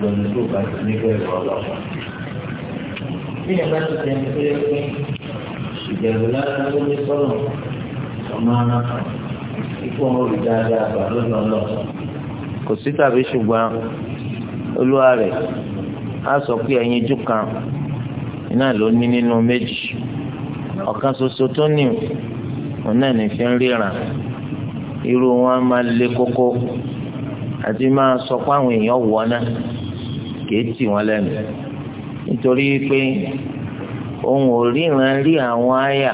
lọ́nà tó bá ti ní bẹ́ẹ̀ lọ́wọ́ lọ́wọ́. bí ẹ bá ti tẹ̀ ní pé pé ìbẹ̀rù lásán ló ní sọ́nà ọmọ ara ikú ọmọ olùdáadáa bà lọ. kò sí tàbí ṣùgbọ́n á sọ pé ẹyin kan iná ló ní nínú méjì ọ̀kan ṣoṣo tó ní òun náà ní fi ń ríran irú wọn máa le àti máa sọ pé àwọn èèyàn kìí tì wọ́n lẹ́nu nítorí pé òun ò ríran rí àwọn àyà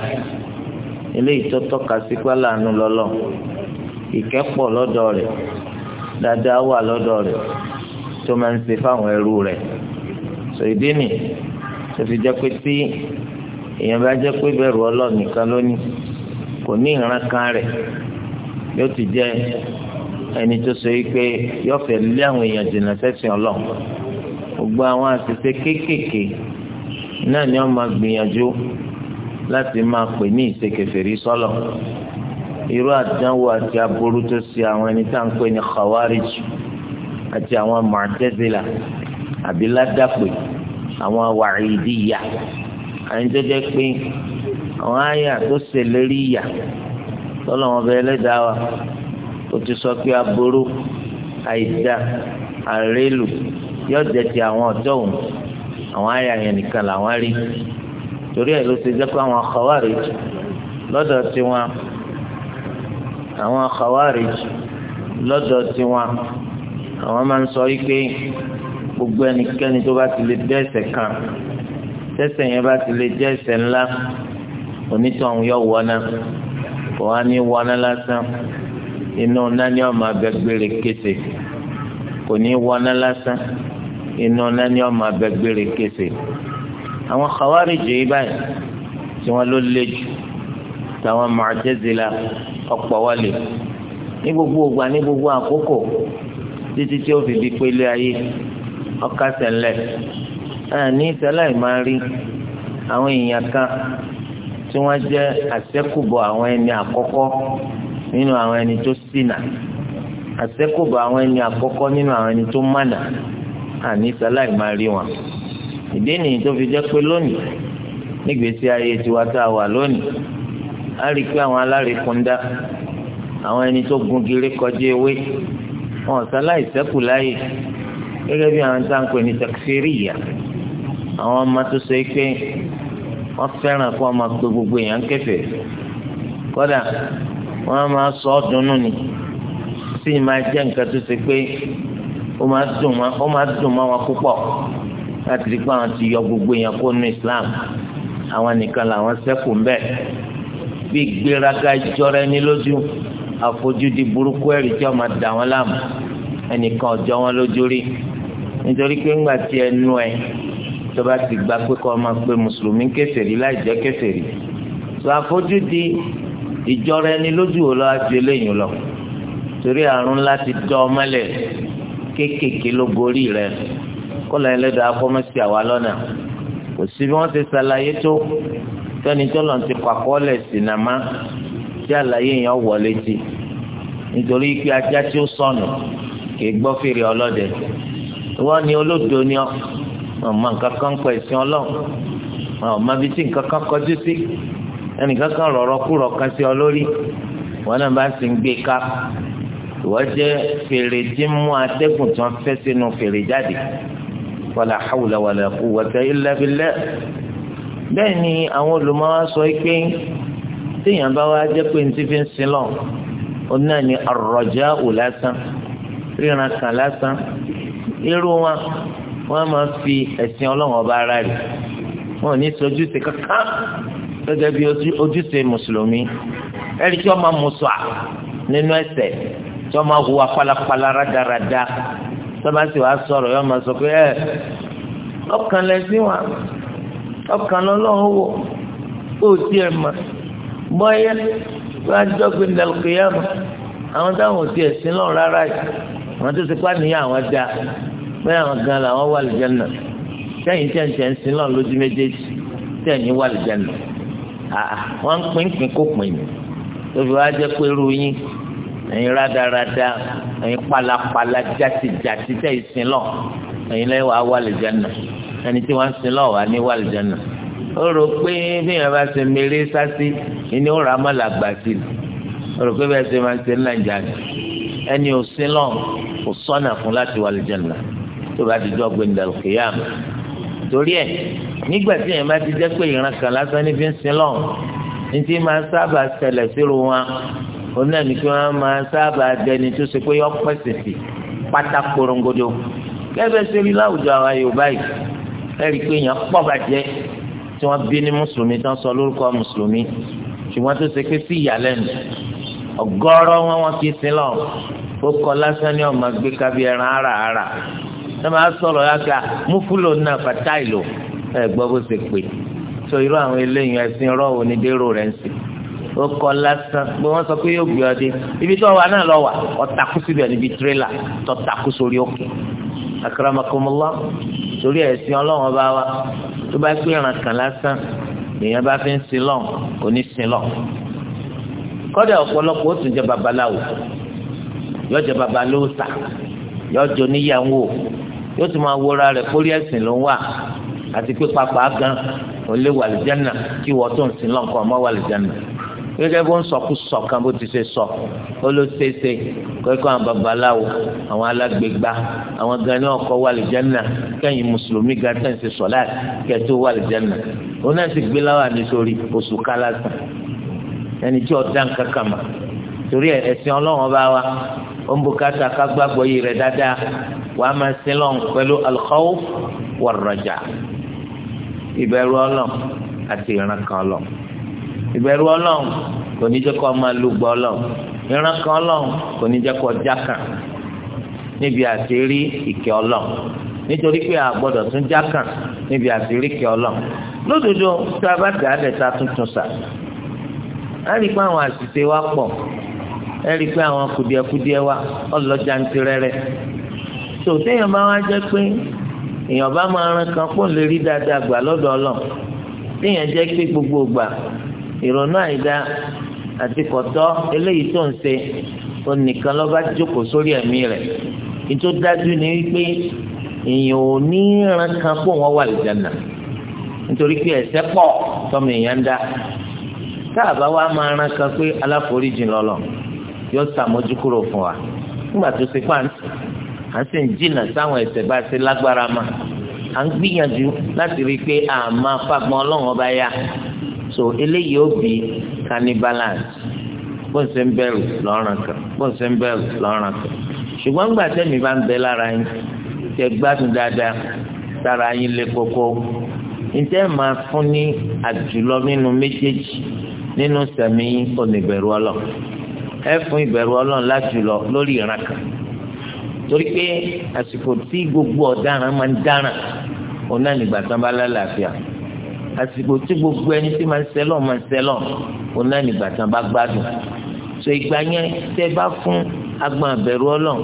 eléyìí tó tọ́ka sí pálánù lọ́lọ́ ìkẹ́pọ̀ lọ́dọ̀ rẹ̀ dáadáa wà lọ́dọ̀ rẹ̀ tó máa ń ṣe fáwọn ẹrú rẹ̀ sọ ìdí nì tó fi jẹ́ pé tí èèyàn bá jẹ́ pé bẹ̀rù ọlọ́ọ̀ nìkan lónìí kò ní ìran kan rẹ̀ yóò ti jẹ́ ẹni tó so yìí pé yọ̀fẹ̀ lé àwọn èèyàn jìnnà sẹ́sìn ọlọ́run gbogbo àwọn àṣìṣe kéékèèké náà ni wọ́n máa gbìyànjú láti máa pè ní ìṣekèfèrí sọ́lọ̀ irú àdánwò àti aburú tó ṣe àwọn ẹni tá à ń pè ní khawarij àti àwọn mọ̀tẹ́sílà àbí ládàpè àwọn wàhídìyà àyìn tó jẹ́ pé àwọn àyà tó ṣèlérí ìyà sọ́lọ̀ wọn bẹ́ẹ̀ lẹ́dàá wa ó ti sọ pé aburú àìdá àrélù yóò jẹ ti àwọn ọ̀dọ́ òun àwọn àyà yẹn nìkan làwọn rí torí ẹ̀ ló ṣe jẹ́ pé àwọn Khawarij lọ́dọ̀ tiwọn àwọn Khawarij lọ́dọ̀ tiwọn àwọn máa ń sọ wípé gbogbo ẹnikẹ́ni tó bá ti lè dẹ́ ẹ̀ṣẹ̀ kan tẹ́ṣẹ̀ yẹn bá ti lè jẹ́ ẹ̀ṣẹ̀ ńlá onítọ̀hún yọ wọná kò wá ní wọná lásán inú nání ọmọ abẹ́gbére kése kò ní wọná lásán iná nání ọmọ abẹ gbére kése àwọn khawarij yìí báyìí tí wọn ló lé jù táwọn Mu'tazila ọ̀pọ̀ wọlé ní gbogbo ògbà ní gbogbo àkókò títí tí ó fi di pélé ayé ọkà sẹlẹ ní ìtẹ́lẹ̀ máa rí àwọn èèyàn kan tí wọ́n jẹ́ àṣẹ́kùbọ̀ àwọn ẹni àkọ́kọ́ nínú àwọn ẹni tó ṣìnà àṣẹ́kùbọ̀ àwọn ẹni àkọ́kọ́ nínú àwọn ẹni tó mànà àní sáláì máa rí wọn ìdí nìyí tó fi jẹ́ pé lónìí nígbèésí ayé tiwa tá a wà lónìí a rí i pé àwọn alárekúndá àwọn ẹni tó gungi rí kọjá ewé wọn sáláì sẹ́kù láàyè gẹ́gẹ́ bí àwọn tá à ń ní takfiriya àwọn ọmọ tó sọ pé wọ́n fẹ́ràn kó ọmọ gbé gbogbo èèyàn kẹfẹ́ kódà wọ́n máa sọ ọ́ dunnú ni sì máa jẹ́ nǹkan tó ṣe pé ó máa dùn mọ́ ó máa dùn mọ́ wọn púpọ̀ láti rí pé àwọn ti yọ gbogbo èèyàn kó nu Islam àwọn nìkan làwọn ṣẹ́kù ń bẹ bí gbéraga jọra ẹni lójú àfojúdi burúkú ẹ̀rí tí wọ́n máa dà wọ́n láàmú ẹnìkan ọ̀jọ́ wọn lójú rí nítorí pé ńgbà tí ẹnu ẹ tó bá ti gba pé kọ́ máa pe mùsùlùmí kèfèrí láì jẹ́ kèfèrí tó àfojúdi ìjọra ẹni lójú wò lọ́wọ́ àti eléyìí lọ torí àrùn ńlá dọ́ ọmọlẹ̀ kéékèèké ló gorí rẹ̀ kọ́lá ẹlẹ́dàá akọ́mọ́sí àwa lọ́nà kò sí bí wọ́n ti ṣàlàyé tó tẹ́ni tọ́lọ̀ ti kọ́ àkọọ́lẹ̀ sinamá tí àlàyé yẹn wọ̀ létí nítorí pé ajá tí ó sọnù kì í gbọ́ fèrè ọlọ́dẹ wọ́n ní olódo ni ọ́ ọmọ nǹkan kan pẹ̀ sí ọlọ́run ọmọ bíi tí nǹkan kan kọjú sí ẹnìkan kan rọ̀rọ̀ kúrọ̀ kan sí ọ lórí wọn náà bá sì ń gbé ká ìwọ jẹ́ fèrè tí ń mú atẹ́gùn tí wọ́n fẹ́ sínú fèrè jáde wàlà hàwùlà wàlà kú wọ́tẹ́ ìlẹ́bílẹ́ bẹ́ẹ̀ ni àwọn olùmọ́wá sọ pé téèyàn bá wá jẹ́ pé ntí fi ń sin lọ òun náà ni àrọ̀já ò lásán ríran kan lásán irú wọn wọn máa fi ẹ̀sìn ọlọ́run ọba ara rẹ̀ wọn ní sojú sí kankan gẹ́gẹ́ bí ojúṣe mùsùlùmí ẹ̀rí tí wọ́n máa mú sọ nínú ẹ̀ṣẹ̀ yọ máa hùwà pálapàla rádaràda sọba sì wàá sọ̀rọ̀ yọ máa sọ pé ẹ ọkàn lẹsìn wa ọkàn lọlọrun wò ó tiẹ̀ mọ̀ bọyẹ wọn adọgbin nàlùkìyàmù àwọn táwọn ò tiẹ̀ sí lọrùn rárá yìí àwọn tó ti pa nìyà àwọn dá bẹ́ẹ̀ àwọn gan làwọn wà lìjẹnà sẹ́yìn tẹǹtẹǹ sí lọrùn lójú méjèèjì tẹǹyìn wà lìjẹnà wọn pín pín kó pín ní tóbi wàá jẹ pé irú yín ẹ̀yin rádaràda ẹ̀yin palapala játijàti tẹ̀ ìsìn lọ ẹ̀yin lẹ́yìn wàá wà lìjánà ẹni tí wọ́n ń sin lọ wà ní wà lìjánà ó rò pé bí yẹn bá ṣe mèrè sásì ìní ó rà á mọ̀lá gbà sí i ó rò pé bẹ́ẹ̀ ṣe máa ń ṣe ní nàìjíríà ẹni ò sin lọ kò sọ́nà fún láti wà lìjánà tó bá ti jọ́ gbẹ̀ndàlùkìyàmù torí ẹ̀ nígbà tí yẹn bá ti jẹ́ pé ìran kan lásán ní fi ń sin lọ ní ti máa sábà ṣẹlẹ̀ síru wọn òun náà ní kí wọ́n máa sábà dẹni tó ṣe pé yọ pẹ̀sẹ̀ sí pátá korongodo kẹ́fẹ́ ṣe rí láwùjọ àwọn Yorùbá yìí ẹ̀rí pé èèyàn pọ̀ bàjẹ́ tí wọ́n bí ní mùsùlùmí tí wọ́n sọ lórúkọ mùsùlùmí ṣùgbọ́n tó ṣe pé sí ìyàlẹ́nu ọ̀gọ́rọ̀ wọn wọn kì í ó kọ lásán ní ọmọ gbé kábí ẹran ara ara ẹ máa sọ̀rọ̀ yàtọ̀ múfúlò náà fàtáìlò ẹ gbọ́ bó ṣe pé so irú àwọn eléyìí ẹ̀sìn rọ́ọ̀ onídéró rẹ̀ ń sìn ọkọ̀ lásán pé wọ́n sọ pé yóò gbé ọdẹ ibi tó wà náà lọ wà ọ̀tàkù síbẹ̀ níbi tírélà tọ̀tàkù sórí òkè akaramakomọlá torí ẹ̀sìn ọlọ́wọ́n bá wa tó bá pé ìràn kan lásán lèèyàn bá fi ń sin lọ́n kò ní sin lọ́n kọ́dà ọ̀pọ̀lọpọ̀ ó tún jẹ babaláwo yóò jẹ babalóòsà yóò jẹ oníyàwó yóò tún máa wọra rẹ̀ kórí ẹ̀sìn ló ń wà àti pé pàápàá gan olè wàlìjánà kí wọ́n tó ń sin lọ́n ọmọ wàlìjánà gẹ́gẹ́ bó ń sọkúsọ kan bó ti ṣe sọ ó ló ṣeéṣe kọ́kọ́ àwọn babaláwo àwọn alágbègbà àwọn gan ni ọkọ̀ wà lìjẹ́nà kẹ́yìn mùsùlùmí ga tẹ̀ ń ṣe sọ̀lá kẹ́tó wà lìjẹ́nà òun náà ti gbé láwà ní oṣù kálásán ẹni tí ọ̀dà ń kankan mà torí ẹ̀sìn ọlọ́wọ́n bá wa ó ń bùkátà ká gbàgbọ́ yìí rẹ̀ dáadáa wàá máa sin lọ́n pẹ̀lú al-khawf ìbẹ̀rù Ọlọ́run àti ìran kan ìbẹ̀rù ọlọ́run kò ní jẹ́ kó máa lu gbọ́ ọlọ́run ìran kan ọlọ́run kò ní jẹ́ kó jákàn níbi àṣírí ìkẹ́ ọlọ́run nítorí pé a gbọ́dọ̀ tún jákàn níbi àṣírí ìkẹ́ ọlọ́run lódodo tá a bá dà á lẹ̀ ta tuntun sà á rí i pé àwọn àṣìṣe wa pọ̀ ẹ rí i pé àwọn kùdìẹ̀kùdìẹ̀ wa ọlọ́jà ń tirẹ́rẹ́ tòtẹ́yìn bá wá jẹ́ pé èèyàn bá máa ran kan pọ̀ lè dáadáa gbà lọ́dọ̀ ọlọ́run téèyàn jẹ́ pé gbogbo gbà ìrònú àìdá àti kọ̀tọ́ eléyìí tó ń ṣe onìkan ló bá jókòó sórí ẹ̀mí rẹ̀ ètò dájú ni wípé èèyàn ò ní ran kan kó wọn wà lìjànà nítorí pé ẹ̀ṣẹ̀ pọ̀ tọmọ èèyàn ń dá tá a bá wá máa ran kan pé aláforíjìn lọlọ yóò ṣàmójúkúrò fún wa nígbà tó ṣe pàǹtí à ń sì ń jìnnà sáwọn ẹ̀ṣẹ̀ bá ṣe lágbára ma à ń gbìyànjú láti rí i pé àmà fagbọn Ọlọ́run ọba ya so eléyìí ó bí ká ní balance bó ń ṣe ń bẹ̀rù lọ́ràn kan bó ń ṣe ń bẹ̀rù lọ́ràn kan ṣùgbọ́n gbà tẹ́mi bá ń bẹ lára yín tẹ́ gbádùn dáadáa tára yín lé kókó ǹjẹ́ máa fún ní àjùlọ nínú méjèèjì nínú sẹ̀mí oníbẹ̀rù ọlọ́ ẹ fún ìbẹ̀rù ọlọ́ lájùlọ lórí ìran kan torí pé àsìkò tí gbogbo ọ̀daràn máa ń dáràn òun náà nígbà tán bá lálàáfíà àsìkò tí gbogbo ẹni tí máa ń sẹlọ̀ máa ń sẹlọ̀ òun náà nígbà tán bá gbádùn so ìgbà yẹn tẹ́ bá fún agbọn àbẹ̀rù ọlọ́run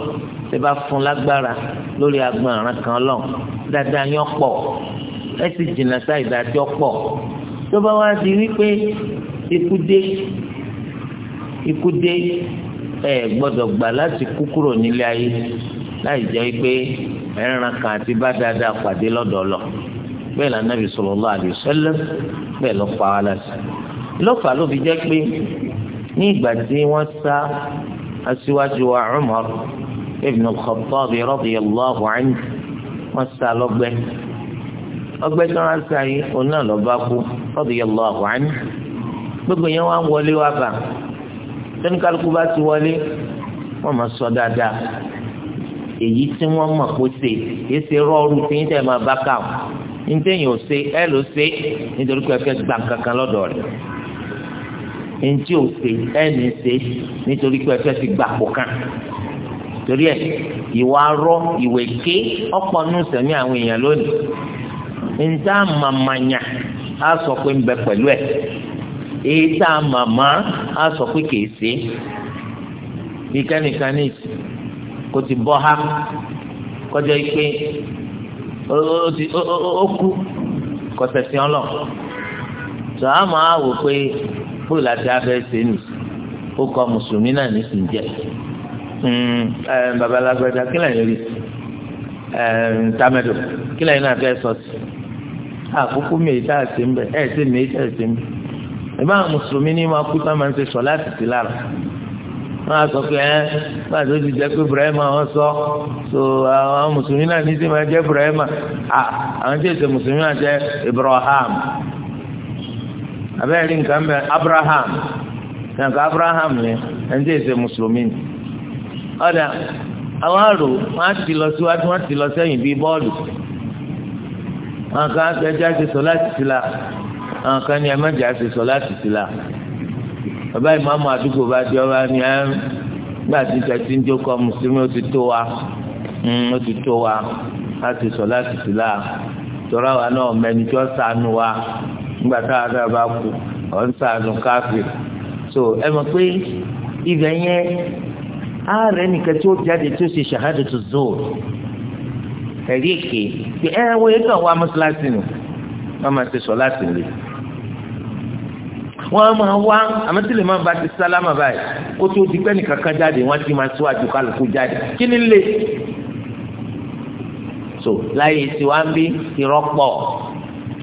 tẹ́ bá fún lágbára lórí agbọn àràn kan ọlọ́run dáadáa yẹn pọ̀ ẹ sì jìnnà sáì dájọ́ pọ̀ tó bá wá di wípé ikú dé ikú dé ẹ gbọ́dọ̀ gbà láti kú kúrò nílé ayé láì jẹ́ pé ẹ̀ràn kan àti bá dáadáa pàdé lọ́dọ̀ bẹ́ẹ̀ la nàbì sallallahu alaihi wasallam bẹ́ẹ̀ lọ pa wàhálà sí lọfà ló fi jẹ́ pé ní ìgbà tí wọ́n sá aṣíwájú wa Umar ibn al-Khattab radiyallahu anhu wọ́n sá lọ́gbẹ́ ọgbẹ́ tí wọ́n sá yìí òun náà lọ bá kú radiyallahu anhu gbogbo yẹn wọ́n wọlé wá bá tẹni kálukú bá ti wọlé wọ́n máa sọ dáadáa èyí tí wọ́n mọ̀ kó ṣe èsì rọrùn tí yín tẹ máa bá káwọn. ntẹ̀yìn ò ṣe ẹ ló nítorí pé gbà kankan lọ́dọ̀ rẹ̀ ntí ò ṣe ẹ ní nítorí pé ẹ ti gbà pọ̀ kan torí ìwà ọ̀pọ̀ nù àwọn èèyàn lónìí mamanya á sọ pé ń bẹ pẹ̀lú èyí tá a ha kọjá yìí ó kú kọsẹsẹ ọlọ tó a máa wò pé fúlù àti abẹ ṣe nù ó kọ mùsùlùmí náà ní sìn jẹ ẹ hmm, eh, babalágbẹdà kí lẹ́yìn rí ẹ eh, tamẹdò kí lẹ́yìn náà fẹ́ sọ sí àkókò mèyí tá a ṣe ń bẹ ẹ ṣe mèyí tá a ṣe ń bẹ ẹ bá mùsùlùmí ní ma kú tá a máa ń ṣe sọ láti sí lára. wọn á sọ pé ẹ máa tó ti jẹ pé wọn sọ so àwọn mùsùlùmí náà ní sí máa jẹ burama àwọn tí èsè mùsùlùmí náà jẹ abẹ́rẹ́ nǹkan abraham abraham ni ẹni tí èsè mùsùlùmí ni ọ̀dà àwọn àrò wọn á ti lọ síwájú wọn á ti lọ sẹ́yìn bíi bọ́ọ̀lù la ní sọ la. bàbá ìmáàmù àdúgbò bá di ọba ni ẹ gbà tí tẹ̀sí ń jókòó mùsùlùmí ó ti tó wa hmm, ó ti tó wa láti sọ láti sí la tọ́ra wa náà mẹ́ni tí wọ́n sànù wa nígbà táwa náà bá kú ọ̀ ń sànù káfíìn so ẹ mọ̀ pé ibẹ̀ yẹn ààrẹ nìkan tí ó jáde tí ó ṣe ṣàhádà tó zòó ẹ̀rí èké pé ẹ wọ́n yẹ kí àwọn amúsíláṣí nù wọ́n máa ṣe sọ láti lè wọ́n máa wá àmọ́tílẹ̀ máa bá ti sálámà báyìí kó tó di pẹ́ nìkan kan jáde wọ́n ti máa síwájú kálukú jáde kí ni lè. so láyé tí wàá bí ìrọ́pọ̀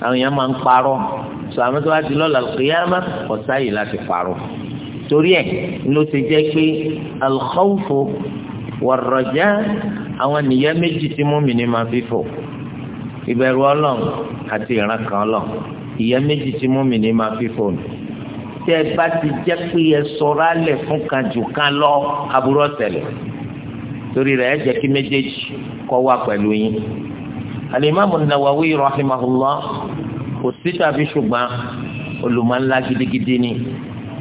àwọn èèyàn máa ń parọ́ so àmọ́ tó wá di lọ́la kìyàmá ọ̀sá yìí láti parọ́ torí ẹ̀ ló ti jẹ́ pé alkhawfu wàrọ̀já àwọn nìyẹn méjì tí mùmínì máa fi fò ìbẹ̀rù ọlọ́run àti ìran kan ìyẹn méjì tí mùmínì máa fi fò nù tẹ́ ẹ bá ti jẹ́ pé ẹ sọ̀rọ̀ alẹ̀ fún kan jù kan lọ aburú ọ̀sẹ̀lẹ̀ torí rẹ̀ ẹ jẹ́ kí méjèèjì kọ́ wá pẹ̀lú yín. alimami nawawi rahimahullah kò sí tàbí ṣùgbọ́n olùmọ̀ńlá gidigidi ni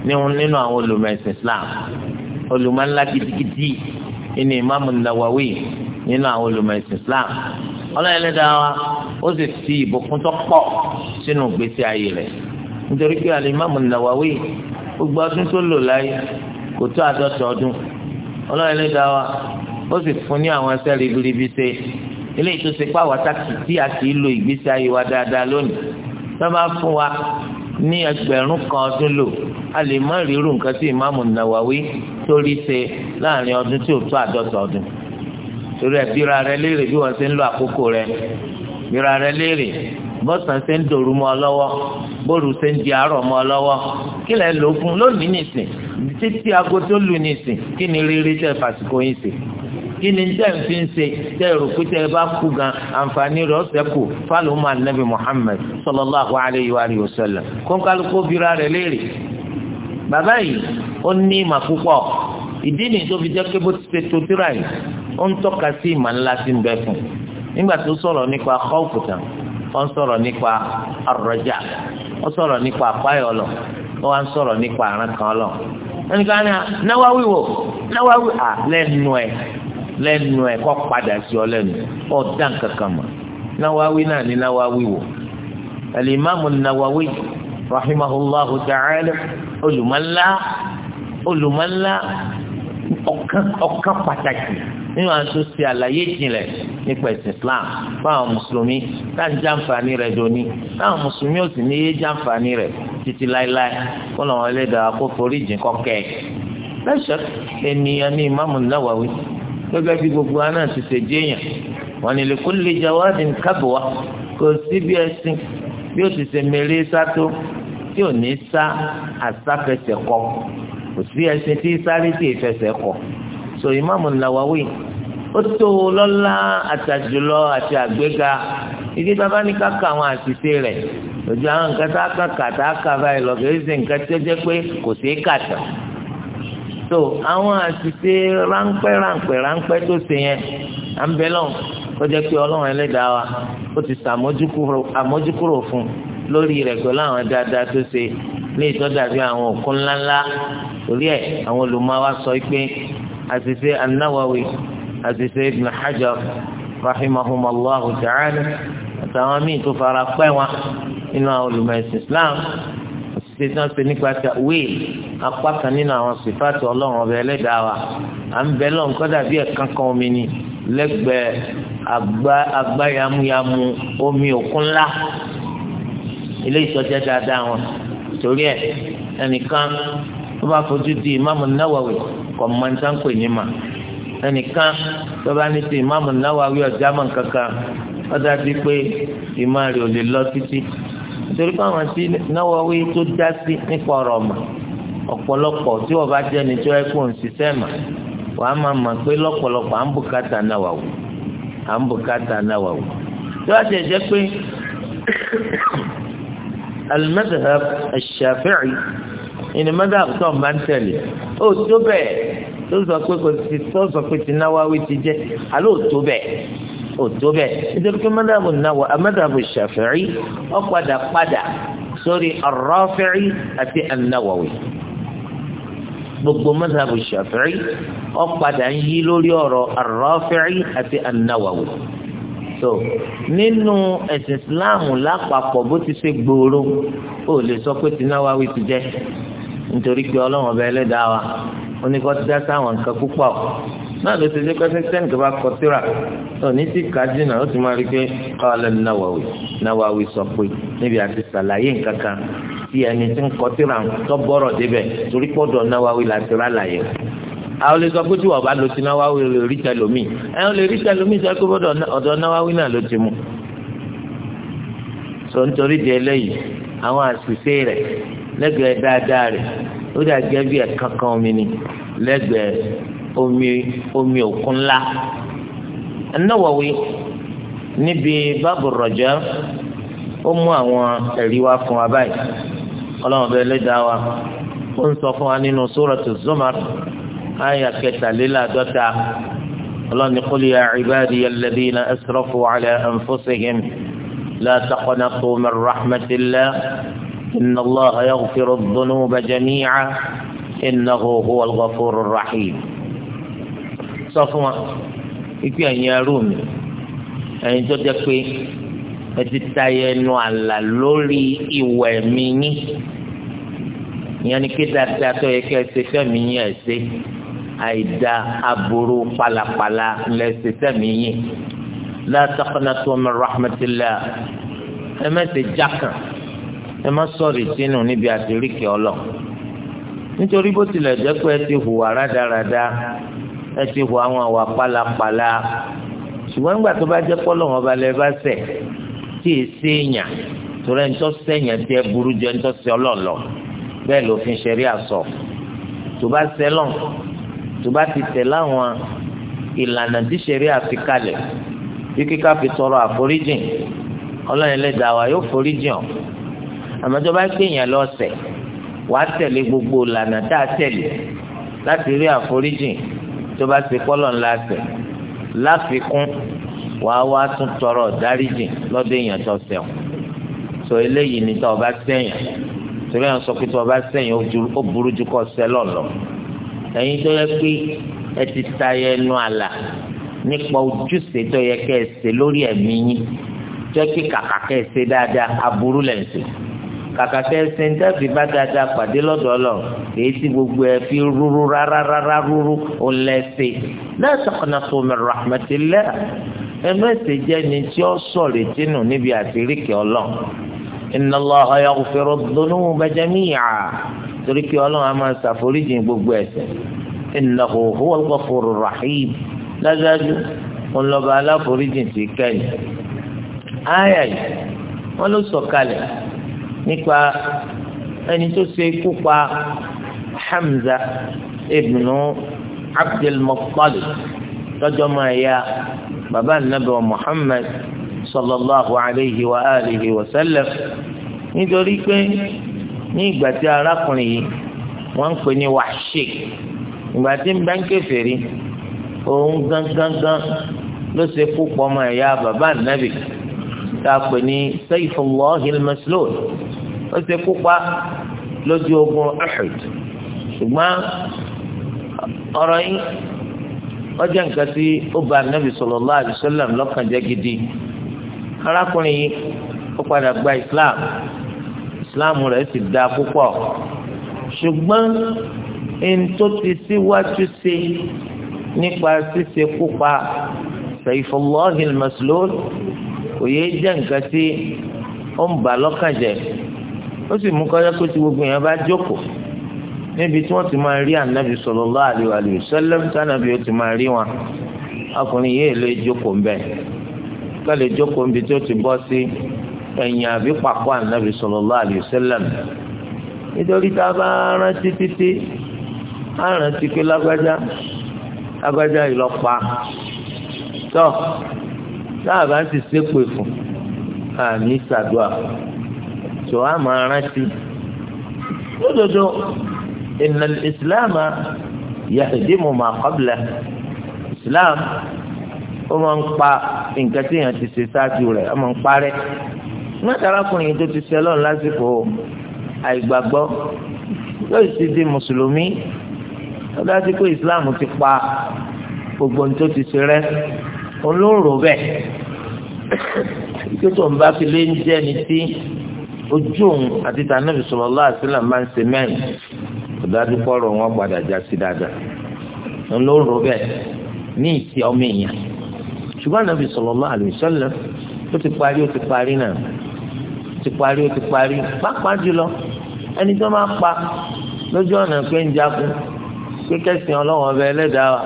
nínú àwọn olùmọ̀ẹ̀sìn islam olùmọ̀ńlá gidigidi ni imaamu nawawi nínú àwọn olùmọ̀ẹ̀sìn islam ọlọ́yẹ̀lẹ́dàá wa ó sì fi ìbùkún tó pọ̀ sínú ìgbésí ayé rẹ̀ nítorí pé alimami Nawawi gbogbo ọdún tó lò láyé kò tó àádọ́ta ọdún ọlọ́run ilé dá wa ó sì fún ní àwọn ẹsẹ̀ ribiribi ṣe ilé ìtòsí pàwọ́ táàkì tí a kì í lo ìgbésí ayé wa dáadáa lónìí tó bá fún wa ní ẹgbẹ̀rún kan ọdún lò a lè má ríru nǹkan tí ìmáàmù Nawawi tó rí ṣe láàrin ọdún tí ò tó àádọ́ta ọdún torí ẹ̀ bíra rẹ léèrè bí wọ́n ṣe ń lo àkókò rẹ bíra rẹ léèrè bọ́sàn ṣe ń dòru mọ́ ọ lọ́wọ́ bóru ṣe ń di àárọ̀ mọ́ ọ lọ́wọ́ kí lẹ́ lò fún lónìí nìsín títí aago tó lù nìsín kí ni rírí tẹ́ fàṣíkò yín sí kí ni tẹ́ ń fi ń ṣe tẹ́ rò pé tẹ́ bá kú gan àǹfààní rẹ̀ ọ̀sẹ̀ kù fálùmọ́ anabi Muhammad sallallahu alayhi wa sallam kónkálukó bira rẹ̀ léèrè bàbá yìí ó ní ìmà púpọ̀ ìdí nìyí tó fi jẹ́ pé bó ti ṣe tó tíra yìí ó ń tọ́ka sí ìmà ńlá sí ń bẹ fún nígbà tó sọ̀rọ̀ nípa kọ́ọ̀fù wọ́n sọ̀rọ̀ nípa arọjà wọ́n sọ̀rọ̀ nípa àpáyọ̀ lọ wọ́n wá ń sọ̀rọ̀ nípa àrùn kan lọ. ẹnì kan ní náwáwí wò náwáwí à lẹ́nu ẹ̀ lẹ́nu ẹ̀ kọ́ padà sí ọ lẹ́nu ọ̀ dán kankan mọ̀ náwáwí náà ní náwáwí wò. alimami náwáwí rahimahullahu ta'ala olùmọ̀lá olùmọ̀lá ọ̀kan ọ̀kan pàtàkì nínú àwọn tó ṣe àlàyé ìjìnlẹ̀ nípa ẹ̀sìn Islam fáwọn mùsùlùmí láti jàǹfààní rẹ̀ dòní fáwọn mùsùlùmí ò sì ní yé jàǹfààní rẹ̀ títí láéláé kó làwọn ẹlẹ́dàá kó forí jìn kọ́kẹ́ lẹ́sẹ̀ ènìyàn ní ìmáàmù Nawawi gẹ́gẹ́ bí gbogbo aná ti ṣe jéèyàn wọn ni lèkó lè jẹ wádìí kábọ̀wá kò sí bí ẹsìn bí ó ti ṣe mèrè sátó tí ò ní sá àsáfẹsẹ̀ kọ́ kò sí ẹsẹ̀ tí sáré tí ìfẹsẹ̀ kọ so ìmáàmù Nawawi ó tó lọ́lá àtàjùlọ àti àgbéga igi bàbá ní káka àwọn àṣìṣe rẹ̀ òjò àwọn nǹkan tá a kà kà tá a kà báyìí lọ kìí ṣe nǹkan tó jẹ́ pé kò sí kàtà so àwọn àṣìṣe ráńpẹ́ ráńpẹ́ ráńpẹ́ tó ṣe yẹn à ń bẹ lọ́hùn kó jẹ́ pé ọlọ́run ẹlẹ́dàá wa ó ti sàmójúkúrò fún un lórí rẹ̀ pẹ̀lú àwọn dáadáa tó ṣe ní ìtọ́jà bí àwọn òkun ńláńlá torí ẹ̀ àwọn olùmọ̀wá sọ pé àṣìṣe anáwáwí àṣìṣe ibn hajar rahimahumallahu ta'ala àtàwọn míì tó fara pẹ́ wọn nínú àwọn olùmọ̀ẹ̀sìn islam àṣìṣe tí wọ́n ṣe nípa wíìl apá kan nínú àwọn sìfáàtì ọlọ́run ọbẹ̀ ẹlẹ́dàá wa à ń bẹ lọ́n kọ́ dàbí ẹ̀kan kan omi ni lẹ́gbẹ̀ẹ́ agbáyamuyamu omi òkun ńlá ilé ìsọjẹ dáadáa wọn torí ẹ ẹnìkan tó bá fojú di ìmáàmù Nawawi kọ mọ̀ntán pè ní ma ẹnìkan tó bá ní ti ìmáàmù Nawawi ọ̀já mọ̀ kankan ọ̀dà bíi pé ìmáà rẹ̀ ò lè lọ títí nítorí pé àwọn tí Nawawi tó dá sí nípa ọ̀rọ̀ ọ̀mà ọ̀pọ̀lọpọ̀ tí wọ́n bá jẹ́ ni tó ẹ kó ń ṣiṣẹ́ mà wàá máa mọ̀ pé lọ́pọ̀lọpọ̀ à ń bùkátà Nawawi à ń bùkátà Nawawi tó bá ti ẹ̀ pé al-madhhab ash-shafi'i ìní madhhab tó máa ń tẹ̀lé ó tó bẹ́ẹ̀ tó sọ pé kò sí tó sọ pé ti náwáwí ti jẹ́ àló tó bẹ́ẹ̀ ó tó bẹ́ẹ̀ nítorí pé madhhab náwó madhhab ash-shafi'i ó padà padà sórí ar-rafi'i àti an-nawawi gbogbo madhhab ash-shafi'i ó padà ń yí lórí ọ̀rọ̀ ar-rafi'i àti an-nawawi so nínú ẹ̀sìn ìsìláàmù lápapọ̀ bó ti ṣe gbòòrò ó lè sọ pé tináwáwí ti jẹ́ nítorí pé ọlọ́run ọba ẹlẹ́dàá wa ó ní kó ti dá sáwọn nǹkan púpọ̀ náà ló ti ṣe pé sẹ́ńtẹ́ǹkì bá kọ síra náà ní ti ká jìnnà ó ti máa rí pé kọ́ọ̀lẹ́ náwáwí náwáwí sọ pé níbi àti sàlàyé nǹkan kan tí ẹni tí ń kọ síra tó gbọ́rọ̀ débẹ̀ torí pọ́dọ̀ náwáwí làtìrá làyẹ̀ àwọn lè sọ pé tí wọ́n bá lo ti náwáwí lè rí tẹlomi ẹ̀hún lè rí tẹlomi sọ pé ọ̀dọ̀ náwáwí náà ló ti mu. sọ nítorí di eléyìí àwọn àṣìṣe rẹ̀ lẹ́gbẹ̀ẹ́ dáadáa rẹ̀ ó dà gẹ́ bí ẹ̀kan kan omi ni lẹ́gbẹ̀ẹ́ omi omi òkun ńlá. ẹ̀náwọ̀wé níbi báàbò rọ̀jọ́ ó mú àwọn ẹ̀rí wá fún wa báyìí ọlọ́run bẹ́ẹ̀ lé dáa wa ó ń sọ fún wa nínú Suratul Zumar. àyà kẹtàléláàdọ́ta ọlọ́ni qul ya ibadiya alladhina asrafu ala anfusihim la taqnatu min rahmatillah inna allaha yaghfiru dhunuba jami'a innahu huwal ghafurur rahim. sọ fún wa ikú ẹ̀yin ẹrú mi ẹ̀yin tó jẹ́ pé ẹ ti tayọ ẹnu àlà lórí ìwẹ̀ mi yín ìyẹn ni kí dáadáa tó yẹ kí ẹ ṣe fẹ́mi yín ẹ̀ ṣe. àìda aburú palapala lẹ́sẹ̀ sẹ́mi yìí la taqnatu min rahmatillah ẹ má ṣe jákàn ẹ má sọ̀rọ̀ ìsinú níbi àtiríkì ọlọ nítorí bó tilẹ̀ jẹ́ pé ẹ ti hùwà rádaràda ẹ ti hùwà àwọn àwà palapala ṣùgbọ́n nígbà tó bá jẹ́ pọ́lọ́ wọn balẹ̀ bá ṣẹ̀ tí ì séèyàn torí ẹni tó sẹ́yìn tí ẹ burú jẹ ẹni tó sẹ́ ọlọ́ọ̀lọ́ bẹ́ẹ̀ lòfin ṣẹ̀rí àsọ tó bá sẹ́lọ̀n tó bá ti tẹ̀ láwọn ìlànà tí ṣẹ̀ríà fi kalẹ̀ bí kíkà fi tọrọ àforíjìn ọlọ́run ẹlẹ́dàá wa yóò foríjìn ọ́ àmọ́ tó bá pè yàn lọ́sẹ̀ wàá tẹ̀lé gbogbo ìlànà tá a tẹ̀lé láti rí àforíjìn tó bá ti kọ́lọ̀ ńlá tẹ̀ láfikún wàá wá tún tọrọ dáríjìn lọ́dọ̀ èèyàn tó ṣẹ̀wọ̀n sọ eléyìí ni tó o bá ṣẹ̀yàn torí sọ pé tó o bá ó burú ju kọ́ sẹ́lọ̀ lọ ẹ̀yin tó yẹ pé ẹ ti ta ẹnu àlà nípa ojúṣe tó yẹ kẹ́ ẹ ṣe lórí ẹ̀mí yín jẹ́ kí kàkà kẹ́ ẹ ṣe dáadáa aburú lẹ̀ ń ṣe kàkà kẹ́ ẹ ṣe ń tẹ́sí bá dáadáa pàdé lọ́dọ̀ Ọlọ́run èyí tí gbogbo ẹ fi rúru rárá rúru ó lẹ́ ṣe la taqnatu min rahmatillah ẹ mẹ́sẹ̀ jẹ́ ni tí ó sọ̀rọ̀ tínú níbi àtiríkì Ọlọ́run inna Allaha yaghfiru dhunuba jami'a torí kí ọlọ́run á máa ṣàforíjì gbogbo ẹ̀ṣẹ̀ innahu huwal ghafurur rahim dájájú ńlọba aláforíjì ti kẹ́yìn. áyà yìí wọ́n ló sọ̀kalẹ̀ nípa ẹni tó ṣe ikú pa Hamza ibnu Abdul Muttalib lọ́jọ́ máa ya bàbá ànábì wa Muhammad alayhi wa alihi wa sallam nítorí pé. ní ìgbà tí arákùnrin yìí wọ́n ń pè ní wàṣẹ ìgbà tí ń bá ń òun gangangan ló ṣe kú pọ̀ ọmọ ẹ̀yà bàbá nàbì tá a pè ní Sayfullahil Maslul ó ṣe kú pa lójú ogun ahud ṣùgbọ́n yìí nǹkan tí ó ba gidi gba Islam. islam rẹ̀ sì dá púpọ̀ ṣùgbọ́n ẹni tó ti síwájú sí nípa ṣíṣe kópa Sayfullahi al-Maslul òye jẹ́ nǹkan tí ó ń bà lọ́kàn jẹ́ ó sì mú kọjá pé tí gbogbo yẹn bá jókòó níbi tí wọ́n ti máa rí ànábì sallallahu alaihi wa sallam tánàbì ó ti máa rí wọn ọkùnrin yìí lè jókòó ń bẹ̀ kọ́ lè jókòó ń bi tí ó ti bọ́ sí ẹ̀yìn àbí pàpọ̀ ànábì sallallahu alayhi wa sallam nítorí tá a bá rántí títí á rántí pé lágbájá lágbájá ìlọpa tó táà bá ti ṣépè fún àmì ìsàdùà tó a máa rántí lódodo inna al-islam yahdimu ma qablahu islam ó máa ń pa nǹkan tí èèyàn ti ṣe ṣáájú rẹ̀ ó máa ń parẹ́ mọ́tàrákùnrin tó ti sẹ́lọ̀ lásìkò àìgbàgbọ́ yóò sì di mùsùlùmí ó dájú pé islam ti pa gbogbo ní tó ti ṣe rẹ olóòrò bẹ́ẹ̀ ìkótó nbá fi lé ń jẹ́ ni tí ojú òun àti tànàbì sallallahu alaihi wasallam máa ń ṣe mẹ́rin ó dájú pọ̀rọ̀ wọn padà já sí dáadáa olóòrò bẹ́ẹ̀ ní ìsì ọmọ èèyàn ṣùgbọ́n ànàbì sallallahu alaihi wasallam ó ti parí ó ti parí náà ti parí ó ti parí pápá jùlọ ẹni tó máa pa lójú ọ̀nà pé ń jagun pé kẹsìn ọlọ́wọ́n ọbẹ̀ ẹlẹ́dàá wa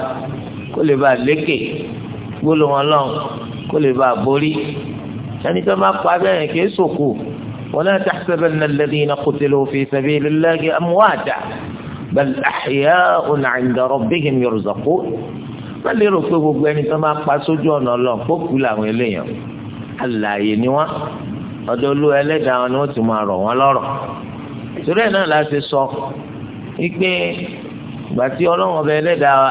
kó lè bá lékè gbólóhùn ọlọ́run kó lè bá borí ẹni tó máa pa bẹ́ẹ̀ kì í sòkò ولا تحسبن الذين قتلوا في سبيل الله أمواتا بل أحياء عند ربهم يرزقون wọ́n lérò pé gbogbo ẹni tó máa pa sójú ọ̀nà ọlọ́run ọ̀dọ̀ olú ẹlẹ́dàá wọn ni wọ́n ti máa rọ̀ wọ́n lọ́rọ̀ torí ẹ̀ náà la ṣe sọ wípé ìgbà tí ọlọ́run ọba ẹlẹ́dàá wa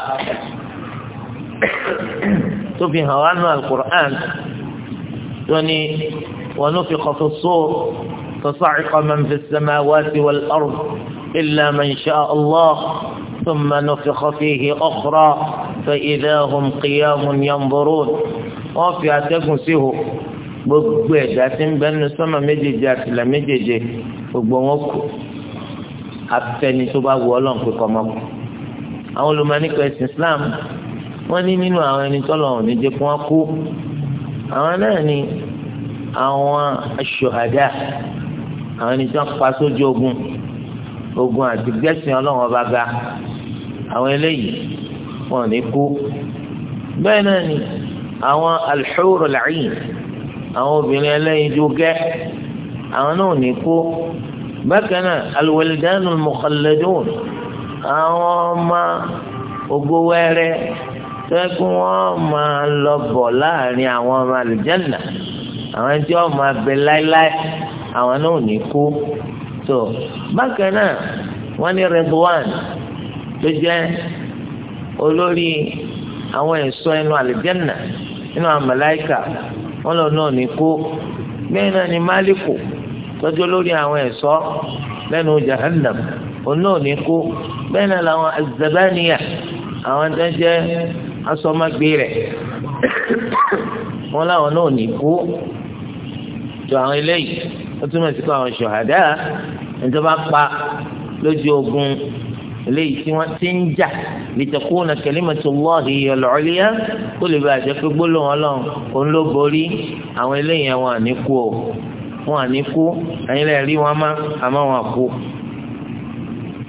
tó fi hàn wá nù alukur'an tó ní wọn ló fi kọfí sóò فصعق من في السماوات والأرض إلا من شاء الله ثم نفخ فيه أخرى فإذا هم قيام ينظرون وفي أتكسه gbogbo ẹ̀dá tí ń bẹ nínú sọ́mà méjèèjì àtìlẹ̀ méjèèjì gbogbo wọn kù afẹ́ni tó bá wù ọ́ lọ́n pé kọ́mọ́ kù. àwọn olùmọ̀nìkọ ẹ̀sìn Islam wọ́n ní nínú àwọn ẹni tọ́lọ̀ ọ̀hún ní jẹ́ wọ́n kú àwọn náà ni àwọn aṣọ̀hádà àwọn ẹni tí wọ́n pa sójú ogun ogun àti gbẹ̀sìn ọlọ́run ọba ga àwọn eléyìí wọn ní kú bẹ́ẹ̀ náà ni àwọn alḥúrò làyìn àwọn obìnrin ẹlẹ́yinjú gẹ́ àwọn náà ní kú bákan náà alwalidanu mukhalladun àwọn ọmọ ogbówẹrẹ tẹkun wọn máa lọ bọ̀ láàrin àwọn ọmọ àlùjànnà àwọn ẹjọ máa bẹ láéláé àwọn náà ní kú tó bákan náà wọn ní Ridwan tó jẹ olórí àwọn ẹ̀ṣọ́ inú àlùjànnà inú àwọn wọn lọ náà ní kó bẹ́ẹ̀ náà ni máàlíkù tọ́jú lórí àwọn ẹ̀ṣọ́ lẹ́nu jahannam òun náà ní kó bẹ́ẹ̀ náà làwọn azabaniya àwọn tó jẹ́ asọ́mágbé rẹ̀ wọn làwọn náà ní kó tó àwọn eléyìí wọ́n túmọ̀ sí pé àwọn ṣọ̀hádà ẹni tó bá pa lójú ogun eléyìí tí wọ́n ti ń jà litakuna kalimatullahi al-ulya kó lè bá àjẹ́ pé gbólóhùn ọlọ́run òun ló borí àwọn eléyìí wọn àní kú o wọn àní kú ẹ̀yin lè rí wọn má àmọ́ wọn kú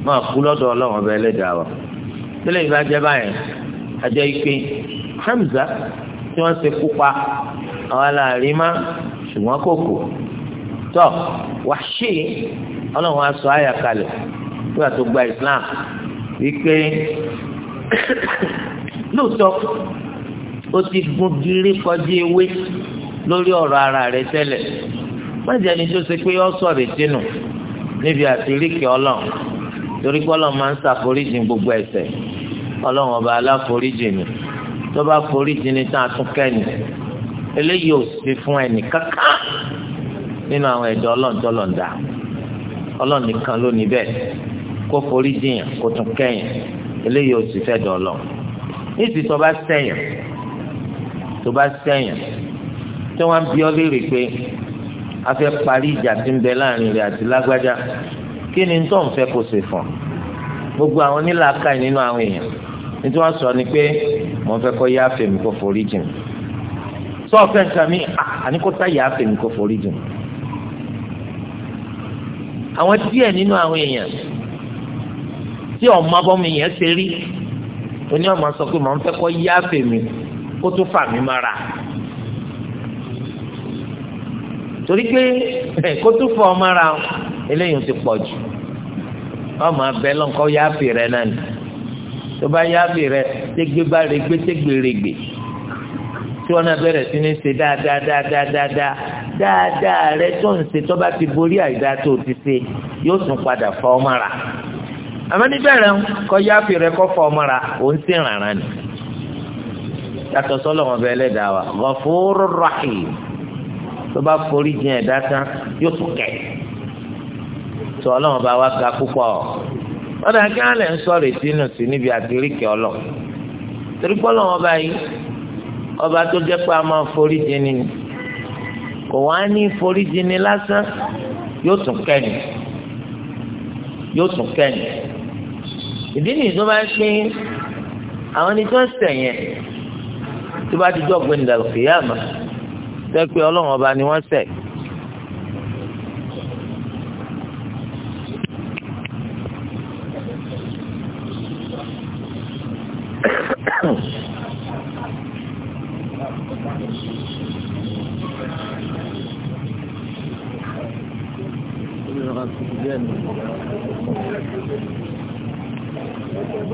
wọn kú lọ́dọ̀ ọlọ́run ọba ẹlẹ́dàá wa tẹ́lẹ̀ ìbá jẹ́ báyìí àjẹ́ ìpè Hamza tí wọ́n ṣe kú pa àwọn aláàárín má ṣùgbọ́n kò kù tọ́ Wahshi ọlọ́run aṣọ àyàkálẹ̀ nígbà tó gba islam wípé lóòótọ́ ó ti gun gírí kọjá ewé lórí ọ̀rọ̀ ara rẹ̀ tẹ́lẹ̀ má ni tó ṣe pé ó sọ̀rọ̀ ìtinú níbi àtiríkì ọlọ́run torí pé ọlọ́run máa ń ṣàforíjì gbogbo ẹ̀ṣẹ̀ ọlọ́run ọba aláforíjì ni tó bá foríjì ni tán àtúnkẹ́ni eléyìí ò sí fún ẹnì kankan nínú àwọn ẹ̀dọ́ ọlọ́run tó lọ́ọ̀dà ọlọ́run nìkan ló bẹ́ẹ̀ kó forí jiyàn kó tún kẹ́yìn eléyìí ò sì fẹ́ dọ̀lọ́ ní ti tó bá sẹ́yìn tó bá sẹ́yìn tí wọ́n bí ọ léèrè pé a fẹ́ parí ìjà tí ń bẹ láàrin rẹ̀ àti lágbájá kí ni tó ń fẹ́ kó ṣe fún gbogbo àwọn nílàákàyè nínú àwọn èèyàn ní tí wọ́n sọ ni pé mo fẹ́ kó yá fèmí kó forí jìn sọ fẹ́ nǹkan mi àníkótá ah, yá fèmí kó forí jìn àwọn díẹ̀ nínú àwọn èèyàn tí ọmọ abọ́mi yẹn ṣe rí oní ọmọ sọ pé màá fẹ́ kọ́ yá fèmí kó tó fà mí mara torí pé kó tó fọ ọmọ ara eléyìí ti pọ̀ jù ọmọ abẹ lọ́nkọ́ yá fè rẹ náà ni tó bá yá fè rẹ tẹ́gbẹ́ bá rẹ gbé tẹ́gbẹ́ rẹ gbé tí wọn náà bẹ̀rẹ̀ sí ní ṣe dáadáa dáadáa dáadáa dáadáa rẹ tó ń ṣe tó bá ti borí àìdáa tó ti ṣe yóò tún padà fọ ọmọ ara. àmọ́ níbẹ̀rẹ̀ kọjá fèrè kọfọ́ ọmọra òun sì rànra ni yàtọ̀ sọ́lọ́ wọn bẹ́ẹ̀ lẹ́dàá wa Ghafurur Rahim tó bá forí jìn ẹ̀dá tán yóò tún tó bá ga púpọ̀ ọ̀dà kí wọ́n lè ń sọ̀rọ̀ sí níbi torí ọba ọba tó jẹ́ pé a máa forí jìn ni kò wá ní forí ni lásán yóò tún ìdí nìyí tó bá ń pín àwọn ẹni tó ń sẹ̀yìn tó bá ti jọ ọ̀gbìn ìdàlù kìyàmà tẹ́ pé ọlọ́run ọba ni wọ́n sẹ̀. Thank you.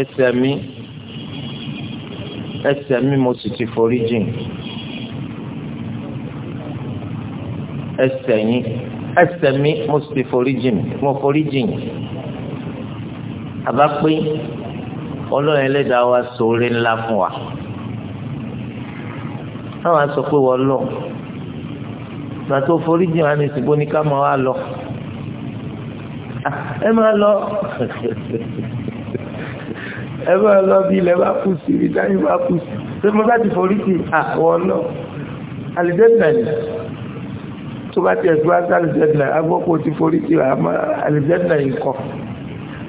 ẹ̀ṣẹ̀ mi ẹ̀ṣẹ̀ mi mo sì ti forí jìn ẹ̀ṣẹ̀ yín ẹ̀ṣẹ̀ mi mo sì ti forí jìn mo forí jìn àbá pé ọlọ́run ẹlẹ́dàá wa ṣoore ńlá fún wa àwọn aṣọ pé wọ́n lọ gbà tó forí jìn wá ní ìsìnkú ní ká máa wá lọ ah, ẹ máa lọ. ẹgbẹ́ ọlọ́bí ilẹ̀ bá kú sí ìdáyìn bá kú sí tó mọ́ láti forí sí àwọn náà alìjẹ́dìnàì tó bá ti ẹ̀sùn láti alìjẹ́dìnàì agbọ́pọ̀ ti forí sí alìjẹ́dìnàì kọ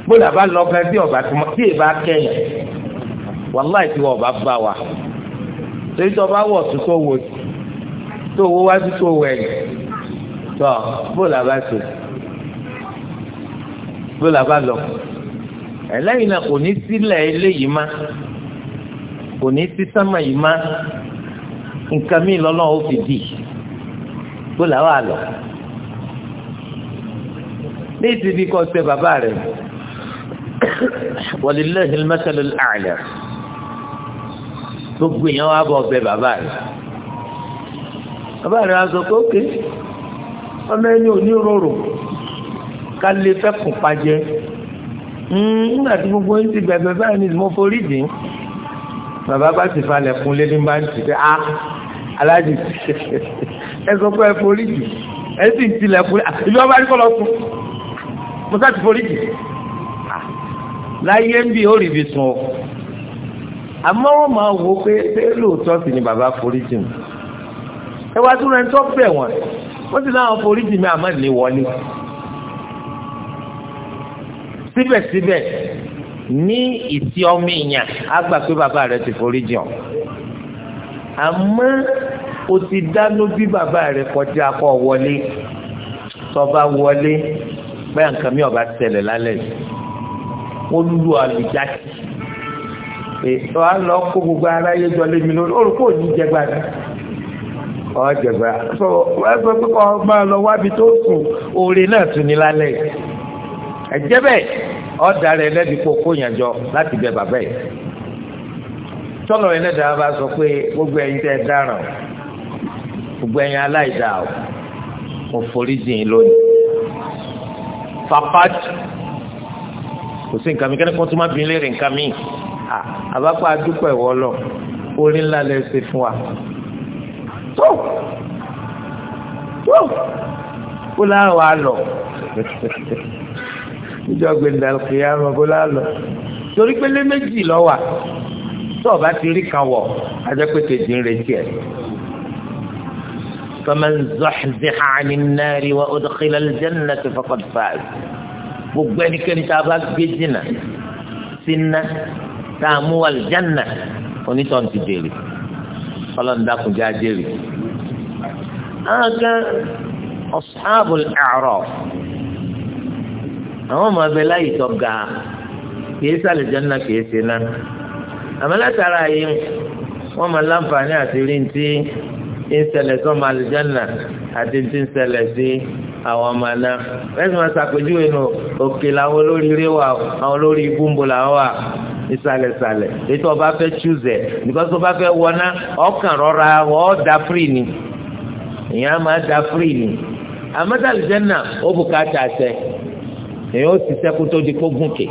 bóyá bá lọ gan bí ọba tí èbá kẹyìn wàláì tí ọba bá wa torí tó bá wọ̀ tó tó wò tó owó wá tó tó wẹ̀ tó bóyá bá tó bóyá bá lọ ẹlẹ́yìn náà kò ní sílẹ̀ eléyìí má kò ní sí sánmà yìí má nǹkan mi lọ́nà ó fi dì kó làwọn àlọ́ ní ìsìnkú kọ́ ṣe bàbá rẹ̀ walillahi al-masal gbogbo èèyàn wá bọ̀ ọ̀bẹ bàbá rẹ̀ bàbá rẹ̀ á sọ pé ókè ọmọ ẹni ò ká lè fẹ́ kùn pàjẹ́. Hmm, nígbà tí gbogbo ń ti gbẹgbẹ báyìí ni mo forí dì í bàbá bá ti falẹ̀ kún lé ní báńkì pé a ah, aláàjì ẹ sọ pé ẹ forí dì ẹ sì ń tilẹ̀ kún ìlú ọba ní kọ́ lọ sùn mo sá ti forí dì í ah, láyé ń bí ó rí ibi sùn o àmọ́ wọ́n máa wo pé pé lóòótọ́ sì ni bàbá forí jì ẹ wá tún rẹ ń tọ́ bẹ̀ wọ́n wọ́n sì láwọn forí jì mí àmọ́ ìléwọlé síbẹ̀síbẹ̀ ní ìsí ọmọ èèyàn á gbà pé bàbá rẹ ti forí jìn àmọ́ o ti dáná bí bàbá rẹ kọjá kọ́ wọlé tọba wọlé bẹ́ẹ̀ nǹkan mi ọba ṣẹlẹ̀ lálẹ́ yìí wọ́n lulu àlùjáde ètò àlọ́ kó gbogbo aráyé jọ mi lórí olùkọ́ òní jẹgba ni ọ so wọ́n sọ pé kọ́ máa lọ wábi tó sùn òòrè náà tún ní lálẹ́ ẹ̀jẹ̀ bẹ́ẹ̀ ọ̀dà rẹ̀ lẹ́bi kókó yẹn jọ láti bẹ bàbá yìí tọ́lọ̀ yẹn lẹ́dàá bá sọ pé gbogbo ẹ̀yin tẹ́ dáràn gbogbo ẹ̀yin aláìdá o mo forí jìn lónìí fapat kò sí nǹkan mi kẹ́ni kó tún má bí léèrè nǹkan mi àbápá dúpọ̀ ẹ̀wọ́ lọ orí ńlá lẹ ṣe fún wa tó tó ó láwàá lọ. níjọ́ gbẹ̀dàlùkìyà mọ̀gólá lọ torí pé lé méjì lọ́wà tó o bá ti rí kan wọ̀ ajẹ́pẹ̀tẹ̀ dín retí ẹ̀. فمن زحزح عن النار وأدخل الجنة فقد فاز gbogbo ẹnikẹ́ni tá a bá gbé jìnnà sínú tá a mú wà lìjánà onítọ̀ ti dèrè ọlọ́ndàkùn jẹ́ àjèrè. àwọn kan ọ̀sáàbùl àrọ̀ àwọn ọmọ abẹ láyìí tọ́ ga kìí sàlẹ̀ jẹ́nà kìí ṣe náà àmọ́ látara yìí wọ́n máa láǹfààní àti rí ntí ń ṣẹlẹ̀ sọ́mọ àlùjẹ́nà àti ntí ń ṣẹlẹ̀ sí àwọn ọmọ náà ẹ̀sìn máa ṣàpèjúwe nù òkè làwọn olórí rí wà àwọn olórí ibú làwọn wà ìsàlẹ̀sàlẹ̀ ètò ọba fẹ́ túzẹ̀ because ọba fẹ́ wọná ọkàn rọra wọ́n da free ni ìyẹn máa da free ni àmọ́ sàlùjẹ́nà ó bùkátà sẹ́ẹ̀ èyàn ó sì sẹ́kù tó di kó gùn kè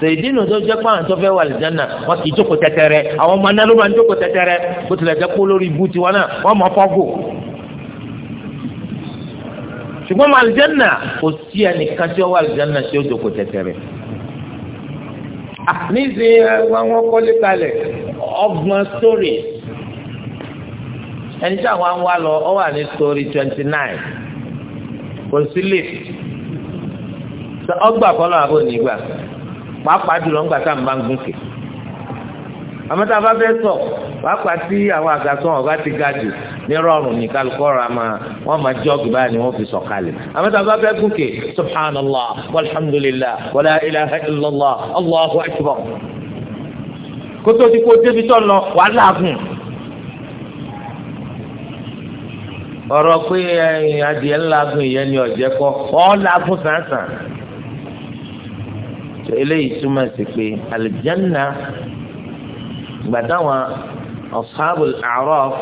sèdínù tó jẹ́ pé àwọn tó fẹ́ wà lìjánà wọn kì í jókòó tẹ́tẹ́rẹ́ àwọn ọmọ náà ló máa ń jókòó tẹ́tẹ́rẹ́ bó tilẹ̀ jẹ́ kó lórí ibú tiwọn náà wọ́n mọ̀ fọ́gò. ṣùgbọ́n wà lìjánà kò sí ẹnìkan tí ó wà lìjánà tí ó jókòó tẹ́tẹ́rẹ́. Ah, níṣẹ́ wọn kọ́lé kalẹ̀ ọgbọ̀n sórí ẹni tí àwọn wá lọ ọ wà ní sórí twenty nine kò sí lift. ọgbà kọlọ àbò nígbà pàápàá jùlọ ńgbà tá à ń bá ń gúnkè a bá sọ pàápàá tí àwọn ti ga jù ní ra máa máa ni fi sọ bá gúnkè subhanallah ilaha illallah allahu akbar kótó ti kó débi tó lọ wà Ọrọ adìẹ ìyẹn ni làágùn sàn eléyìí túmọ̀ sí pé àlùjánnà gbàdáwọn ashabul a'raf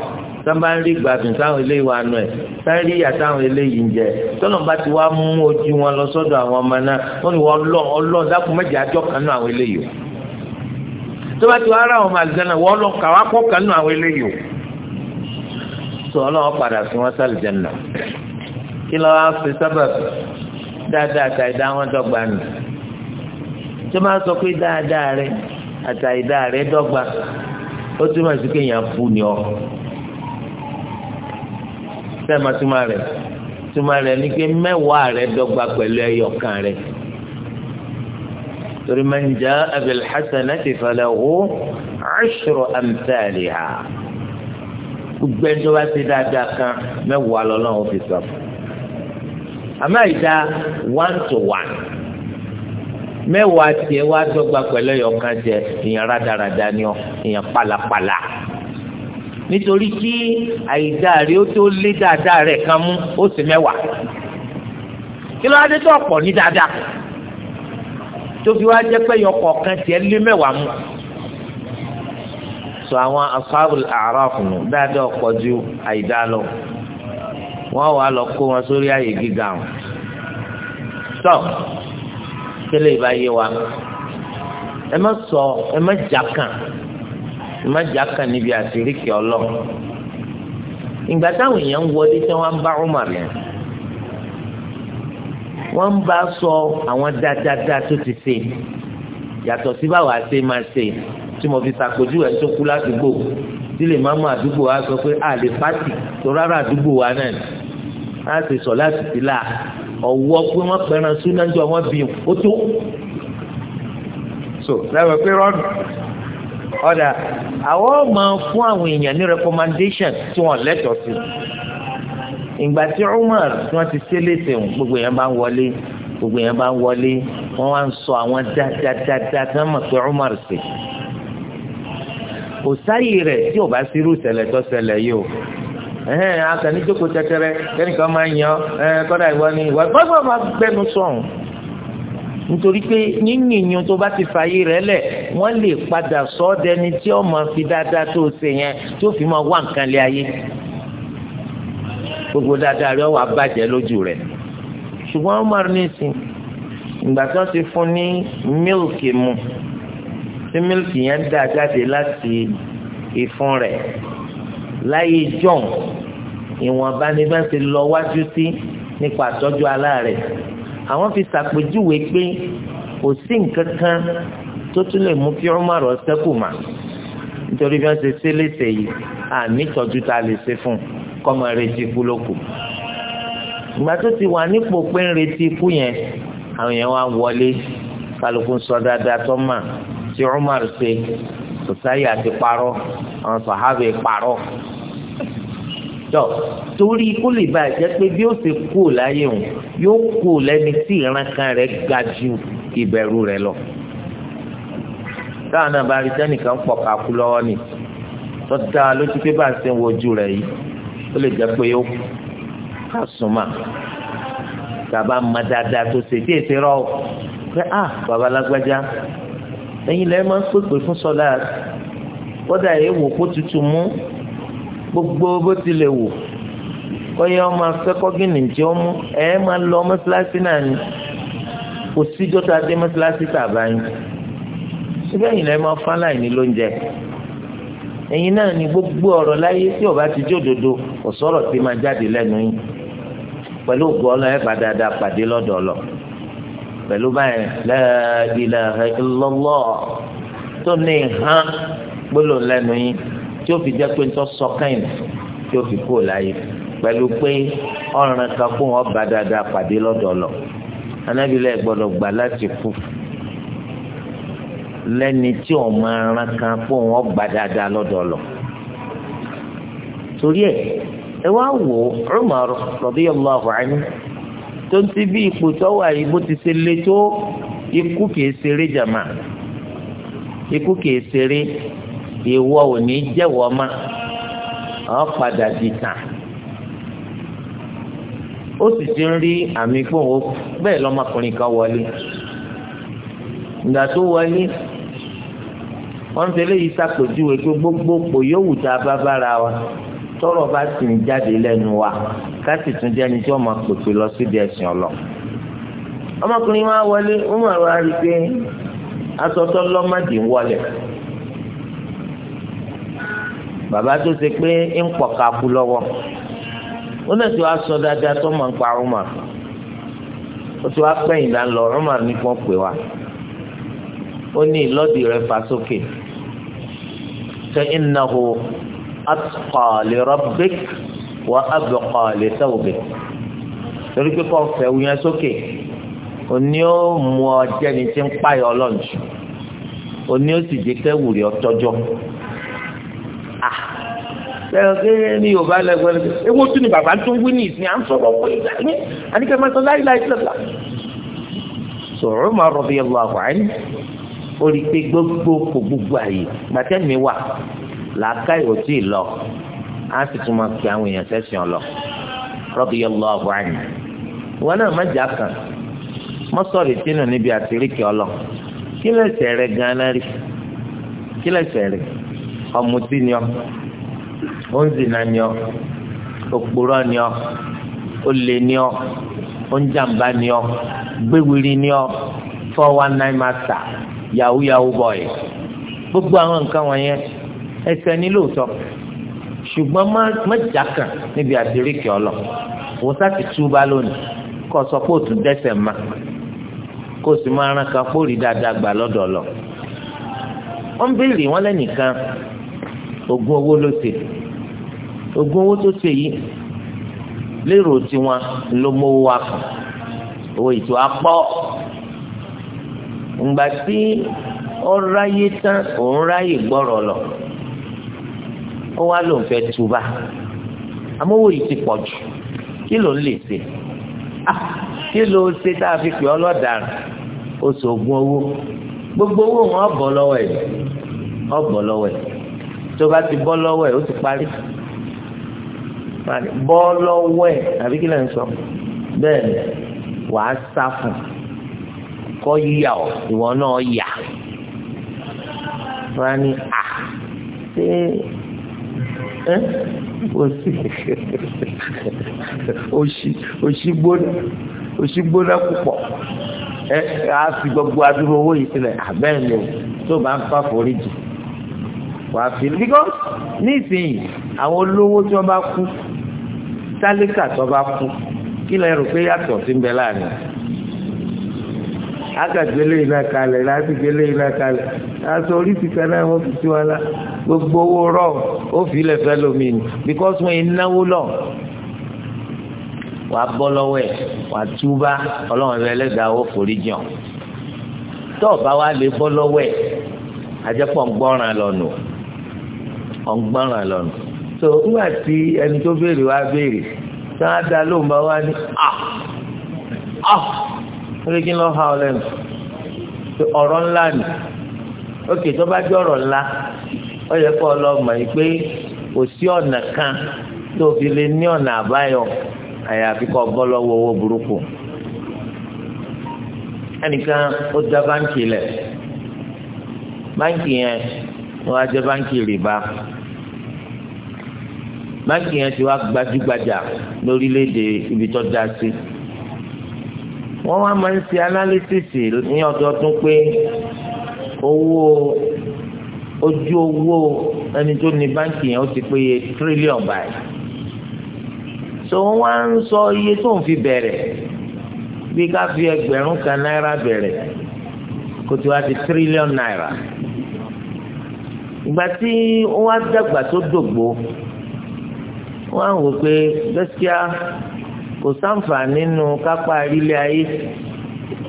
sábà ń rí gbàdùn táwọn eléyìí wà nù ẹ sáré ìyá táwọn eléyìí ń jẹ tọ́nà bá ti wá mú ojú wọn lọ sọ́dọ̀ àwọn ọmọ náà wọ́n ní wọ́n lọ ọlọ́ọ̀ dákun méjì àjọ kan nù àwọn eléyìí o tó bá ti wá rà wọn àlùjánnà wọ́n lọ kàwá kọ́ kan nù àwọn eléyìí o tó ọlọ́wọ́ padà sí wọn sálì kí lọ́wọ́ á fi sábà dáadáa tó máa sọ pé dáadáa rẹ àtàìdáa rẹ dọ́gba ó túmọ̀ sí pé èèyàn bú ni ọ sẹ́ẹ̀ma túmọ̀ rẹ̀ túmọ̀ rẹ̀ ni pé mẹ́wàá rẹ̀ dọ́gba pẹ̀lú ẹyọkan rẹ̀ torí man jaa bil hasanati falahu ashru amthaliha gbogbo ẹni tó bá ti dáadáa kan mẹ́wàá lọ́nà ó fi sọ àmọ́ ìdá one to one mẹ́wàá tiẹ̀ wá dọ́gba pẹ̀lú ẹyọkan jẹ èèyàn rádaràda ni ọ èèyàn pàlàpàlà nítorí kí àyíká rẹ ó tó lé dáadáa rẹ kan mú ó sì mẹ́wàá kí ló wá dé tó ọ̀pọ̀ ní dáadáa tó fi wá jẹ́ pé ẹyọkọ̀ tiẹ̀ lé mẹ́wàá mú sọ àwọn asáàbùl A'raf dáadáa ọ̀pọ̀ ju àyíká lọ wọ́n wà lọ kó wọn sórí àyè gíga wọn tẹ́lẹ̀ ìbá yé wa ẹ má sọ ẹ má jàkàn ẹ má jàkàn níbi àtiríkì ọlọ ìgbà táwọn èèyàn ń wọlé tí wọ́n bá Umar yẹn wọ́n bá sọ àwọn dáadáa tó ti ṣe yàtọ̀ sí báwa ṣe máa ṣe tí mo fi ṣàpèjú tó kú ládùúgbò tí lè má mú àdúgbò wa sọ pé a lè pàtì tó rárá àdúgbò wa náà a sì sọ láti sílá ọ̀wọ́ pé wọ́n pẹ̀ràn súnà jọ wọ́n bí ó tó so lẹ́wọ̀ pé rọ́ọ̀dù ọ̀dà àwọn máa fún àwọn èèyàn ní recommendation tí wọ́n lẹ́tọ̀ọ́ sí ìgbà tí Umar tí wọ́n ti ṣe léṣe òun gbogbo èèyàn bá ń wọlé gbogbo èèyàn bá ń wọlé wọ́n wá ń sọ àwọn dáadáa tí wọ́n mọ̀ pé Umar sí kò sáyè rẹ̀ tí ò bá sírú ìṣẹ̀lẹ̀ tó ṣẹlẹ̀ yìí o ẹhẹn akànní jókòó tẹtẹrẹ kẹ́nìkan máa ń yan ẹ kọ́dà ìwọ ni ìwọ gbọ́dọ̀ máa gbẹnu sọ̀hún nítorí pé yínyìnyín tó bá ti fààyè rẹ lẹ̀ wọ́n lè padà sọ ọ́ dẹni tí ó máa fi dáadáa tó ṣe yẹn tí ó fi máa wá nǹkan lé ayé gbogbo dáadáa rẹ wà bàjẹ́ lójú rẹ̀ ṣùgbọ́n Umar nísìn ìgbà tí wọ́n ti fún ní mílìkì mu tí mílìkì yẹn dà jáde láti ìfun rẹ̀ láyé john ìwọ̀nba ni bá ń ṣe lọ wájú sí nípa àtọ́jú aláàrẹ̀ àwọn fi ṣàpèjúwe pé kò sí nǹkan kan tó tún lè mú kí Umar ṣẹ́kù mà nítorí bí wọ́n ṣe ṣe léṣe yìí àmì ìtọ́jú tá a lè ṣe fún kọ́mọ retí ikú ló kù ìgbà tó ti wà nípò pé ń retí ikú yẹn àwọn yẹn wá wọlé kálukú sọ dáadáa tó mà tí Umar ṣe sọsáyì àti parọ́ àwọn sọhábì parọ́ tọ torí kó lè bá jẹ pé bí ó ṣe kú láyé òun yóò kú lẹ́ni tí ìrankan rẹ̀ ga ju ìbẹ̀rù rẹ̀ lọ táwọn náà bá rí sẹ́nìkan pọ̀ kakú lọ́wọ́ ni tọ́ta lójú pé bá a ṣe ń wojú rẹ̀ yìí ó lè jẹ́ pé ó ká súnmọ́ tàbá mọ dáadáa tó ṣe tí èsì rọ pé ah babalágbájá ẹ̀yin lẹ́ẹ̀ máa ń pèpè fún sọ́lá kódà yìí wò kó tutù mú gbogbo bó tilẹ̀ wò kọ́yẹ́ ọmọ afẹ́kọ́gìnì tí ó mú ẹ̀ máa lọ mọ́sálásí náà ni kò síjọ́ tó a dé mọ́sálásí tàbá yín síbẹ̀ yìí lẹ́ẹ̀ máa fún aláìní lóúnjẹ ẹ̀yin náà ni gbogbo ọ̀rọ̀ láyé tí ó bá ti jẹ́ òdodo ọ̀sọ́rọ̀ ti máa jáde lẹ́nu yín pẹ̀lú ògbọ́n ọlọ́ ẹ̀ padà dáa pàdé lọ́dọ̀ ọlọ́ọ̀ pẹ̀lú báyìí la ilaha illallah tó ní hàn gbólóhùn lẹ́nu yín tí ó fi jẹ́ pé ń tọ́ sọ́kàn tí ó fi kú láyé pẹ̀lú pé ọ̀ràn kan kó wọn bá dáadáa pàdé lọ́dọ̀ lọ anábìlẹ̀ gbọ́dọ̀ gbà láti kú lẹ́ni tí ò mọ ọ̀ràn kan kó wọn gbà dáadáa lọ́dọ̀ torí ẹ ẹ wá wò Umar radiyallahu anhu tó ń ti bí ipò tó wà yìí bó ti ṣe le tó ikú kìí ṣeré jàmá ikú kìí ṣeré ìwọ ò ní jẹ́wọ́ ma ọ̀ padà di tàn ó sì ti ń rí àmì gbòòwò bẹ́ẹ̀ lọ́mọkùnrin kan wọlé ìgbà tó wọlé wọ́n ń fi eléyìí ṣàpèjúwe pé gbogbo òpò yóò wù tá a bá bára wa tọrọ bá sì ń jáde lẹ́nu wa ká sì tún jẹ́ ẹni tí wọ́n máa pèpè lọ síbi ẹ̀sìn ọlọ. ọmọkùnrin wa wọlé wọn wá rí i pé asọtọ lọmọdé ń wọlé bàbá tó ṣe pé ń pọ̀ kakú lọ́wọ́ ó náà ti wá sọ dáadáa tó máa ń pa ọmọ ó ti wá pẹ́yìn dá lọ ọmọ nìkan pè wá ó ní ìlọ́dì rẹ̀ fà sókè ṣe ń náwó atqa li rabbik wa abqa li thawbik torí pé kọ́ fẹ́ wúyẹn sókè òní ó mú ọ jẹ́ni tí ń pààyàn ọlọ́njù òní ó sì jẹ́ kẹ́wù rẹ̀ ọtọ́jọ́ à lẹ́yìn kéré ní yorùbá lẹ́gbẹ́ lẹ́gbẹ́ ewu tún ni bàbá tún wí ní ìsìn à ń sọ̀rọ̀ pé ìgbà àníkẹ́ máa sọ láyé láyé lọ́la. sọ̀rọ̀ máa rọ̀ bí ẹ lọ àwọn àyìn ó pé gbogbo kò gbogbo àyè gbàtẹ́ mi wà làákà ìwò tí ì lọ á sì tún máa fi àwọn èèyàn sẹ́sìn ọlọ radiyallahu anhu ìwọ náà má jà kàn mọ́ sọ̀rọ̀ ìtinú níbi àtiríkì ọlọ kí lẹ́sẹ̀ rẹ gan-an rí kí lẹ́sẹ̀ rẹ ọ̀mùtí ni ọ ounzina ni ọ òkpòrọ ni ọ olè ni ọ oúnjàmbá ni ọ gbéwìrì ni ọ four one nine master yahoo yahoo boy gbogbo àwọn nǹkan wọ̀nyẹn ẹsẹ̀ ní lóòótọ́ ṣùgbọ́n má jákàn níbi àdéríkì ọlọ wò sáàtì túbá lónìí kó sọ pé òtún dẹ́ṣẹ̀ má kó sì máa rán kan pòrí dáadáa gbà lọ́dọ̀ lọ. wọ́n béèrè wọ́n lẹ́nìkan ogún owó ló ṣe ogún owó tó ṣe yìí lérò tiwọn ló mówó wa kàn owó ètò apọ́ ǹgbà tí tán òun ráyè gbọ́rọ̀ lọ ó wá lóun fẹ́ túbà amówó yìí ti pọ̀ jù kí ló ń lè ṣe ah, kí ló ṣe tá a fi pè ọ́ lọ́daràn ó ṣògùn owó gbogbo owó wọn ọ̀bọ̀ lọ́wọ́ ẹ̀ ọ̀bọ̀ lọ́wọ́ ẹ̀ tó bá ti bọ́ lọ́wọ́ ẹ̀ ó ti parí bọ́ lọ́wọ́ ẹ̀ àbí kí lẹ́ ń sọ bẹ́ẹ̀ ni wàá sá fún kọ́ yíyà ọ́ ìwọ náà yà wọ́n á ní à ṣé òṣì eh? gbóná òṣì gbóná púpọ̀ ẹ eh, á fi gbogbo adúrú owó yìí sílẹ̀ àbẹ́ẹ̀lì o tó bá ń fà foríjì wà á fi because nísìnyí àwọn olówó tí wọ́n bá kú tálíkà tí wọ́n bá kú kí lè rò pé yàtọ̀ sí ń bẹ láàrin àgàgbélé iná kalẹ̀ láti gbélé iná kalẹ̀ aṣọ oríṣi kan náà wọ́n fi sí wa la gbogbo owó rọ̀ ó fi ilẹ̀ fẹ́ lómi ni because wọ́n yẹn náwó lọ wàá bọ́ lọ́wọ́ ẹ̀ wàá túbá ọlọ́run rẹ lẹ́dàá ó forí jàn tọ́ọ̀bá wa lè bọ́ lọ́wọ́ ẹ̀ àjẹpọ̀ ń lọ́nu ń lọ́nu so nígbà tí ẹni tó béèrè wá béèrè tí wọ́n á da lóun bá wá ní à ah! à ah! ó lè kí n lọ́ọ́ ọ lẹ́nu ọ̀rọ̀ ńlá ni òkè tó bá jọrọ ńlá ó yẹ kó lọ mọ̀ yìí pé kò sí ọ̀nà kan tó fi lè ní ọ̀nà àbáyọ àyàfi kó bọ́ lọ́wọ́ owó burúkú ẹnìkan ó dá báńkì lẹ̀ báńkì yẹn wọ́n á jẹ́ báńkì rìbá báńkì yẹn ti wá gbajúgbajà lórílẹ̀‐èdè ibi tó dá sí wọ́n wá máa ń ṣe analysis ní ọdọọdún pé owó ojú owó ẹni tó ní báńkì yẹn ó ti pé tírílíọ̀nù báyìí so wọ́n wá ń sọ iye tó ń fi bẹ̀rẹ̀ bí ká fi ẹgbẹ̀rún kan náírà bẹ̀rẹ̀ kó tí wá ti tírílíọ̀nù náírà ìgbà tí wọ́n wá dàgbà tó dògbò wọ́n á wò pé bẹ́síà kò sáǹfà nínú kápá ilé ayé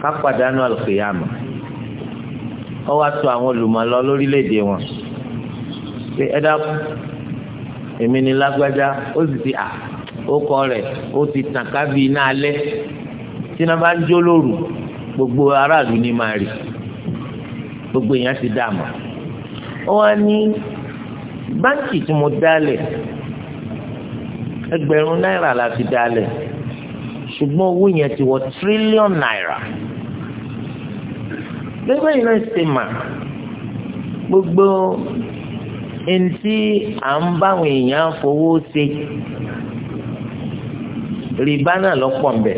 ká pàdánù àlùkìyàmù wọ́n wá tó àwọn olùmọ̀ lọ lórílẹ̀‐èdè wọn pé ẹ dákun èmi ni lágbájá ó sì ti à ó kọ rẹ̀ ó ti tàn kábí iná alẹ́ tí iná bá ń jó lóru gbogbo aráàlú ni gbogbo èèyàn ti dá àmọ́ wọ́n ní báńkì tí mo dálẹ̀ ẹgbẹ̀rún náírà la fi dálẹ̀ ṣùgbọ́n owó yẹn ti wọ tírílíọ̀nù náírà. gbẹgbẹ yìí náà ṣe mà gbogbo eŋti à ń báwọn èèyàn fowó ṣe rìbá náà lọ́pọ̀ mbẹ̀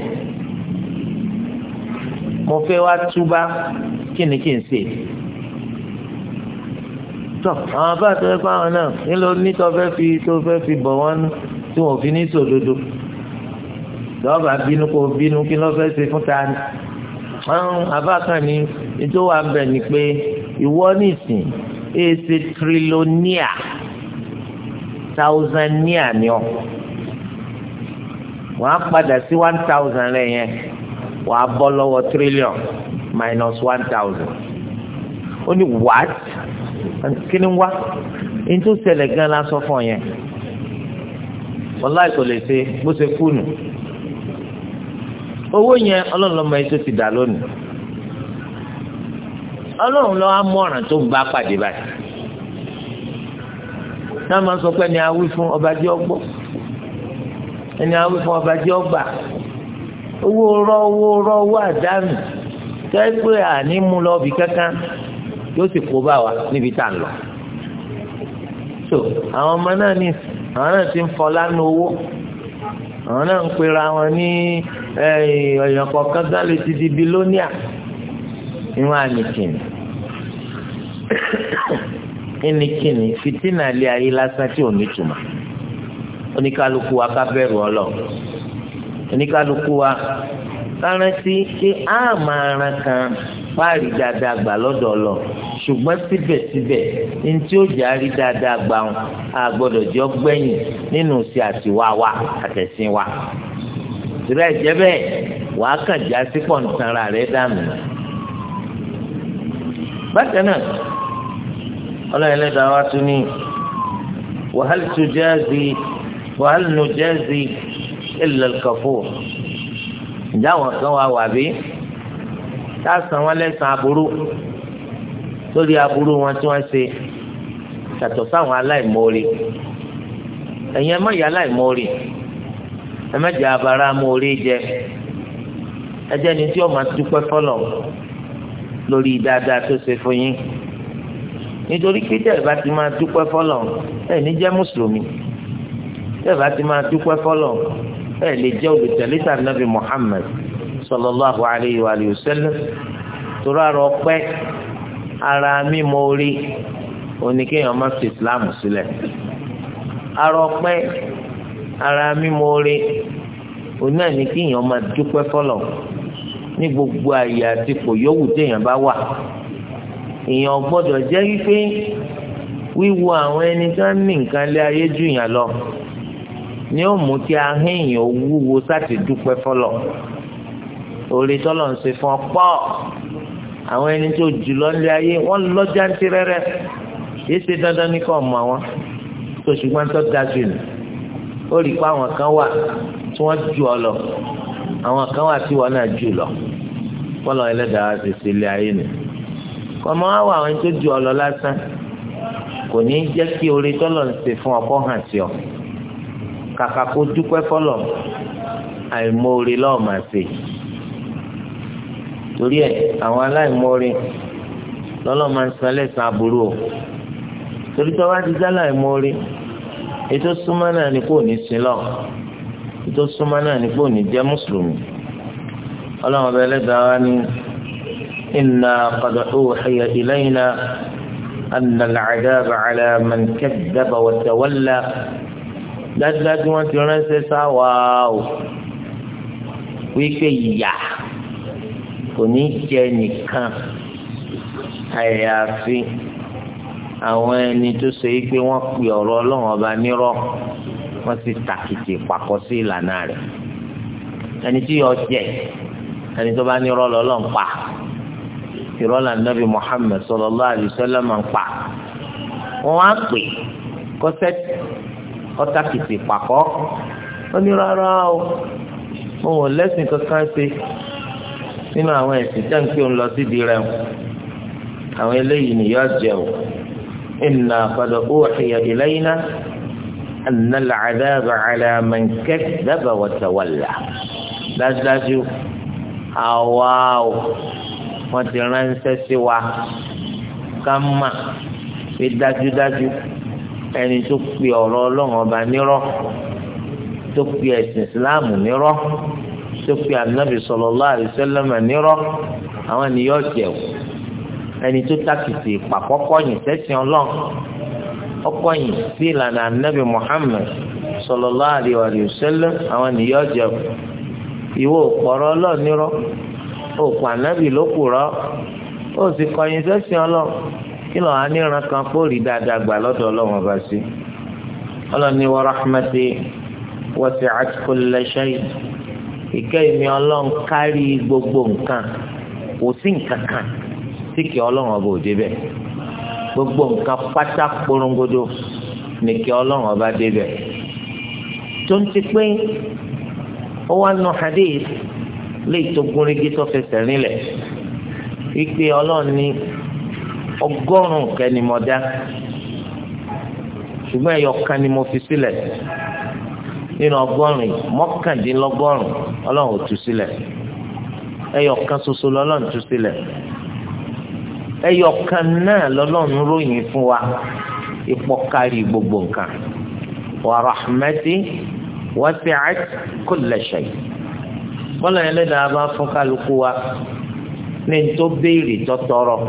mo fẹ́ wá túbá kí ni kí n ṣe tọ àwọn abá àtọ́jú fáwọn náà nílò nítọ́ fẹ́ fi tó fẹ́ fi bọ̀ wọ́n tí wọ́n fi ní sòdodo lọ́ọ̀bà bínú kò bínú kí lọ́ọ́ fẹ́ ṣe fún ta ni àwọn abákan ni ètò wa bẹ̀ ni pé ìwọ nìsín èsì trilionia tausania ni ọ wọ́n padà sí one thousand rẹ̀ yẹn wọ́n á bọ́ trillion minus one thousand ó ní what kí ni wá ní tó ṣẹlẹ̀ gan-an la sọ fún ọ yẹn wọ́n láì kò lè ṣe bó ṣe kú nù owó yẹn ọlọ́run lọ́mọ yìí tó ti dà lónìí ọlọ́run lọ́wọ́ amọ̀ràn tó ń bá pàdé báyìí náà máa sọ pé ẹni awí fún ọba jẹ́ ọgbọ́ ẹni awí fún ọba jẹ́ ọgbà owó rọ owó rọ owó àdánù tẹ́ àní mú lọ bí kankan yóò sì kó bá wa níbi tá à ń lọ so àwọn ọmọ náà ní àwọn náà ti ń fọlá nu owó àwọn náà ń pera wọn ní ọ̀yàn kọ̀ọ̀kan gán lè ti di bilóníà ìwọ̀n ànìkìnì ẹnìkìnì fìtínà ilé ayé lásán tí ò ní tùmọ̀ oníkálukú wa ká bẹ̀rù ọlọ́run oníkálukú wa rántí pé a máa ran kan fáàrí dáadáa gbà lọ́dọ̀ ọlọ́run ṣùgbọ́n síbẹ̀síbẹ̀ ní tí ó jà rí dáadáa gbà wọn a gbọ́dọ̀ jọ gbẹ̀yìn nínú sí àtiwá wa àtẹ̀sìn wa. ìrẹ́ ìjẹ́ bẹ́ẹ̀ wàá kàn já sí pọ̀ǹtanra rẹ̀ dànù. bákan náà ọlọ́run lẹ́dàá wa tún ní wàhálì tó jáàzì wàhálì nù jáàzì ìlẹ̀kọ̀fọ̀ ìjà wọn kan wà wà bí táà sàn wọn lẹ́sàn-án aburú lórí aburú wọn tí wọ́n ṣe yàtọ̀ sáwọn aláìmoore ẹ̀yin ẹ má yà aláìmoore ẹ má jẹ abara moore jẹ ẹ jẹ́ ni tí ó máa dúpẹ́ fọlọ́ lórí dáadáa tó ṣe fún yín nítorí pé tẹ́ ẹ bá ti máa dúpẹ́ fọlọ́ ẹ ní jẹ́ mùsùlùmí tẹ́ bá ti máa dúpẹ́ fọlọ́ ẹ lè jẹ́ olùtẹ̀lẹ́tà nàbì Muhammad sallallahu alayhi wa sallam tó rárá ọpẹ́ ara mímọ orí oníkéèyàn má fi islam sílẹ̀ ara ọpẹ́ ara mímọ orí oní àní kéèyàn má dúpẹ́ fọlọ̀ ní gbogbo àyè àti ipò yòówù téèyàn bá wà èèyàn gbọ́dọ̀ jẹ́ wípé wíwo àwọn ẹni tó ń ní nǹkan lé ayé jù yàn lọ ni ó mú kí ahẹ́yìn wúwo sáti dúpẹ́ fọlọ̀ orí tọ́lọ̀ ń ṣe fún ọ pọ̀ àwọn ẹni tó jù lọ nílé ayé wọ́n lọ jáǹtì rẹ́rẹ́ yìí ṣe dandan ní kò mọ̀ wọn tó ṣùgbọ́n tó da jù nù ó rí i pé àwọn kan wà tí wọ́n jù ọ lọ àwọn kan wà tí wọ́n náà jù lọ kọ́lọ̀ ẹlẹ́dàá ti ṣe ilé ayé nù kọ́mọ́ wá wà àwọn ẹni tó jù ọ lọ lásán kò ní jẹ́ kí orí tọ́lọ̀ ń ṣe fún ọkọ hàn sí ọ kàkà kó dúpẹ́ fọlọ̀ àìmọ̀ orí lọ́ọ̀ máa ṣe torí ẹ àwọn aláìmoore lọ́lọ́ máa ń san lẹ́sàn aburú o torí tó bá ti dá aláìmoore ètò súnmọ́ náà ni kò ní sin lọ ètò súnmọ́ náà ni kò ní jẹ́ mùsùlùmí ọlọ́run ọba ẹlẹ́dàá wa ni inna qad uhiya ilayna anna al-'adaba 'ala man kadhdhaba wa tawalla dájúdájú wọn ti ránṣẹ́ sáwàá o wípé ìyá kò ní jẹ nìkan àyàfi àwọn ẹni tó ṣe é pé wọ́n pè ọ̀rọ̀ ọlọ́run ọba nírọ́ wọ́n sì tàkìtì pàkọ́ sí ìlànà rẹ̀ ẹni tí yọ jẹ ẹni tó bá nírọ́ lọ́lọ́run pa ìrọ́lá nàbì Muhammad sallallahu alaihi wasallam ń pa wọ́n á pè kọ́sẹ́ ọ̀tàkìtì pàkọ́ ó ní rárá o mo wọ̀ lẹ́sìn kankan ṣe nínú àwọn ẹ̀sìn tẹ́ ń pè ń lọ síbi rẹ̀ o àwọn eléyìí ni yóò jẹ o inna qad uhiya ilayna anna al-'adhaba 'ala man kadhaba wa tawalla dájúdájú àwa o wọ́n ti ránṣẹ́ sí wa ká mà pé dájúdájú ẹni tó pe ọ̀rọ̀ ọlọ́run ọba nírọ́ tó pe ẹ̀sìn ìsìláàmù nírọ́ tó fi ànábì sallallahu alaihi wasallam nírọ́ àwọn ènìyàn jẹ o ẹni tó tàkìtì pàkọ́kọ́ yìí sẹ́sìn ọlọ́run ọkọ̀ yìí sí ìlànà ànábì Muhammad sallallahu alaihi wasallam àwọn ènìyàn jẹ o ìwọ òpọ̀rọ̀ ọlọ́run nírọ́ òpò ànábì ló kù rọ́ ó sì kọ̀yìn sẹ́sìn ọlọ́run kí lọ́ọ́ á níran kan kó dáadáa gbà lọ́dọ̀ ọlọ́run ọba sí ọlọ́run ni wa rahmati wasi'at kulla shay' ìkẹ́ ìmí ọlọ́run kárí gbogbo nǹkan kò sí nǹkan kan tí kì ọlọ́run ọba òde bẹ̀ gbogbo nǹkan pátá porongodo ní kì ọlọ́run ọba dé bẹ̀ tó ń ti pé ó wá nu hadith léyìí tó gúnrégé tó fẹsẹ̀ rinlẹ̀ wípé ọlọ́run ní ọgọ́rùn-ún kẹ́ni mo dá ṣùgbọ́n ẹ̀yọ̀ kan ni mo fi sílẹ̀. nínú ọgọ́rin mọ́kàndínlọ́gọ́rùn ọlọ́run tú sílẹ̀ ẹyọ kan lọ́lọ́run tú sílẹ̀ ẹyọ náà lọ́lọ́run ròyìn fún wa ìpọ́kárí gbogbo nǹkan wa rahmati wasi'at kulla shay bọ́lá yẹn lẹ́dàá bá fún kálukú wa ní tó béèrè tọ́tọ́rọ̀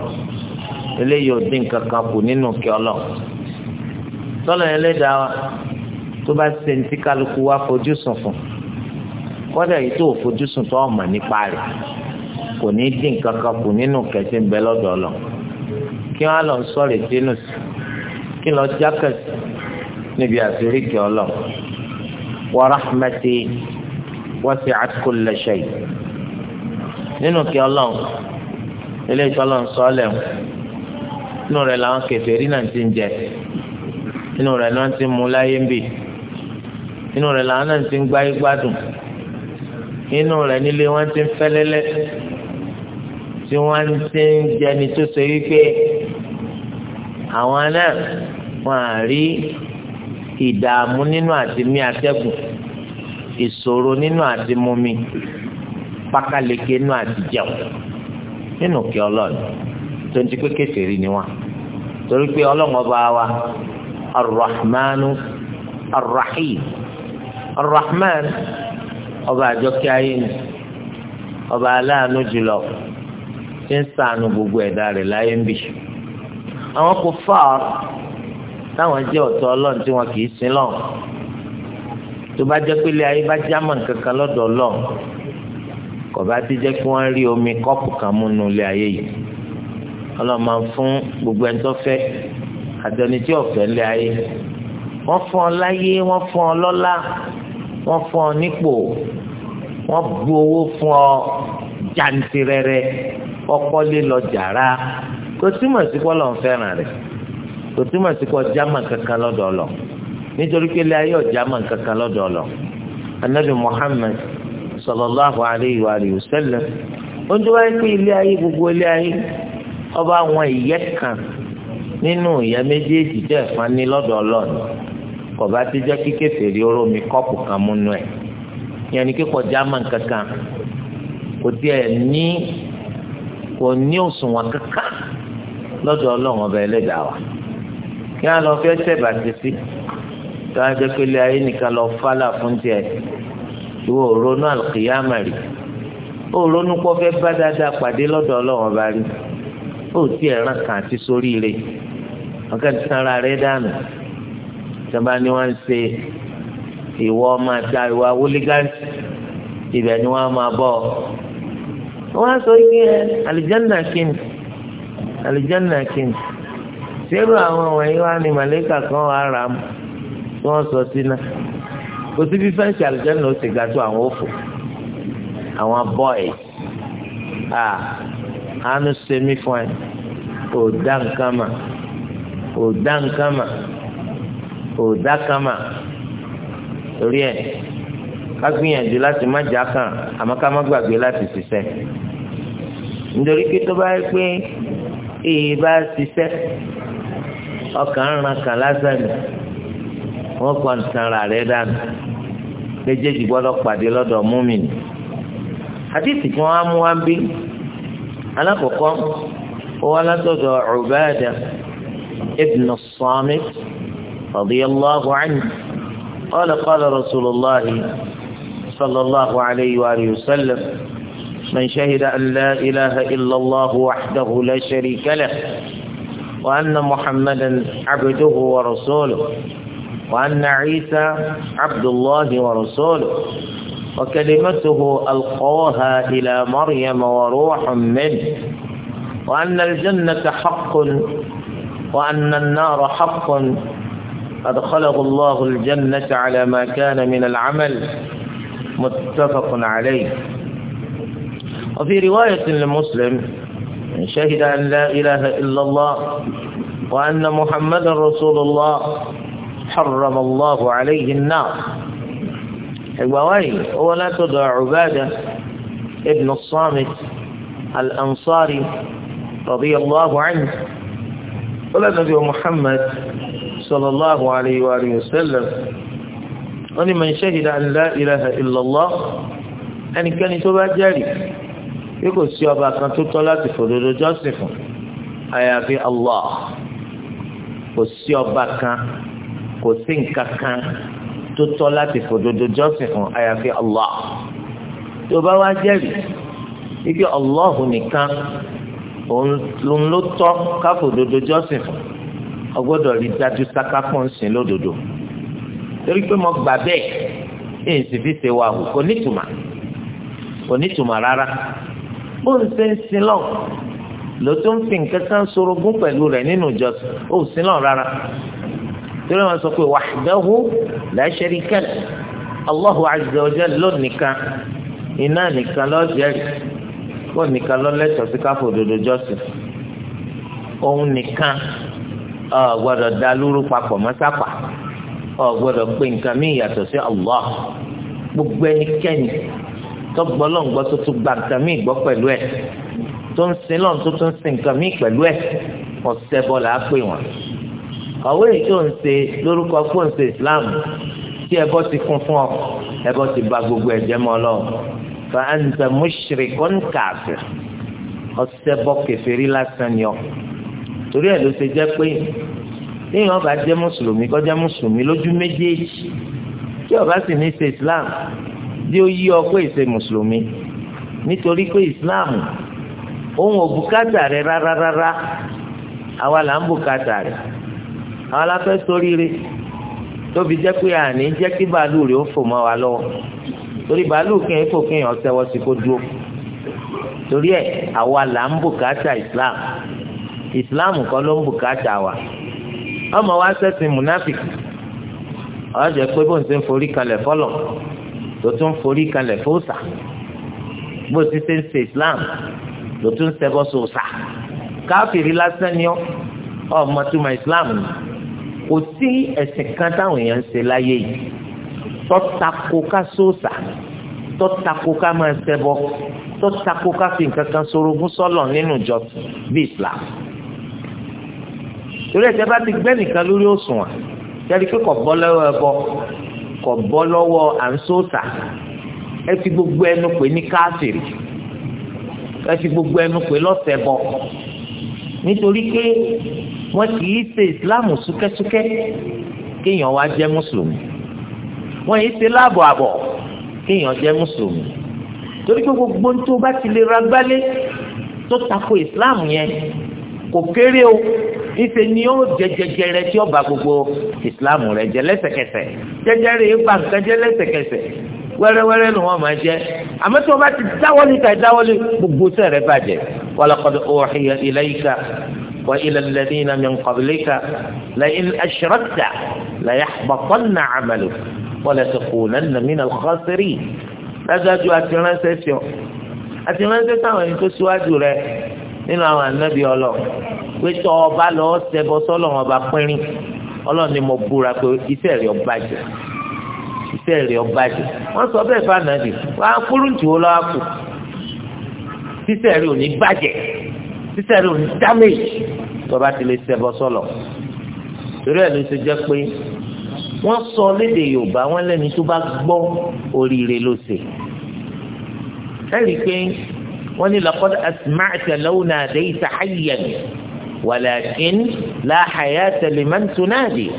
eléyìí ò dín kankan kù nínú kí ọlọ́run tọ́lá yẹn lẹ́dàá tó bá ṣe ní tí kálukú wa fojú sùn fún kọ́dà yìí tó fojú sùn tó ọmọ nípa rẹ̀ kò ní dín kankan kù nínú kẹsí ń bẹ lọ́dọ̀ lọ kí wọ́n lọ sọ̀rọ̀ ìdínú sí kí lọ jákèsì níbi àfiríkì ọlọ wa rahmati wasi'at kulla shay nínú kí Ọlọ́run ilé ìtọ́lọ̀ ń sọ lẹ̀ nínú rẹ̀ làwọn kẹfẹ́ rí náà ti ń jẹ nínú rẹ̀ náà ti mú láyé ń bì inú rẹ̀ làwọn náà ti ń gbáyé gbádùn inú rẹ̀ nílé wọn ti ń fẹ́lẹ́lẹ́ tí wọ́n ti ń jẹni tó ṣe wípé àwọn náà wọn à rí ìdààmú nínú àti mí atẹ́gùn ìṣòro nínú àti mú mi pákáleke nínú àti jẹun nínú kí ọlọ́run tó ń ti pé kékeré ni wọn torí pé ọlọ́run wa arrahmanu arrahim. Ar-Rahman ọba àjọkẹ́ ayé ni ọba aláàánú jùlọ ti ń ṣàánú gbogbo ẹ̀dá rẹ̀ láyé ń bì. àwọn kò fà ọ́ táwọn jẹ́ ọ̀tọ̀ ọlọ́run tí wọn kì í sin lọ́n tó bá jẹ́ pélé ayé bá jámọ̀ kankan lọ́dọ̀ ọlọ́run kò bá ti jẹ́ kí wọ́n rí omi kọ́pù kan mú nu ilé ayé yìí ọlọ́run máa ń fún gbogbo ẹni tó fẹ́ àtẹni tí ọ̀fẹ́ ilé ayé wọ́n fún ọ láyé wọ́n fún ọ lọ́lá wọ́n fún ọ nípò wọ́n bu owó fún ọ jantirẹrẹ ọkọ́lé lọ jàrá kò túmọ̀ sí lọ́n fẹ́ràn rẹ̀ kò túmọ̀ sí jámà kankan lọ́dọ̀ lọ nítorí pé ayé ọ̀jámà kankan lọ́dọ̀ lọ anabi muhammed sallallahu alayhi wa alihi ó wáyé pé ilé ayé gbogbo ilé ayé ọba àwọn ìyẹ́ kọba ti jẹ́ kíkẹ́ fèrè oró mi kọ́pù kan múnú ẹ̀ yẹn ni kíkọ german kankan kò tiẹ̀ ní kò ní òṣùwọ̀n kankan lọ́dọ̀ ọlọ́run ọba ẹlẹ́dàá wa kí á lọ fẹ́ tẹ̀ bàtí sí tó á jẹ́ pé ilé ayé nìkan lọ fálà fún tiẹ̀ ìwọ òrónú àlùkìyàmà rí òrónú kọ́ fẹ́ bá dáadáa pàdé lọ́dọ̀ ọlọ́run ọba rí ó tiẹ̀ ràn kàn àti sóríire ọ̀gá ti sanra rẹ̀ dànù sábà ni wọ́n ń ṣe ìwọ máa ta ìwà wúlígáǹtì ibẹ̀ ni wọ́n máa bọ̀ wọ́n á sọ yìí ẹ àlìjánà kìíní àlìjánà kìíní sẹ́rù àwọn wọ̀nyí wá ní màlẹ́kà kan wà rà mú tí wọ́n sọ sí náà kò síbi fẹ́ǹsì àlìjánà ó ti ga tó àwọn òfò àwọn bọ́ẹ̀ à àánú sẹ́mi fún ẹ kò dá nǹkan mà kò dá nǹkan mà kò dákàmà torí ẹ̀ ká gbìyànjú láti má jà kàn àmọ́ ká má gbàgbé láti ṣiṣẹ́ nítorí pé tó bá yẹ pé èyí bá ṣiṣẹ́ ọkàn ń ran kàn lásán ni wọ́n kàn tanra rẹ̀ dànù méjèèjì gbọ́dọ̀ pàdé lọ́dọ̀ múmìnì àdìsí tí wọ́n á mú wá ń bí alákọ̀ọ́kọ́ ó wá látọ̀dọ̀ Ubadah ibn Samit. رضي الله عنه قال قال رسول الله صلى الله عليه وآله وسلم من شهد أن لا إله إلا الله وحده لا شريك له وأن محمدا عبده ورسوله وأن عيسى عبد الله ورسوله وكلمته ألقاها إلى مريم وروح منه وأن الجنة حق وأن النار حق أدخله الله الجنة على ما كان من العمل متفق عليه وفي رواية لمسلم شهد أن لا إله إلا الله وأن محمد رسول الله حرم الله عليه النار الواوي هو لا تدع عبادة ابن الصامت الأنصاري رضي الله عنه ولا نبي محمد sallallahu alayhi wa sallam wọ́n ní man shahida an la ilaha illallah ẹnikẹ́ni tó bá jẹ́rìí bí kò sí ọba kan tó tọ́ láti fòdodo jọ́sìn fún àyàfi Allah kò sí ọba kan kò sí nǹkan kan tó tọ́ láti fòdodo jọ́sìn fún àyàfi Allah tó bá wá jẹ́rìí wípé Allah nìkan òun ló tọ́ káfòdodo jọ́sìn fún ọgbọ́dọ̀ rí dájú sáká fún ìsìn lódodo torí pé mo gbà bẹ́ẹ̀ ní ìsìnfíṣe wa hù kò nítumà kò nítumà rárá bó ń ṣe ń sin lọ ló tó ń fi nǹkan kan sorogún pẹ̀lú rẹ̀ nínú ìjọsìn ó sin lọ rárá torí wọn sọ pé wahdahu la sharika lahu Allahu azza wa jalla lónìkan iná nìkan lọ́jẹ̀rì kó nìkan lọ́lẹ́tọ̀ọ́ sí káfọ́ òdodo jọ́sìn òun nìkan ọ gbọ́dọ̀ da lúrú papọ̀ mọ́sápà ọ gbọ́dọ̀ pé nǹkan mí ìyàtọ̀ sí Allah gbogbo ẹnikẹ́ni tó gbọ́ lọ́n gbọ́ tó tún gba nǹkan mí gbọ́ pẹ̀lú ẹ̀ tó ń sin lọ́n tó tún sin nǹkan mí pẹ̀lú ẹ̀ ọ̀sẹ̀ bọ́lá á pè ọ̀wé yìí tó ń ṣe lórúkọ fún Islam tí ẹbọ ti kún fún ọ ẹbọ ti ba gbogbo ẹ̀jẹ̀ mọ́ lọ fa anta mushrikun kafir ọ̀sẹ̀ bọ́ kèfèrí lásán ni ọ torí ẹ̀ ló ṣe jẹ́ pé téèyàn bá jẹ́ mùsùlùmí kó jẹ́ mùsùlùmí lójú méjèèjì tí ó sì ní ṣe islam bí ó yí ọ pé ìṣe mùsùlùmí nítorí pé islam ohun òbúkátà rẹ rárárárá àwa là ń bùkátà rẹ àwa la fẹ́ ṣoríire tóbi jẹ́ pé àní jẹ́ kí bàálù rẹ̀ ó fò mọ́ wa lọ́wọ́ torí bàálù kí ẹ̀ fò kí ẹ̀ kó dúró torí ẹ̀ àwa là ń bùkátà islam islam kan ló ń bùkátà wa ọmọ wa sẹ́sìn munafik ọ̀jẹ̀ pé bó ń ṣe ń forí kalẹ̀ fọlọ̀ tó tún ń forí kalẹ̀ fóòsà bó ti ṣe ń ṣe islam tó tún ń ṣẹbọ sóòsà káfìrí lásán ni ọ ọmọ ma islam ni kò sí ẹ̀sìn kan táwọn èèyàn ń ṣe láyé yìí tọ́tako ká sóòsà tọ́tako ká máa ṣẹbọ tọ́tako ká fi nǹkan kan sorogún sọ́lọ̀ nínú ìjọ bíi islam torí ẹ̀sẹ̀ bá ti gbẹ́ nìkan lórí òṣùwọ̀n tẹ́lẹ̀ pé kò bọ́ lọ́wọ́ ẹbọ kò bọ́ lọ́wọ́ àǹsóòtà ẹ ti gbogbo ẹnu pè ní káfíìrì ẹ ti gbogbo ẹnu pè lọ́sẹ̀ bọ nítorí pé wọ́n kì í ṣe ìsìláàmù súkẹ́súkẹ́ kéèyàn wá jẹ́ mùsùlùmí wọ́n yìí ṣe láàbọ̀ àbọ̀ kéèyàn jẹ́ mùsùlùmí torí pé gbogbo tó bá ti lè ra gbálé tó tako ìsìláàmù yẹn kò kéré o ìṣe ni ó jẹ jẹjẹrẹ tí ó gbogbo ìsìláàmù rẹ̀ jẹ́ lẹ́sẹ̀kẹsẹ̀ jẹjẹrẹ ìgbà nǹkan jẹ́ lẹ́sẹ̀kẹsẹ̀ wẹ́rẹ́wẹ́rẹ́ ni wọ́n máa jẹ́ àmọ́ tí bá ti dáwọ́lé ká dáwọ́lé gbogbo sẹ́rẹ̀ bàjẹ́ walaqad uhiya ilayka wa ila alladhina min qablika la'in ashrakta layahbatanna 'amaluka wa latakunanna mina al-khasirin dájú àti ránṣẹ́ sí ọ àti ránṣẹ́ tó síwájú rẹ nínú àwọn ànábì Ọlọ́run pé tọ́ ọba lọ ṣẹbọ sọ́lọ́run ọba pínrín ọlọ́run ni mo búra pé iṣẹ́ rẹ̀ ọba jẹ iṣẹ́ rẹ̀ ọba jẹ wọ́n sọ bẹ́ẹ̀ bá nàbì wọ́n á kúrú ntì wọ́n lọ́wọ́ kù iṣẹ́ rẹ̀ ò ní bàjẹ́ iṣẹ́ rẹ̀ ò ní dámẹ́jì tọ́ba ti lè ṣẹbọ sọ́lọ̀ torí ẹ̀ ló ṣe jẹ́ pé wọ́n sọ léde Yorùbá wọ́n lẹ́ni tó bá gbọ́ oríire ló ṣe ẹ̀rí pé wọ́n ní laqad asma'ta lawna dayta hayyan ولكن لا حياة لمن تنادي،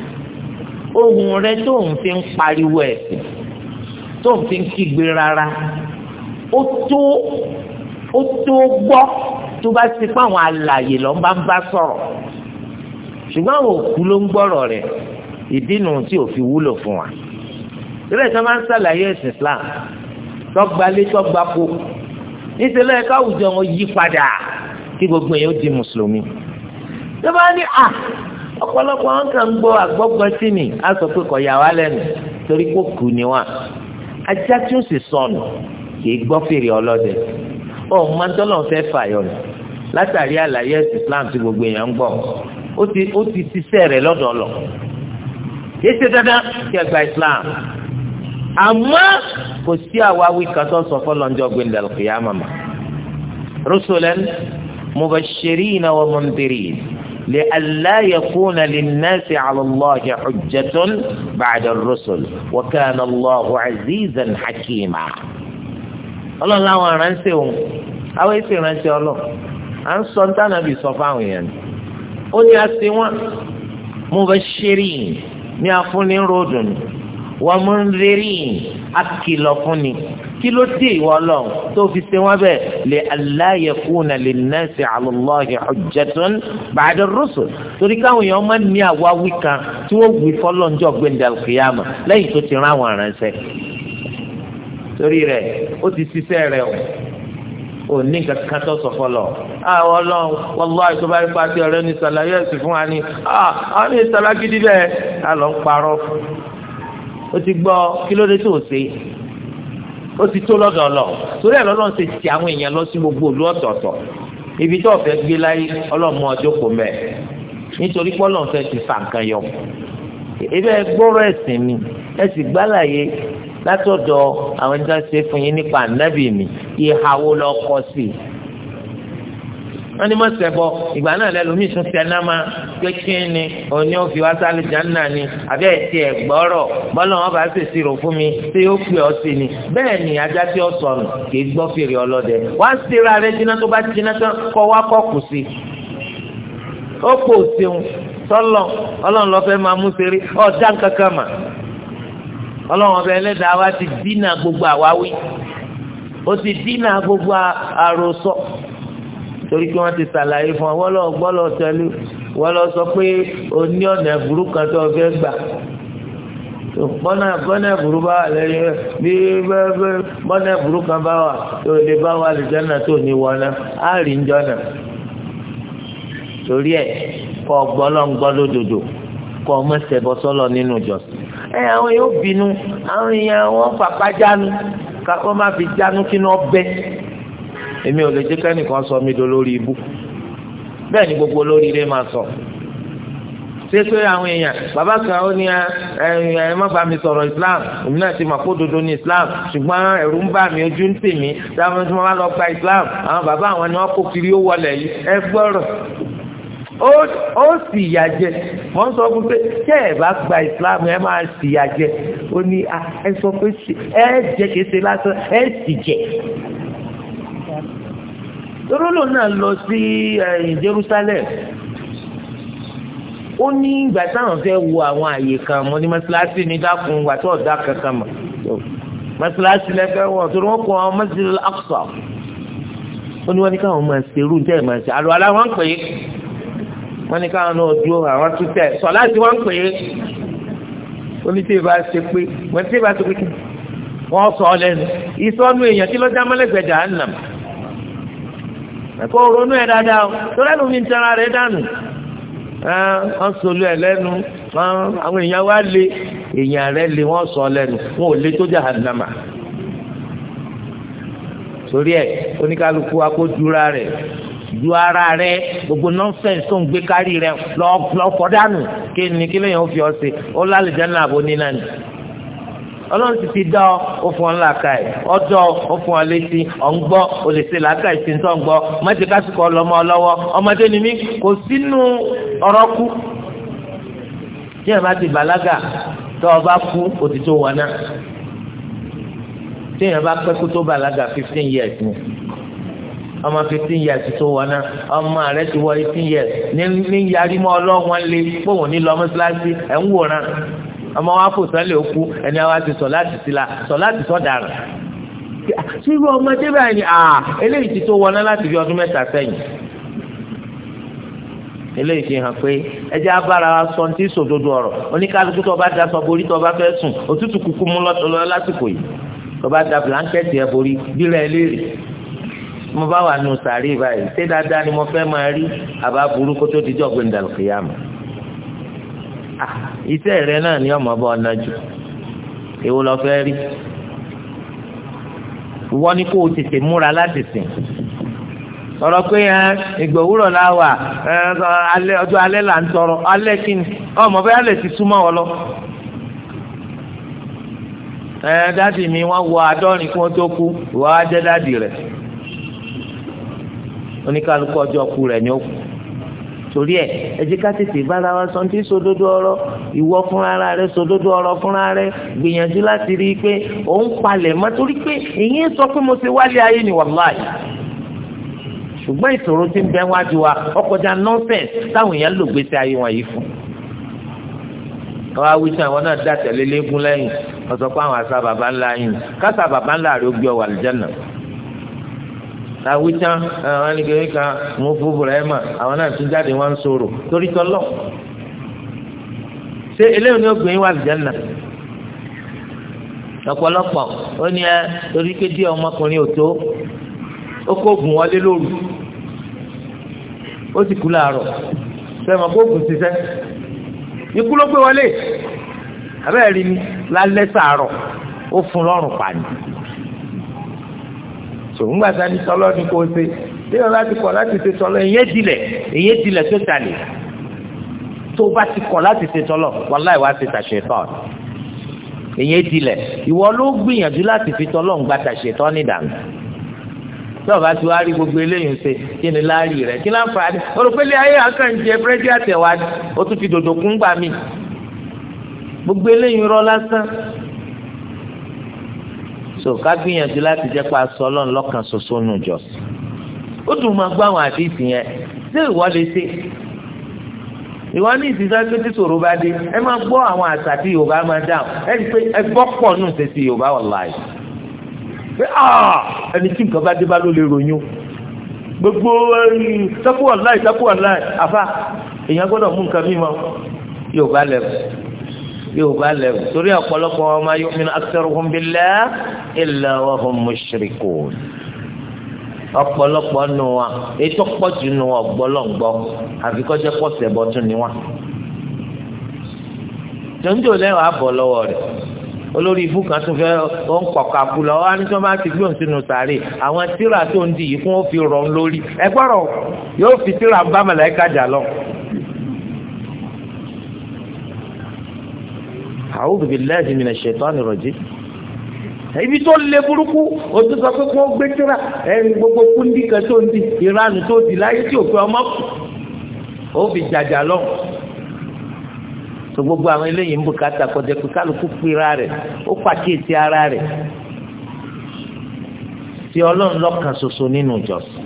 ohun rẹ tó ń fi ń pariwo ẹsẹ tó ń fi ń kígbe rárá ó tó ó tó gbọ́ tó bá ti pa àwọn alàyè lọ bá ń bá sọ̀rọ̀ ṣùgbọ́n àwọn òkú ló ń gbọ́rọ̀ rẹ̀ ìdínú tí ò fi wúlò fún wa ìrẹsì tí máa ń ṣàlàyé ẹ̀sìn Islam tọ́gbalé tọ́gbapò nítorí ẹ̀ka àwùjọ wọn yí padà kí gbogbo yẹn ó di mùsùlùmí. tó bá ní à ah, ọ̀pọ̀lọpọ̀ wọn kàn ń gbọ́ àgbọ́gbọ́n sí ni á sọ pé kọ̀ yà wá lẹ́nu torí kó kù ni wá ajá tí ó sì sọnù kìí gbọ́ fèrè ọlọ́dẹ máa ń tọ́lọ̀ fẹ́ fàyọ̀ ni látàrí àlàyé Islam tí gbogbo èèyàn ń gbọ́ ó ti ó ti ṣiṣẹ́ rẹ̀ lọ́dọ̀ lọ kìí ṣe dandan kí ẹ gba Islam àmọ́ kò sí àwáwí kan tó sọ fọlọ́njọ́ gbẹ̀ndẹ̀lù kìí àmàmà rusulan mubashirina wa لئلا يكون للناس على الله حجة بعد الرسل وكان الله عزيزا حكيما الله لا ورانسي هم أو يسيرانسي الله أن سلطان أبي صفاويا يعني. أولي أسيوان مبشرين ni afunni rodun wọ́n mú ń rírí àkìlọ̀ fún ni kí ló dé ìwọ lọ́n tó fi ṣe wọ́n bẹ́ẹ̀ lè aláyẹ̀kúnà lè nẹ́ẹ̀sì àlùlọ́ọ̀hìn ọ̀jẹ̀tún bàdé rúṣù torí káwọn èèyàn máa ń ní àwa wí kan tí wọ́n wí fọlọ́njọ́ gbẹ̀ndàlùkìyàmù lẹ́yìn tó ti rán àwọn aránṣẹ́ torí rẹ̀ ó ti ṣiṣẹ́ rẹ̀ o òní kankan tó sọ fọlọ àwọn ah, Ọlọ́run wàlúwà tó bá ń pa ti ní sàlàyé ẹsìn fún wa ni àwọn ah, ní sàlàgídí bẹ́ẹ̀ a lọ ń parọ́ o ti gbọ́ kí ló dé tó ṣe ó ti tó lọ́dọ̀ lọ torí ẹ̀ lọ́dọ̀ ṣe ti àwọn èèyàn lọ sí gbogbo òlu ọ̀tọ̀ọ̀tọ̀ ibi tó ọ̀fẹ́ gbé láyé ọlọ́mọ ọjọ́ kò mẹ́ nítorí pọ́lọ́ fẹ́ ti fà nǹkan yọ ebi ẹ gbọ́rọ̀ mi ẹ sì gbálàyé látọ̀dọ̀ àwọn ẹni tó fún yín nípa ànábì mi ìhàwó lọ sí i wọ́n ní mọ̀sẹ̀ bọ̀ ìgbà náà lẹ́lòmíì tún tẹ náà máa pé kí ni òní òfin wá ni àbẹ́ ẹ̀tì ẹ̀ gbọ́rọ̀ bọ́lá wọn bá ṣèṣì rò fún mi tí ó pè ọ́ sí ni bẹ́ẹ̀ ni ajá tí ó sọnù kì í gbọ́ fèrè ọlọ́dẹ wá rẹ jiná tó bá jiná tán kọ́ wá mà ọlọ́run ọbẹ̀ ẹlẹ́dàá ti gbogbo àwáwí ó ti gbogbo àròsọ torí pé wọ́n ti ṣàlàyé fún ọ wọ́lọ́ gbọ́lọ́ tẹ́lú wọ́lọ́ sọ pé o ní ọ̀nà ẹ̀bùrú kan tó o fẹ́ gbà bọ́nà bọ́nà ẹ̀bùrú bá wà lẹ́yìn bí bọ́nà ẹ̀bùrú kan bá wà tó lè bá wà lè jẹ́nà tó ní wọná á rí njọ́ nà torí ẹ̀ kọ́ gbọ́lọ́ lódodo kọ́ ọmọ nínú ìjọsìn ẹ àwọn yóò bínú àwọn èèyàn wọn fàpá jánu kakọ́ má fi jánu kí ni èmi ò lè jẹ́ kẹ́nìkan sọ mi do lórí ibú bẹ́ẹ̀ ni gbogbo lórí ilé máa sọ sese àwọn èèyàn bàbá kan ó ní ẹ ẹ má bá mi sọ̀rọ̀ islam èmi náà ti mọ̀ kó dodo ní islam ṣùgbọ́n ẹ̀rù ń bà mí ojú ń tì mí táwọn tí wọ́n bá lọ gba islam àwọn bàbá àwọn ni wọ́n kó kiri ó wọlé yìí ẹ gbọ́rọ̀ ó sì yà jẹ wọ́n sọ fún pé tẹ́ ẹ bá gba islam ẹ máa sì yà jẹ ó ní ẹ sọ pé ẹ jẹ kése lásán ẹ sì jẹ torí lòun náà lọ sí Jerusalem ó ní ìgbà táwọn fẹ́ wo àwọn àyè kan mọ́ ní mọ́sálásí ní dákun ìgbà tó ọ̀dà kankan mọ́ mọ́sálásí lẹ́fẹ̀ẹ́ wọ̀ torí wọ́n kọ́ Masjid al-Aqsa ó ní wọ́n ní káwọn máa ṣe irú níta ìmọ̀ ṣe àlọ́ àlá wọn pè é wọ́n ní káwọn náà dúró àwọn tún tẹ̀ sọ láti wọ́n pè é ó ní tí ìbá ṣe pé wọ́n tí ìbá ṣe pé wọ́n sọ ọ lẹ́nu ìsọ́nù èèyàn kí lọ́jà mọ́lẹ́gbẹ̀dà á ẹ̀kọ́ ronú ẹ̀ dáadáa tó lẹ́nu mi ń tẹ́ra rẹ̀ dànù wọ́n sọlú ẹ̀ lẹ́nu àwọn èèyàn wá lé èèyàn rẹ̀ lé wọ́n sọ lẹ́nu wọn ò lé tó jà hànàmà torí ẹ̀ oníkálukú akójúra rẹ̀ ju ara rẹ̀ gbogbo nọ́ńsẹ̀nsì tó ń gbé kárí rẹ̀ lọ́ọ́ fọ́dánù kí ni kí lóyún fi ọ́ sí ó lálẹ́ jẹ́ náà àbóní náà ni. ọlọ́run ti fi dá ọ ó ka ẹ̀ ọdọ ó fún ọ létí ọ̀ ń kásìkò ọlọ́mọ ọlọ́wọ́ ọmọdé ni mí ti bàlágà tó o bá kú òtítọ́ wọn náà tí ẹ̀ fifteen years ni ọmọ fifteen years tó wọ náà ọmọ rẹ ti years ní yarí mọ ọlọ́wọ́n lé pòun ní lọ́mọ́síláṣí ẹ̀ ọmọ wa fò sálẹ̀ òkú ẹni àwa ti sọ láti sí la sọ láti sọ dàrú síbi ọmọdé báyìí ni àà eléyìí ti tó wọná láti fi ọdún mẹ́ta sẹ́yìn eléyìí fi hàn pé ẹjẹ abára wa sọ ní sòdodo ọ̀rọ̀ oníkálukú tó bá da sọ borí tó bá fẹ́ sùn òtútù kúkú mú lọ́tọ̀ọ́ lásìkò yìí tó bá da blanketi ẹ borí bílẹ̀ eléyìí mo bá wà nù sàárè báyìí ṣé dáadáa ni mo fẹ́ máa rí àbá burú kó tó dijọ́ gbẹ̀ndàlùkìyàmù. iṣẹ́ rẹ náà ni ọmọ bá ọ jù èwo lọ fẹ́ rí wọ́n ní kó o tètè múra láti sìn ọ̀rọ̀ pé la wà ọjọ́ alẹ́ là ń tọrọ alẹ́ kí ni ọmọ alẹ́ ti súnmọ́ ọ lọ. dádì mi wọn wọ àádọ́rin kí wọ́n tó kú ìwà á jẹ́ dádì rẹ̀ ọjọ́ ni ó torí ẹ ẹjẹ ká tètè bára wa sọ ti sòdodo ọ̀rọ̀ ìwọ fúnra rẹ sòdodo ọ̀rọ̀ fúnra rẹ gbìyànjú láti rí i pé òun palẹ̀ mọ́ torí pé èyí ń sọ pé mo ti wálé ayé ni wàláì ṣùgbọ́n ìṣòro ti ń bẹ wájú wa ọkọjà nọ́ọ̀sẹ̀s táwọn èèyàn lò gbèsè ayé wọn yìí fún. wọ́n á wí sí àwọn náà dá tẹ̀lé légún lẹ́yìn wọ́n pé àwọn àṣà bàbá ńlá yìí kásà bàbá ńlá rẹ̀ ó gbé ọ àwíjá àwọn anìkèrè kan mú fún burẹ́mà àwọn náà tún jáde wọn ń torí tọ́lọ̀ ṣé eléyìí ni ó gbé wá àlùjánnà lọ́pọ̀lọpọ̀ ó ní ẹ eh, torí pé díẹ̀ ọmọkùnrin ò tó ó kó oògùn wọlé lóru ó sì kú láàárọ̀ sẹ́wọ̀n kó oògùn ṣiṣẹ́ ikú ló gbé wọlé abẹ́rẹ́ ni lálẹ́ sàárọ̀ ó fún lọ́rùn pàdé sòwúngbà sani tọ́lọ́ ni kò ṣe bí wọn bá ti kọ̀ láti ṣe tọ́lọ́ ìyẹn dilẹ̀ ìyẹn dilẹ̀ tó tali tó bá ti kọ̀ láti ṣe tọ́lọ́ wàláì wá ṣe tàṣẹ tán ìyẹn dilẹ̀ ìwọ ló gbìyànjú láti fi tọ́lọ́ ńgbà tàṣẹ tán nídàánù lọ́wọ́ bá ti wá rí gbogbo eléyìí ṣe kí ni láàrí rẹ̀ kí láǹfààní olùpẹ̀lẹ̀ ayé àkànjẹ búrẹ́dì àtẹ̀wá ni ó tún fi dòdò kún gbà mí gbogbo eléyìí rọ lásán so ká gbìyànjú láti jẹ́ pa aṣọ ọlọ́run lọ́kàn ṣoṣo nù jọ ó dùn máa gbọ́ àwọn àdìsí yẹn ṣé ìwọ lè ṣe ìwọ ní ìdíjọ́ pé tí sòrò bá dé ẹ máa gbọ́ àwọn àṣà tí yorùbá máa dáhùn ẹ ti pé ẹ gbọ́ pọ̀ nù ṣe ti yorùbá wallahi pé ah, ẹni tí nǹkan bá dé bá ló lè ròyìn o gbogbo sẹ́kù wallahi sẹ́kù wallahi àfa èèyàn gbọ́dọ̀ mú nǹkan mímọ́ yorùbá lẹ́wọ̀ yorùbá lẹ́wù torí ọ̀pọ̀lọpọ̀ wa ma yu'minu aktharuhum billahi illa wa hum mushrikun ọ̀pọ̀lọpọ̀ nù wa ètò pọ̀jù nù wa gbọ́lọ́ngbọ́ àfikọ́jẹ́ pọ̀sẹ̀ bọ́ tún ni wa. jọ́njọ́ lẹ́wọ̀ abọ̀ lọ́wọ́ rẹ̀ olórí ibú kan tún fẹ́ ó ń pọ̀kà kú lọ wá ní tí wọ́n bá ti gbóhùn sínú sàárè àwọn tíra tó ń di yìí fún ó fi ń lórí ẹgbọ́rọ̀ yóò fi tíra bá màláíkà jà lọ. a'udhu billahi minash shaitanir rajim ibi tó le burúkú o tún sọ pé kí wọ́n gbé tíra ẹ̀rìn gbogbo kúndí kan tó ń di ìranù tó di láyé tí òfin ọmọ kù ó fi jàjà lọ tó gbogbo àwọn eléyìí ń bùkátà kọjá pé kálukú pera rẹ̀ ó pàkíyèsí ara rẹ̀ ti ọlọ́run lọ́kàn ṣoṣo nínú ìjọsìn.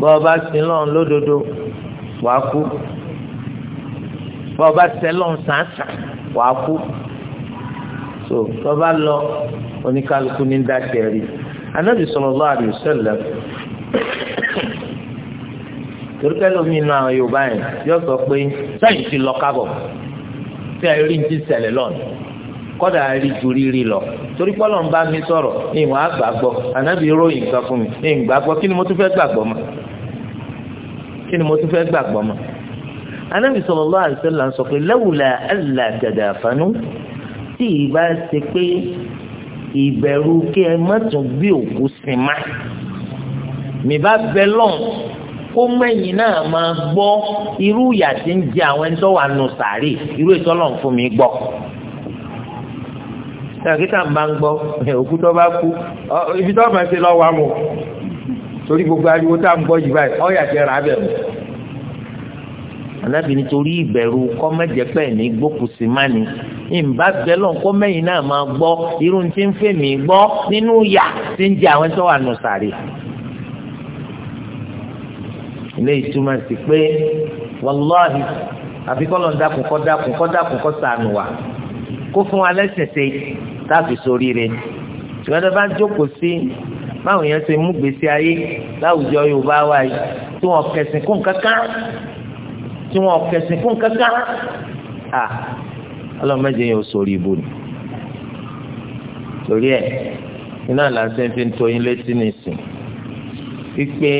bọ́ bá sin lọ́run lódodo wàá kú bọ́ọ̀bá sẹ́lọ̀n sàǹsàn wàá kú so tọ́ba lọ oníkálukú ní dákẹ́ rí anábì sallallahu alaihi wasallam torúkẹ́ lómi inú àwọn yorùbá yẹn yóò sọ pé sẹ́yìn ti lọ kábọ̀ tí a rí ti ṣẹlẹ̀ lọ́nà kọ́dà rí ju rírí lọ torí pọ́lọ́ ń bá mi sọ̀rọ̀ ní ìwọ̀n àgbàgbọ́ anábì ròyìn kan fún mi ní ìgbàgbọ́ kí ni mo tún fẹ́ gbàgbọ́ mọ́ kí ni mo tún fẹ́ gbàgbọ́ mọ́ anábì sallallahu alaihi wasallam sọ pé lawla alla tadafanu tí ìbá ṣe pé ìbẹ̀rù kí ẹ má tún bí òkú sí má mi bá bẹ lọ́n kó mẹ́yìn náà máa gbọ́ irú ìyà tí ń jẹ àwọn ẹni tó wà nù sàárè irú ètò ọlọ́run fún mi gbọ́ dókítà ń bá ń gbọ́ òkú tó bá kú ibi tó bá ṣe lọ́wọ́ àmọ́ torí gbogbo ariwo tá à ń gbọ́ yìí báyìí ọ̀yà ti rà á bẹ̀rù anábì nítorí ìbẹ̀rù kọ́mẹ́jẹpẹ́ ní gbókùsì mání ìbá bẹ́lọ̀ kọ́mẹ́yìn náà máa gbọ́ irun tí ń fèmí gbọ́ nínú yà tí ń jẹ àwọn tó wà nù sàrè. ilé ìtumọ̀ sí pé wàláhì àfi kọ́ lọ́n dákun kọ́ dákun kọ́ dákun kọ́ sànù wà kó fún wa lẹ́sìn ṣe táàfin sóríire ìwádìí bá jókòó sí báwọn yẹn ṣe mú gbèsè ayé láwùjọ Yorùbá wa yìí tí wọn kẹsìn kún kankan tí wọn kẹsìn fún kankan à ọlọ́mọdé yẹn ò sórí ibò ni torí ẹ iná làásẹ̀ fi ń tọyín létí nìsín wípé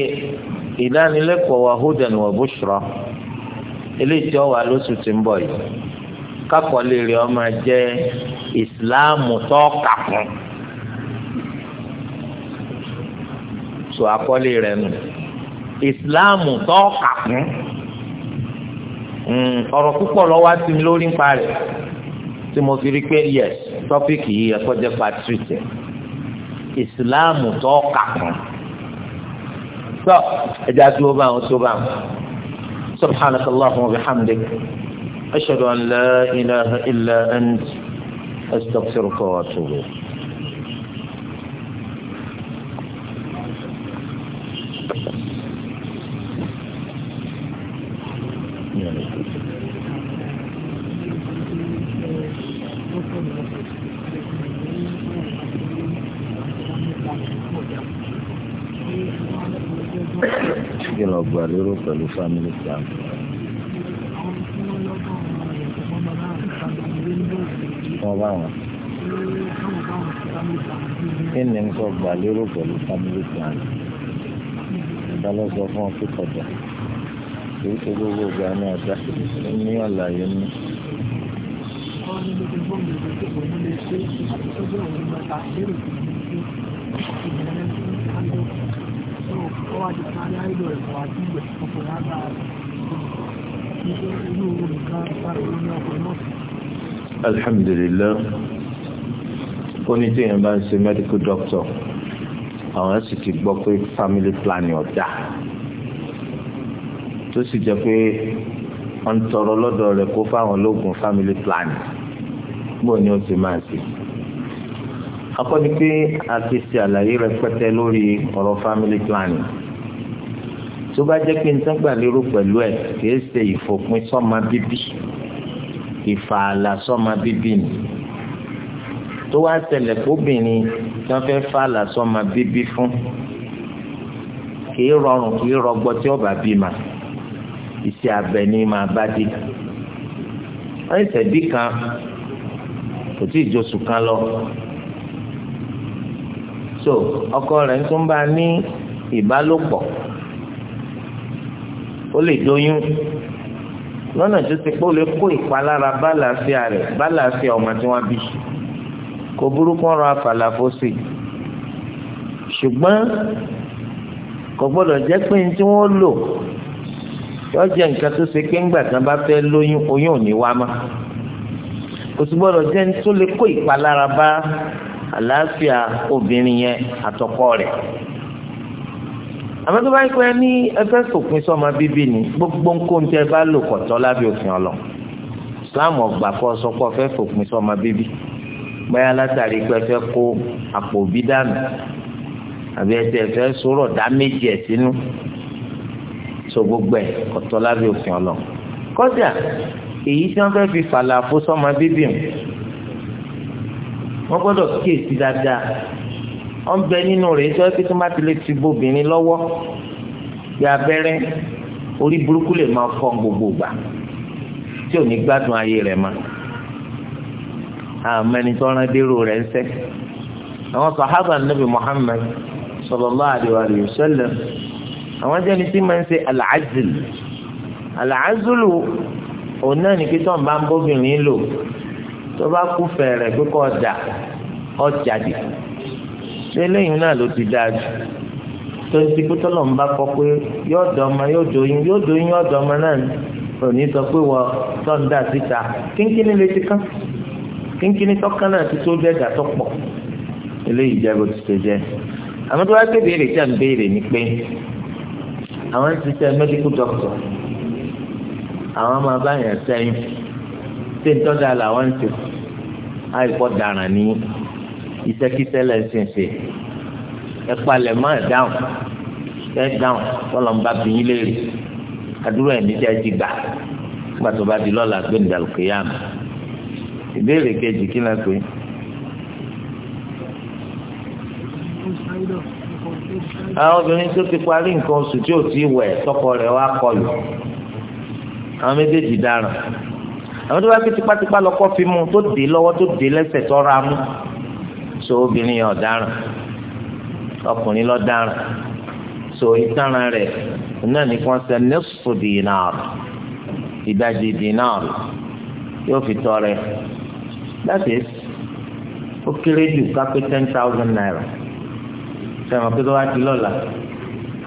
ìdánilẹ́kọ̀ọ́ wa hudan wa bushra eléyìí tí ó wà lóṣù tí ń bọ̀ yìí kákọ̀ọ́lé rẹ̀ ó máa jẹ́ ìsìláàmù tó kà fún so àkọlé rẹ̀ nù ìsìláàmù tó kà fún. Mm, ọ̀rọ̀ púpọ̀ lọ wá sí mi lórí ń parẹ tí mo fi rí pé yes tọpíkì yìí ẹkọ jẹ patrick ìsìláàmù tó kà kún tọ ẹjẹ àti wọn bá wọn tó bá wọn subhanaka allahumma wa bihamdik ashhadu an la ilaha illa ant astaghfiruka wa lérò pẹ̀lú family plan. wọ́n bá wọn. kí ni nǹkan gbà lérò pẹ̀lú family plan? ìbálò sọ fún ọ kíkọ jà kì í ṣe gbogbo ìgbà ní ọjà ní ọ̀làyé ní. Thank you wá ti parí àìlò ẹ̀kọ́ àti ìgbẹ̀ ọkọ̀ lágbàá inú nǹkan sáré lórí ọkọ̀ náà. alhamdulillah ó ní tí èèyàn bá ń ṣe medical doctor àwọn sì ti gbọ́ pé family planning ọ̀dà tó sì jẹ́ pé wọ́n tọrọ lọ́dọ̀ rẹ̀ kó fáwọn lóògùn family planning bó ni ó ti máa ṣe. akọ́ni pé a ti ṣe àlàyé rẹpẹtẹ lórí ọ̀rọ̀ family planning tó bá jẹ́ pé nǹkan gbà lérò pẹ̀lú ẹ̀ kìí ṣe ìfòpin sọ́mọ bíbí ìfààlà sọ́mọ bíbí ni tó wá ṣẹlẹ̀ fóbìnrin tí wọ́n fẹ́ fààlà sọ́mọ bíbí fún kìí rọrùn kìí rọgbọ tí ọba bímọ iṣẹ́ abẹ ni máa bá dé wọ́n ṣẹ̀ bí kan kò tí ì josù kan lọ so ọkọ rẹ̀ ń tún bá ní ìbálòpọ̀ ó lè dóyún lọ́nà tó ti pé ó lè kó ìpalára bálàáfíà rẹ̀ bálàáfíà ọmọ tí wọ́n bí kò burúkú ọ̀rọ̀ àfàlàfo sí i ṣùgbọ́n kò gbọ́dọ̀ jẹ́ pé ní tí wọ́n lò yọ jẹ́ nǹkan tó ṣe pé ńgbà tí wọ́n bá fẹ́ lóyún oyún ò ní wá mọ́ kò sì gbọ́dọ̀ jẹ́ ní tó lè kó ìpalára bá àlàáfíà obìnrin yẹn àtọkọ rẹ̀ àmọ́ tó bá yẹ pé ní ẹfẹ́ sòfin sọ́mọ bíbí ni gbogbo nǹkan tẹ bá lò kọ̀tọ́ lábẹ́ òfin ọlọ islam ọgbà kọ́ sọpọ̀ fẹ́ fòpin sọ́mọ bíbí báyà látàrí pé ẹ fẹ́ kó àpò òbí dànù àbí ẹ tẹ fẹ́ sọ̀rọ̀ dá méjì ẹ̀ sínú so gbogbo ẹ̀ kọ̀tọ́ lábẹ́ òfin ọlọ kọ́jà èyí tí wọ́n fẹ́ fi fàlàfo sọ́mọ bíbí wọn gbọ́dọ̀ kíyèsí dáadáa wọn bẹ nínú rẹ̀ sọ pé tó má ti lè ti bóbìnrin lọ́wọ́ bí abẹ́rẹ́ orí burúkú lè máa fọ́ gbogbo gbà tí ò ní gbádùn ayé rẹ̀ mọ́ àmọ́ ẹni tó rán dérò rẹ̀ ń sẹ́ àwọn sàhábà nàbì Muhammad sallallahu alaihi wa sallam àwọn jẹ́ ni tí máa ń ṣe al-azl al-azl òun náà ní kíkọ́ ń bá ń bóbìnrin lò tó bá kú fẹ̀rẹ̀ pé kọ́ ọjà ọjà dì ṣé lẹ́yìn náà ló ti dáa jù torí ti kó tọ́lọ̀ ń bá kọ pé yóò dọ̀ ọmọ yóò doyún yóò doyún yóò dọ̀ ọmọ náà òní sọ pé wọ tọ́ndà síta kínkínní lè ti kán kínkínní tọ́kán náà ti tó dẹ́gà tó pọ̀ eléyìí jẹ́ bó ti ṣe jẹ́ àwọn tó wá pé béèrè tí à ń béèrè ni pé àwọn ti ṣe medical doctor àwọn máa bá yàn sẹ́yìn tí ń tọ́jà làwọn ń ṣe àìpọ̀ dàrán nìyí ìṣẹ́kíṣẹ́ lẹ̀ ń sìn ṣe ẹ palẹ̀ mọ́ ẹ̀ dáhùn ẹ dáhùn tọ́lọ̀ ń bá bí yín léèrè adúrò ẹ̀ níjà ti gbà nígbà tó bá di lọ́la gbé nìdàlùkè yá mi ìbéèrè kejì kí lè pè é. àwọn obìnrin tó ti parí nǹkan oṣù tí ò ti wẹ̀ tọkọ rẹ̀ wá kọlù àwọn méjèèjì dáràn àwọn tó bá fi tipátipá lọ́kọ́ fi mú tó dé lọ́wọ́ tó dé lẹ́sẹ̀ tọ́ra mú so obìnrin yẹn ọ̀daràn ọkùnrin lọ so ìtaràn rẹ̀ náà ní kí wọ́n ṣe nẹ́sùn dìínàrù ìdajì dìínàrù yóò fi tọrẹ that is ó kéré jù kápé ten thousand naira sẹ́wọ̀n pé tó wá di lọ́la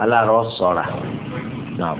aláàárọ̀ sọ̀ra náà.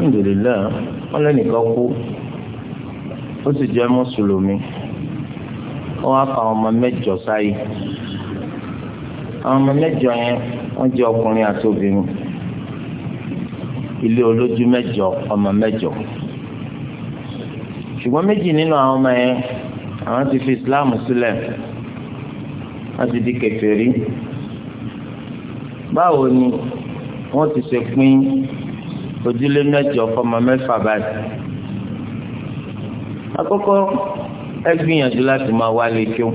alhamdulilayi wọn lé nìkan kú ó sì jẹ́ mùsùlùmí wọn á fa ọmọ mẹ́jọ sáyé àwọn ọmọ mẹ́jọ yẹn wọn jẹ́ ọkùnrin àti obìnrin ilé olójú mẹ́jọ ọmọ mẹ́jọ ṣùgbọ́n méjì nínú àwọn ọmọ yẹn àwọn ti fi islam sílẹ̀ wọ́n ti di kèfèrí báwo ni wọ́n ti ṣe pín ojúlé mẹ́jọ fọmọ mẹ́fà báyìí àkọ́kọ́ ẹ gbìyànjú láti máa wá lè kí o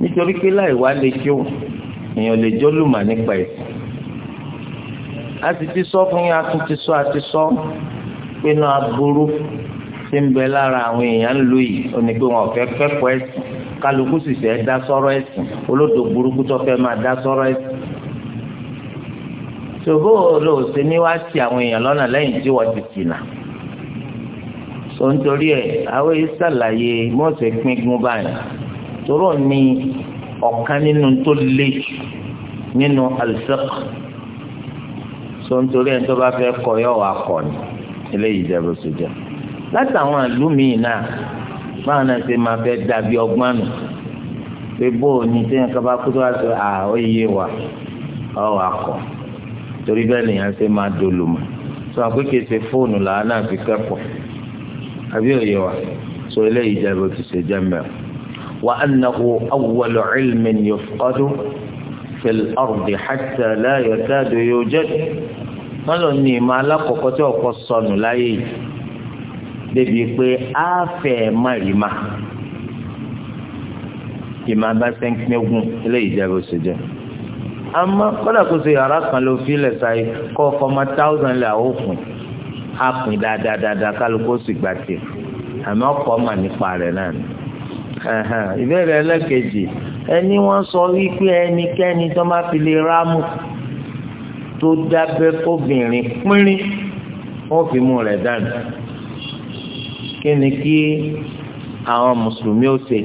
nítorí pé láì wá lè kí o èèyàn lè jólùmọ̀ nípa ẹ̀ a sì ti sọ fún yín a tún ti sọ a ti sọ pé náà aburú ti ń bẹ lára àwọn èèyàn lò yìí ó wọn ò fẹ́ kẹ́kọ̀ọ́ kálukú sì fẹ́ dá sọ́rọ̀ ẹ̀sìn olódò burúkú tó fẹ́ máa dá sọ́rọ̀ ẹ̀sìn ṣòbó ló ṣe ní wá ti àwọn èèyàn lọ́nà lẹ́yìn tí wọ́n ti tìǹà so nítorí ẹ̀ àwọn èyí ṣàlàyé mọ́ọ̀sẹ̀ pínpín báyìí tòró ní ọ̀kan nínú tó le jù nínú al-fiqh so nítorí ẹ̀ tó bá fẹ́ kọ́ yọ̀ wá kọ́ ni eléyìí jẹ́ bó ṣe jẹ́ láti àwọn ìlú náà báwọn náà ṣe máa fẹ́ dàbí ọgbọ́n nù pé bóò ní sẹ́yìn kaba kó tó àwọn iye wa ọ̀ wá kọ́ torí bẹ́ẹ̀ nìyẹn ṣe máa dolùmọ̀ sọ àpékè ṣe fóònù làwọn náà fi kẹ́kọ̀ọ́ àbí òye wa sọ eléyìí jẹ́ bó ti ṣe jẹ́ mẹ́rin. وأنه أول علم يفقد في الأرض حتى لا يكاد يوجد wọ́n lọ ní ìmọ̀ alákọ̀ọ́kọ́ tí ọ̀pọ̀ sọnù láyé yìí débi pé á fẹ́ mọ̀rìmá ìmọ̀ abáṣẹ́ńkínégún eléyìí jẹ́ bó ṣe jẹ́ àmọ́ kọ́dà kó ṣe yàrá kan ló fi lẹ̀ sáyé kọ́ fọmọ táwùsàn lè àwọn òfin á pin dáadáa dáadáa kálukú sì gbà tiẹ̀ àmọ́ ọkọ̀ mà nípa rẹ̀ náà ni. ìbéèrè ẹlẹ́kejì ẹni wọ́n sọ wípé ẹnikẹ́ni tó má fi lè rámù tó dábẹ́ fóbìnrin pínrín wọ́n fi mú rẹ̀ dànù kí ni kí àwọn mùsùlùmí ó ṣe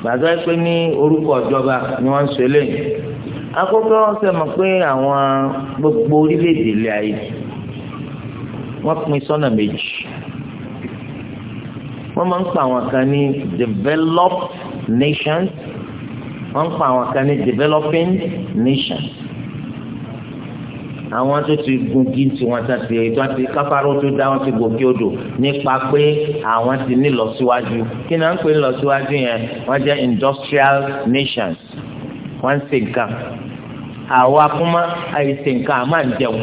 gbàgbé pé ní orúkọ ìjọba ni wọ́n ń ṣe lẹ́yìn akókò sẹmọ pé àwọn gbogbo orílẹ̀-èdè ilé ayé wọ́n pín sọ́nà méjì wọ́n máa ń pa àwọn kan ní developed nations wọ́n ń pa àwọn kan ní developing nations àwọn tó ti gungi tí wọ́n ti ti ètò àti káfáró tó dá wọn ti gòkè odò nípa pé àwọn ti ní lọ́síwájú kí ni à ń pè ní lọ́síwájú yẹn wọ́n jẹ́ industrial nations wọ́n ń ṣe nǹkan àwa kúmọ́ àìsè nǹkan àmà ń jẹun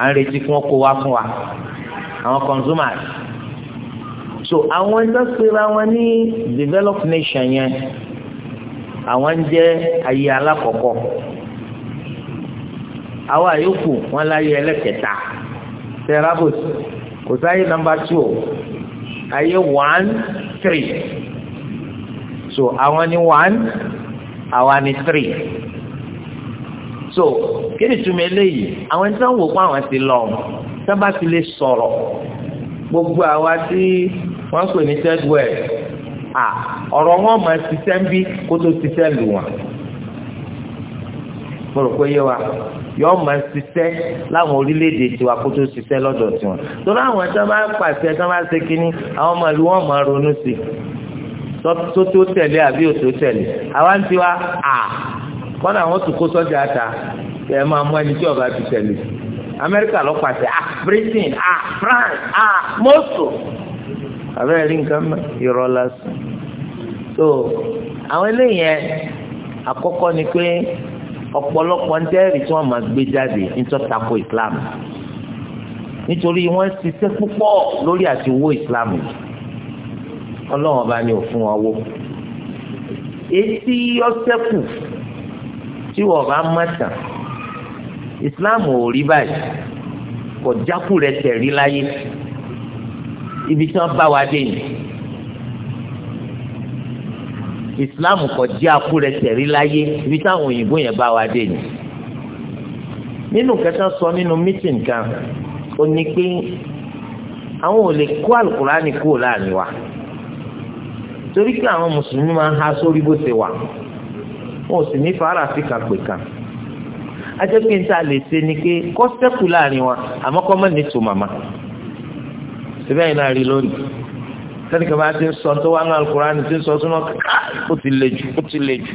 à ń retí kí wọ́n kó wá fún wa àwọn consumers so àwọn ẹgbẹ́ pera wọn ní developed nation yẹn àwọn ń jẹ́ ayé alákọ̀ọ́kọ́ àwọn àyókù wọn láyé ẹlẹ́kẹta terabos kò sáyé nọ́mbà two o ayé one three so àwọn ní one àwa ni three so kí ni túmọ̀ eléyìí àwọn ẹni tí wọ́n wò pé àwọn ti lọ tí wọ́n bá ti lè sọ̀rọ̀ gbogbo àwa tí wọ́n pè ní third world à ọ̀rọ̀ wọn máa ṣiṣẹ́ ń bí kó tó ṣiṣẹ́ lù wọ́n mo rò pé yé wa yọọ máa ṣiṣẹ́ láwọn orílẹ̀-èdè tiwa kó tó ṣiṣẹ́ lọ́dọ̀ tiwọn torí àwọn tí wọ́n bá pàṣẹ tí wọ́n bá ṣe kínní àwọn ọmọ ìlú wọn máa ronú sí i tó tó tẹ̀lé àbí ò tó tẹ̀lé àwa ń tiwa à kọ́nà àwọn tó kó sọ́jà ta ẹ máa mú ẹni tí ọba ti tẹ̀lé amẹ́ríkà lọ pàṣẹ à britain à france à moscow abẹ́rẹ́ rí nǹkan mọ́ irọ́ lásán so àwọn eléyìí yẹn àkọ́kọ́ ni pé ọ̀pọ̀lọpọ̀ ń tẹ́rì tí wọ́n máa gbé jáde nítorí tako islam nítorí wọ́n ṣiṣẹ́ púpọ̀ lórí àti owó islam yìí ọlọ́wọ́n bá ní òfin wọn wó etí ọ̀sẹ́kù tí wọ́n bá má tàn islam ò rí báyìí kò jákù rẹ tẹ̀rí láyé ibi tí wọ́n bá wa dé yìí islam kò jákù rẹ tẹ̀rí láyé ibi tí àwọn òyìnbó yẹn bá wa dé yìí nínú kẹta sọ nínú mítìn kan ó ní pé àwọn ò lè kó àlùkùránì kúrò láàrin wa torí pé àwọn mùsùlùmí máa ń ha sórí bó ṣe wà wọn ò sì ní fara sí kàpè kan ajẹ́ pé n ta lè ṣe ni pé kọ́ sẹ́kù láàrin wa àmọ́ kọ́ mọ̀ ní tù màmá síbẹ̀ yìí náà rí lónìí sẹ́ni kan bá ti ń sọ tó wá ní Al-Kùránì ti ń sọ súnmọ́ ká ó ti le jù ó ti le jù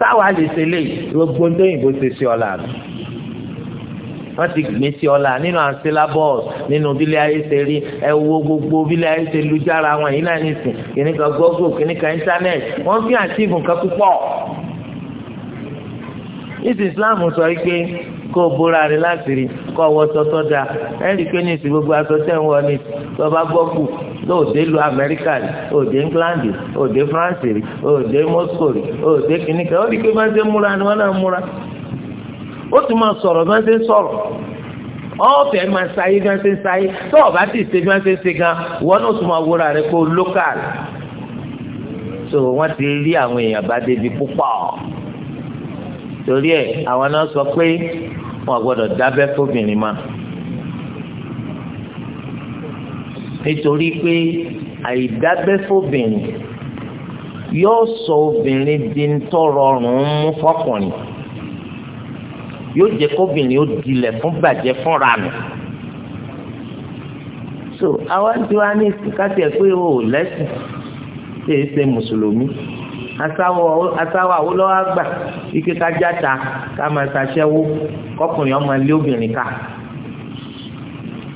táwa ah, lè ṣe léyìí gbogbo ń dẹ́yìnbó ṣe sí ọ wọ́n ti gbìn sí ọ̀la nínú ansilabọ́ọ̀s nínú bílẹ̀ ayé ṣe rí gbogbo bílẹ̀ ayé ṣe lu wọn yìí náà nìsín kìnnìkan gọ́gọ́ kìnnìkan íńtánẹ́ẹ̀tì wọ́n fi àtìgùn kan púpọ̀ ìsì islam sọ pé kó o bóra rẹ láti rí kó o wọ sọtọ da ẹ rí i pé ní ìsìn gbogbo aṣọ tẹ̀ ń wọ ni tó bá gbọ́ kù lóòdé lu amẹ́ríkà rí òòdé england rí òòdé france rí òòdé moscow rí òòdé kìnnìkan ó rí i pé máa ń ṣe múra ni wọ́n náà múra ó tún máa sọ̀rọ̀ bí wọ́n ṣe ń sọ̀rọ̀ ọ̀fẹ́ máa ṣayé bí wọ́n ṣe ń ṣayé tó o bá ti ṣe bí wọ́n ṣe ń ṣe gan wọ́n náà tún máa wúra rẹ pé local so wọ́n ti rí àwọn èèyàn bá débi púpọ̀ torí ẹ̀ àwọn náà sọ pé wọ́n gbọ́dọ̀ dábẹ́ fóbìnrin ma nítorí pé àìdábẹ́ fóbìnrin yóò sọ obìnrin di ń tọrọ ọrùn mú fọkùnrin yóò jẹ́ kóbìnrin ó dilẹ̀ fún bàjẹ́ fúnra nù so àwa tí wàá ní kásì ẹ̀ pé o ò lẹ́sìn tí èyí ṣe mùsùlùmí asáwọ̀ àwòlọ́wọ́ àgbà ike kájá ta ká máa ṣàṣẹ́wó kọkùnrin ọmọ ilé obìnrin ká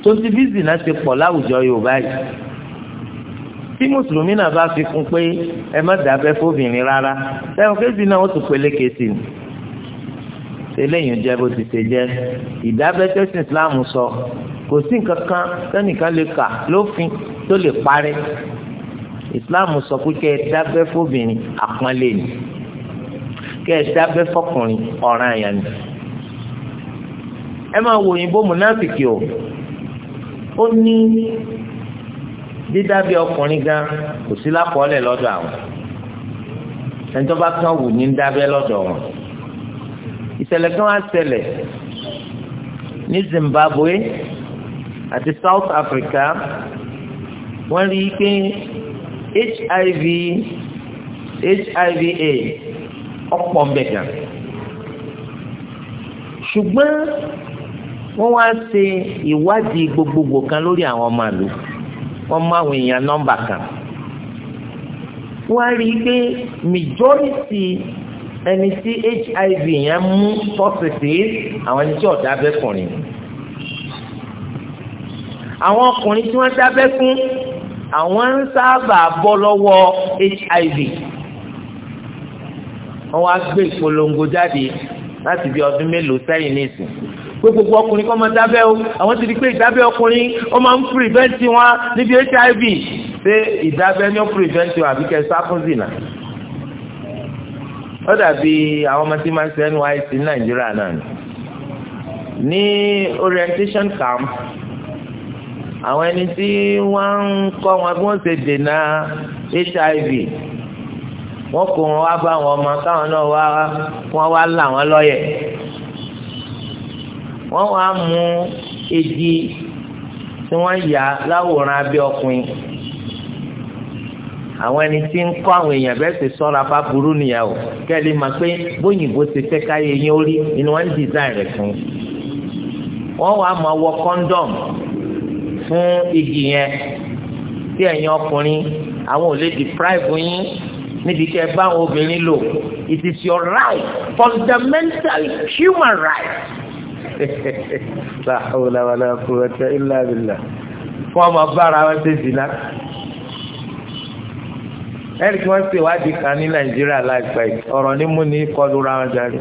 tonti bíìsì náà ti pọ̀ láwùjọ yorùbá yìí tí mùsùlùmí náà bá fi kún pé ẹ má dàbẹ́ fóbìnrin rárá sẹ́wọ̀n kéèsì náà ó tún pelékè sí ni eléyìí jẹ́ bó ti ṣe jẹ́ ìdábẹ́jọ́ sí islam sọ kò sí nǹkan kan tẹ́nìkan lè kà lófin tó lè parí islam sọ pé kẹ́ ẹ dábẹ́ fóbìnrin àpọ́nlé ni kẹ́ ẹ dábẹ́ fọkùnrin ọ̀ràn àyàn ni ẹ máa wo òyìnbó mùnáfìkì o ó ní dídábẹ́ ọkùnrin gan kò sí lápọ̀ọ́lẹ̀ lọ́dọ̀ àwọn ẹni tó bá kàn wù ní dábẹ́ lọ́dọ̀ wọn ìṣẹ̀lẹ̀ kan wá ṣẹlẹ̀ ní Zimbabwe àti South Africa wọ́n rí i pé HIV HIVA, AIDS ọ̀pọ̀ ń bẹ̀ gan ṣùgbọ́n wọ́n wá ṣe ìwádìí gbogbogbò kan lórí àwọn ọmọ àlò wọ́n mú àwọn èèyàn nọ́mbà kan wọ́n á rí i pé majority ẹni tí hiv yẹn mú pọ́sìtì àwọn ẹni tí ọ̀dà abẹ́kùnrin àwọn ọkùnrin tí wọ́n dábẹ́ fún àwọn ń sábà bọ́ lọ́wọ́ hiv wọ́n wá gbé ìpolongo jáde láti bí ọdún mélòó sẹ́yìn nísìn pé gbogbo ọkùnrin kọ́ máa dábẹ́ o àwọn ti di pé ìdábẹ́ ọkùnrin ó máa ń prevent wọn níbi hiv ṣé ìdábẹ́ ni ó prevent wọn àbí kẹ́ sáfún zina ó dàbí àwọn ọmọ tí máa ń ṣe NYSC ní Nàìjíríà náà ní orientation camp àwọn ẹni tí wọ́n ń kọ́ wọn bí wọ́n ṣe dènà HIV wọ́n kó wọn wá bá wọn ọmọ káwọn náà wá wọ́n wá là wọ́n lọ́yẹ̀ wọ́n wá mú igi tí wọ́n yà láwòrán abẹ́ ọkùnrin àwọn ẹni tí ń kọ́ àwọn èèyàn bẹ́ẹ̀ sì sọ́ra bá burú nìyà o kẹ́lí máa pé bóyìnbó ti fẹ́ káyé yín ó rí inú wọn ń design rẹ̀ fún wọn wàá máa wọ kọ́ńdọ̀m fún igi yẹn tí ẹ̀yin ọkùnrin àwọn ò lè deprive yín níbi kẹ́ ẹ bá àwọn obìnrin lò it is your right fundamental human right. láàárọ̀ làwọn akọ̀wé tẹ ilé àbílà fún ọmọ bára wọn ṣe jìnnà ẹnì kí wọ́n ṣe ìwádìí kan ní nàìjíríà láìpẹ́ ọ̀rọ̀ ní mú ní kọlu ra wọn jáde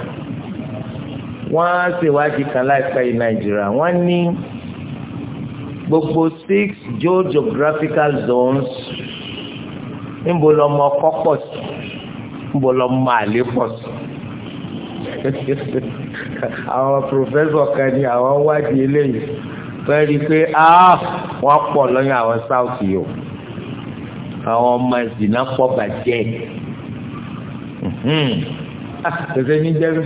wọ́n ṣe ìwádìí kan láìpẹ́ yìí nàìjíríà wọ́n ní gbogbo six geographical zones níbo lọmọ ọkọ pọ̀ sí níbo lọmọ àlè pọ̀ sí àwọn pòfẹ́sọ̀ kan ní àwọn wádìí eléyìí fẹ́ẹ́ rí i pé ah, wọ́n pọ̀ lọ́yìn àwọn south yìí o àwọn ọmọ ìsìnà pọ̀ bàjẹ́ tẹ̀sẹ̀ hmm. ah, ní jẹ́rú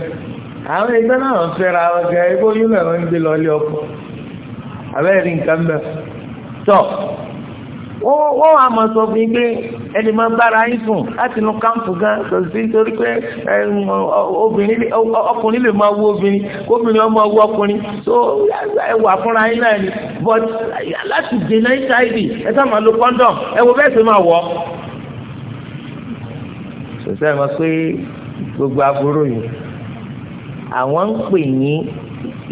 àwọn ẹgbẹ́ náà ń fẹ́ra wọn kẹ́ ẹgbẹ́ oyún náà ń gbé lọ ilé ọkọ̀ abẹ́rẹ́ nǹkan bẹ́ẹ̀ tọ́ wọ́n wà mọ̀ sọ fún yín pé ẹni máa bára yín sùn láti inú kámpù gan sọ̀sí torí pé ọkùnrin lè máa wú obìnrin kóbìnrin ọmọ wú ọkùnrin tó ẹwà fúnra yín náà ni but láti dènà hiv ẹ sá máa lo condom ẹ wo bẹ́ẹ̀ sì máa wọ̀ ọ́. sọ̀sẹ́ ẹ̀ mọ̀ pé gbogbo aburú yìí àwọn ń pè yín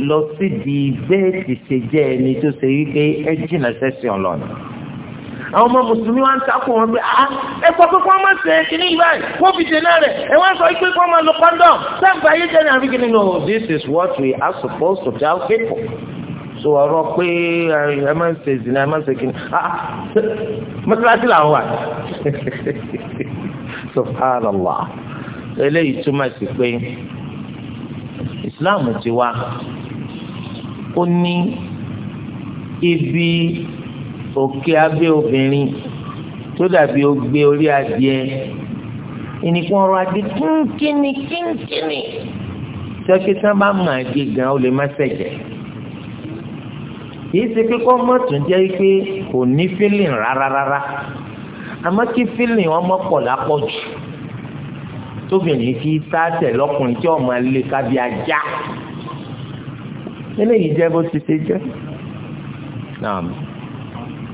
lọ sídìí bẹ́ẹ̀ sì ṣe jẹ́ ẹni tó ṣe wípé ẹ jìnnà sẹ́sìn ọlọ́run àwọn ọmọ mùsùlùmí wa ń takò wọn pé ah ẹ pé kí máa ṣe kíní yìí báyìí fi dènà rẹ̀ ẹ sọ pé kí máa lo condom sẹ́ǹfà ayé jẹ́ ní àbíkíní no this is what we are supposed to tell people so ọ̀rọ̀ pé eh, ẹ máa ń ṣe ìsìn ẹ máa ń ṣe kíní ah mọ́tíláṣí làwọn wà subhanallah eléyìí túmọ̀ sí pé islam ti wá ó ní ibi òkè abẹ́ obìnrin tó dàbí ogbé orí adìẹ ìnìkan ọ̀rọ̀ adé kínkínní kínkínní tẹ́kí tí wọ́n bá mọ̀ adé gan ó lè má ṣẹ̀jẹ̀ kìí ṣe pé kọ́ mọ́tò jẹ́ pé kò ní fílìn rárá rárá àmọ́ kí fílìn ọmọ pọ̀ lápọ̀jù tóbìnrin kí tá tẹ̀ lọ́kùnrin tí ọmọ lè kábi ajá eléyìí jẹ́ bó ti ṣe jẹ́. Naam.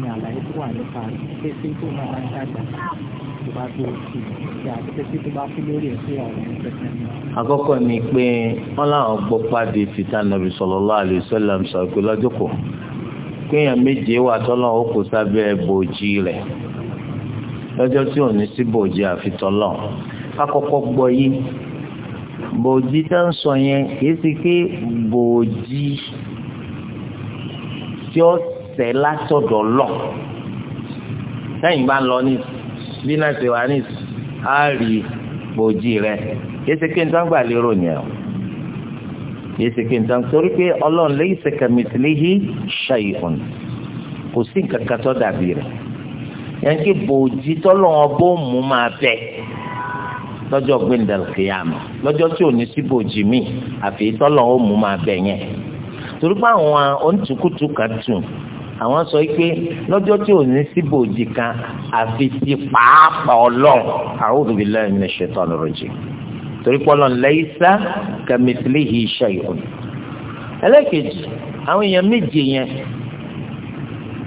ni àlàyé tó wà nípa pépé tó máa bá ń dàgbà tó bá tó ti ṣe àti pépé tó bá kú lórí ẹ̀ sí ọ̀rọ̀ ní pẹ́pẹ́ náà. àkọ́kọ́ ni pé wọ́n láwọn gbọ́ pàdé títà nàbì sallallahu alaihi wasallam sọ pé lọ́jọ́ kọ̀ méje wà tọ́lọ́ ó kó sábẹ́ bòjì rẹ̀ lọ́jọ́ tí ò ní sí bòjì àfi tọ́lọ́ akọ́kọ́ gbọ́ yìí bòjì tá ń sọ yẹn kì í sì pé bòjì tí ó ẹsẹ̀ látọ̀dọ̀ lọ sẹ́yìn bá lọ ní bí náà ṣe wà ní á rí gbòjì rẹ yéésì kí n tán gbà lérò yẹn o yéésì kí n tán torí pé ọlọ́run lẹ́yìn sẹ̀kẹ̀mìtìlẹ́yì ṣàyẹ̀hùn kò sí nǹkan kan tó dàbí rẹ̀ yẹn kí bòjì tọ́lọ́wọ́n bó mú máa bẹ̀ lọ́jọ́ gbẹ̀ndẹ̀lùkìyàmù lọ́jọ́ tí ò ní sí bòjì mi àfi tọ́lọ́wọ́n mú máa bẹ̀ yẹn torí pé àwọn onítùkùtù kan tún àwọn sọ pé lọ́jọ́ tí ò ní síbò jì kan àfi ti pàápàá ọlọ́run a'udhu billahi minash shaitani rajim torí pọ́lọ́ laysa kamithlihi shay'un. ẹlẹ́kejì àwọn èèyàn méje yẹn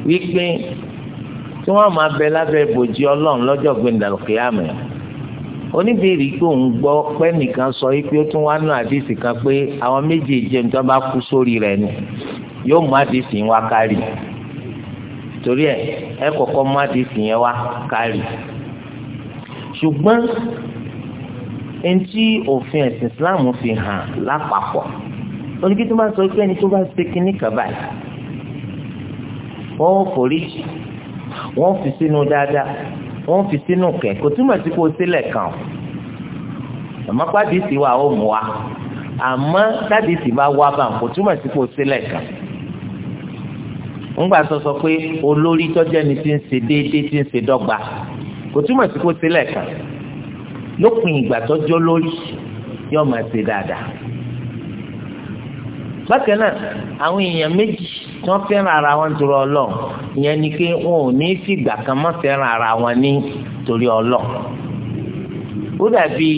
wípé tí wọ́n máa bẹ lábẹ́ bòjì ọlọ́run lọ́jọ́ gbẹ̀ndàlùkìyàmù yẹn oníbèrè pé òun gbọ́ pé nìkan sọ pé ó tún wá nù àdìsí kan pé àwọn méje jẹun tó bá kú sórí rẹ̀ ni yóò mú àdìsí wá torí ẹ ẹ kọ́kọ́ má di tìyẹn wá kárì ṣùgbọ́n eŋti òfin ẹ̀sìn Islam fi hàn lápapọ̀ oníkí tó bá sọ pé ẹni tó bá ṣe kínní kàbá yìí wọ́n forí wọ́n fi sínú dáadáa wọ́n fi sínú kẹ̀ kò túmọ̀ sí kó sílẹ̀ kàn àmọ́ pàdé sì wà ó mú wa àmọ́ dáàdì sì bá wá bá kò túmọ̀ sí kó sílẹ̀ kàn ńgbà sọ sọ pé olórí tọ́jẹ́ ni ti ń ṣe déédéé ti ń ṣe dọ́gba kò túmọ̀ sí kó sílẹ̀ kan lópin ìgbà tọ́jọ́ lórí yóò máa ṣe dáadáa bákan náà àwọn èèyàn méjì tí wọ́n fẹ́ràn ara wọn torí Ọlọ́run ìyẹn ni pé wọn ò ní fìgbà kan má fẹ́ràn ara wọn ní torí Ọlọ́run ó dàbí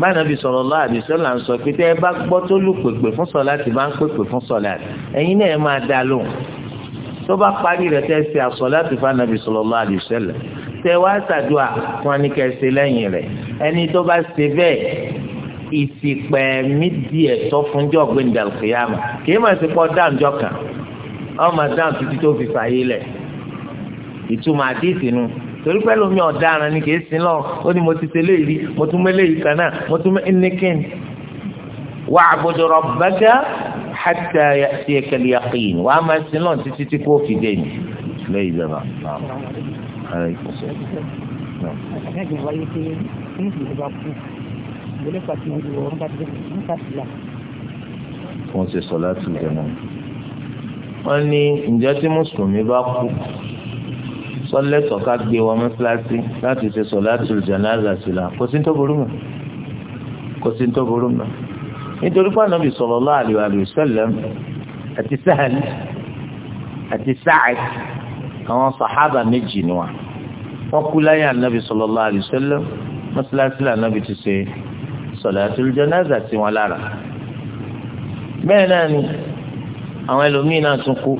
báyìí sallallahu alaihi wasallam ń sọ pé tẹ́ ẹ bá gbọ́ tó lù pèpè fún sọ̀láàtì bá ń pèpè fún sọ̀láàtì ẹ̀yin náà ẹ máa dá lóhùn tó bá parí rẹ̀ tẹ́ ṣe àsọ̀láàtì fanabi sallallahu alaihi wasallam tẹ́ wá ṣàdúà fún aníkẹ́sẹ̀ lẹ́yìn rẹ̀ ẹni tó bá ṣe bẹ́ẹ̀ ìsìpẹ́ mi di ẹ̀tọ́ fúnjọ́ gbẹ̀ndà kìyàmà kì í mà sí pọ́ dáńjọ́ kan ọ́n máa dáhùn títí tó fi fàyè lẹ̀ ìtumọ̀ àdéhìí nu torí pẹ́ lómi ọ̀daràn ni kì í sin lọ ó ní mo ti ṣe léyìí mo tún mẹ́lẹ́yìí kan náà mo tún mẹ́ ẹnìkẹ́ni wa'budu rabbaka hatta ya'tiyaka al-yaqin wà á máa sin lọ́n títí tí kò fi dé ní lẹ́yìn ìjọba. wọ́n ti sọ láti ìjọ náà wọ́n ní ǹjẹ́ tí mùsùlùmí bá kú sọ́lẹ́tọ̀ ká gbé wọn mọ́sálásí láti ṣe sọ láti ìjọ náà àzàsílà kò sí ní tó burú mọ́ kò sí ní tó burú mọ́ nítorí pé ànábì sallallahu alaihi wa sallam àti Sahl àti Sa'd àwọn sàhábà méjì ni wọn wọn kú láyé ànábì sallallahu alaihi wa sallam mọ́sálásí ànábì ti ṣe salatul janaza sí wọn lára bẹ́ẹ̀ náà ni àwọn ẹlòmíín náà tún kú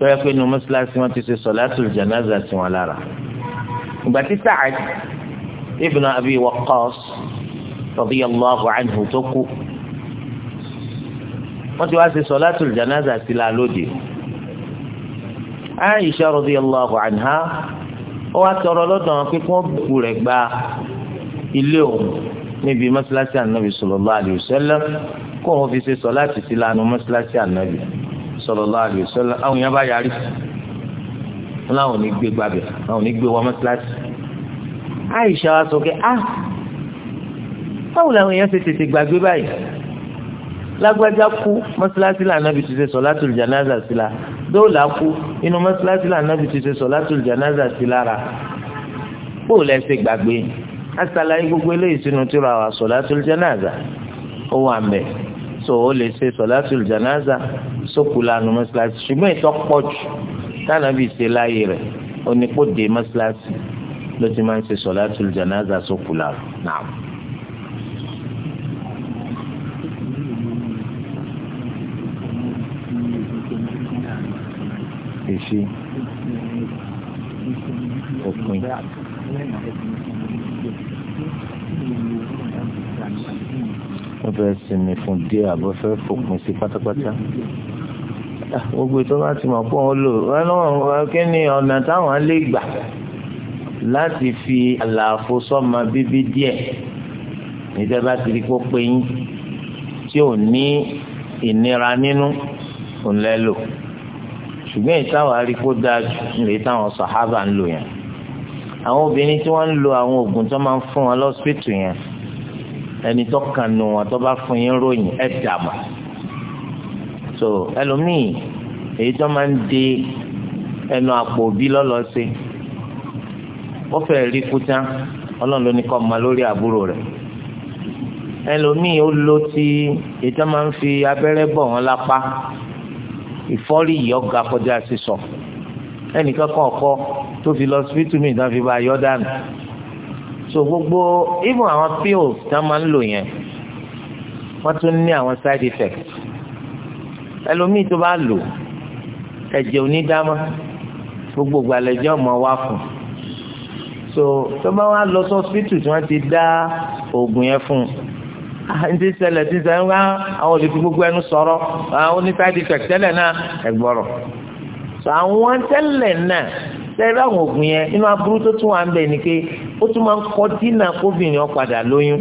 tọ́yẹ pé nu mọ́sálásí wọn ti ṣe sọ̀látùl janaza sí wọn lára. ìgbà tí Sa'ad ibn Abi Waqqas radiyallahu anhu tó kú wọ́n ti wá ṣe solatul janaza sí la lóde Aisha radiyallahu anha ó wá tọrọ lọ́dọ̀ wọn pé kí wọ́n bùkù rẹ̀ gba ilé òun níbi mọ́ṣáláṣí ànábì sallallahu alayhi wa sallam kó wọn fi ṣe sọláàtì sí lanu mọ́ṣáláṣí ànábì sallallahu alayhi wa sallam àwọn yẹn bá yarí wọn làwọn ò ní gbé gbàbẹ àwọn ò ní gbé wọn mọ́ṣáláṣí. Aisha wa sọ pé ah báwo làwọn èèyàn ṣe tètè gbàgbé báyìí lágbájá kú mọ́sálásí là nábì ti ṣe sọ̀látùl jánásà sí la dóòlà kú inú mọ́sálásí là nábì ti ṣe sọ̀látùl jánásà sí lára bóò lẹ ṣe gbàgbé asàlàyé gbogbo eléyìí sínú tíra wa sọ̀látùl jánásà ó wà mẹ́ so ó lè ṣe sọ̀látùl jánásà sókùlànù mọ́sálásí ṣùgbọ́n ìtọ́ pọ̀ jù tánàbì ṣe láyé rẹ̀ onípòdè mọ́sálásí ló ti máa ń ṣe sọ̀látùl jánásà sókùlànù náà. ṣe òpin. wọ́n fẹ́ sinmi fún díẹ̀ àbọ̀ fẹ́ fòpin sí pátápátá ah, gbogbo ètò bá ti mọ̀ pé wọ́n lò wọ́n kí ni ọ̀nà táwọn lè gbà láti fi àlàfo sọ́mọ bíbí díẹ̀ níta bá ti di kó pé yín tí ò ní ìnira nínú òun lẹ́ ṣùgbọ́n ìtawà aríkó dájú lè táwọn sàhábà ń lò yẹn àwọn obìnrin tí wọ́n ń lo àwọn oògùn tó máa ń fún wọn lọ́sípítù yẹn ẹni tó kàn nù wọn tó bá fún yín ròyìn ẹ̀ dàmà so ẹlòmíì èyí tó máa ń de ẹnu àpò òbí lọ́lọ́sí ó fẹ́ẹ́ rí kúta ọlọ́run ló ní kọ́ ma lórí àbúrò rẹ̀ ẹlòmíì ó lo ti èyí tó máa ń fi abẹ́rẹ́ bọ̀ wọ́n lápá ìfọ́rí yìí ọ̀gá kọjá sísọ ẹnìkan kan ọkọ tó fi lọ síbítù mi ìdáfi bá yọ dànù so gbogbo even àwọn pills tá a máa ń lò yẹn wọ́n tún ní àwọn side effects ẹlòmíì tó bá lò ẹ̀jẹ̀ onídámá gbogbo gbalẹ̀jẹ́ ọmọ wa fún so tó bá wà lọ sọ́sibítù tí wọ́n ti dá oògùn yẹn fún un Ah, ntí ṣẹlẹ̀ tí ṣẹlẹ̀ ńlá àwọn olùdí gbogbo ẹnu sọ̀rọ̀ àwọn oníṣáìdì fẹ̀k tẹ́lẹ̀ náà ẹ̀gbọ́rọ̀ àwọn tẹ́lẹ̀ náà tẹ́lẹ̀ àwọn oògùn yẹn inú aburú tó tún wà ń bẹ̀ ni pé ó tún máa ń kọ́ dínà kóbìnrin ọ̀padà lóyún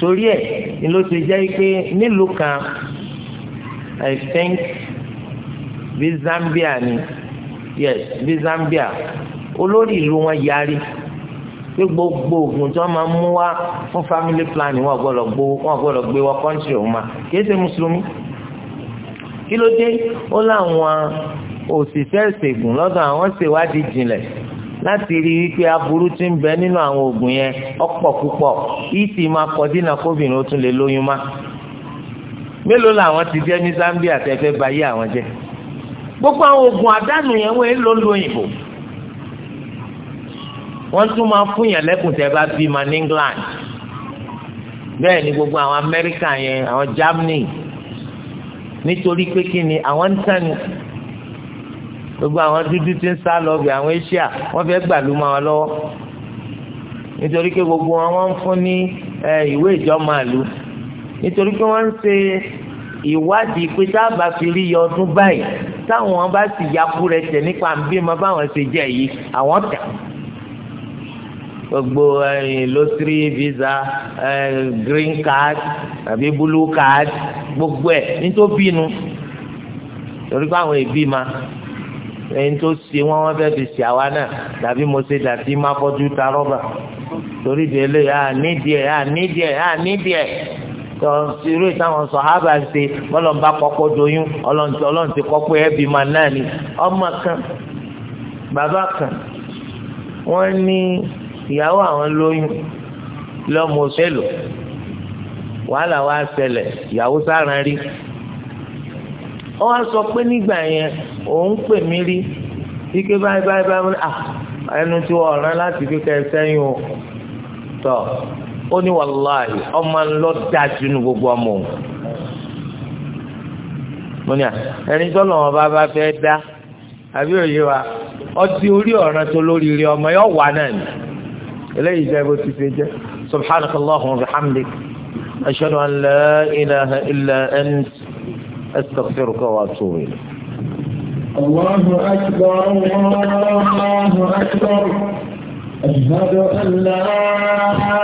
torí ẹ̀ ni ló ti jẹ́ pé nílùú kan I think bí Zambia ni yes bí Zambia olórí ìlú wọn yarí pé gbogbo oògùn tí wọ́n máa mú wá fún family planning wọ́n gbọ́dọ̀ gbó wọ́n gbọ́dọ̀ gbé wọ kọ́ńtì ọ̀hún ma kìí ṣe mùsùlùmí kí ló dé ó láwọn òṣìṣẹ́ ìṣègùn lọ́dọ̀ àwọn ṣèwádìí jinlẹ̀ láti rí i pé aburú ti ń bẹ nínú àwọn oògùn yẹn ọ̀pọ̀ púpọ̀ yìí sì máa kọ dínà kóbìnrin ó tún lè lóyún má mélòó làwọn ti jẹ́ ní Zambia tẹ́fẹ́ bayé àwọn jẹ́ gbogbo àwọn oògùn àdánù yẹn wọ́n èlò lóyìnbó wọ́n tún máa fún yàn lẹ́kùn tẹ́ bá bí ma ní England bẹ́ẹ̀ ni gbogbo àwọn Amẹ́ríkà yẹn àwọn Germany nítorí pé kí ni àwọn ń tàn ní gbogbo àwọn dúdú tí ń sá lọ bí àwọn Asia wọ́n fẹ́ gbàlú ma wọn lọ́wọ́ nítorí pé gbogbo wọn wọ́n ń fún ní ìwé ìjọmọ̀lú nítorí pé wọ́n ń ṣe ìwádìí pé táàbà fi rí yọ ọdún báyìí táwọn bá sì yakú rẹ̀ tẹ̀ nípa bí ma báwọn ṣe jẹ́ yìí àwọn tẹ̀ gbogbo eh, lotiri visa eh, green card àbí blue card gbogbo ẹ̀ nítorí bínú torí pé àwọn èbí ma ẹni tó ṣe wọn wọn fẹẹ fi ṣe àwa náà tàbí mo ṣe dàtí má fọjú ta rọba torí délé à nídìí ẹ à nídìí ẹ à nídìí ẹ tọ irú ìtàwọn sọhábà ń ṣe bọlọmọba kọkọ doyún Ọlọ́run ti kọkọ ẹbí ma náà ni ọmọ kan bàbá kan wọn ní ìyàwó àwọn lóyún lọ́mọ oṣù wàhálà wa ṣẹlẹ̀ ìyàwó sáran rí wọ́n á sọ pé nígbà yẹn òun pè mí rí ike báyìí báyìí báyìí à ah, ẹnu tí wọ́n rán láti kíkẹ́ sẹ́yìn o tọ́ ó ní wàláhì ọmọ ńlọ dájú nu gbogbo ọmọ òun mo ní à ah, ẹni tọ́lọ̀ wọn bá bá fẹ́ dá àbí òye wa ọtí orí ọ̀ràn tó lórí rí ọmọ yóò wà náà ni. إليه جابوا تفيدي سبحانك اللهم وبحمدك أشهد أن لا إله إلا أنت أستغفرك وأتوب إليك الله أكبر الله أكبر أشهد أن لا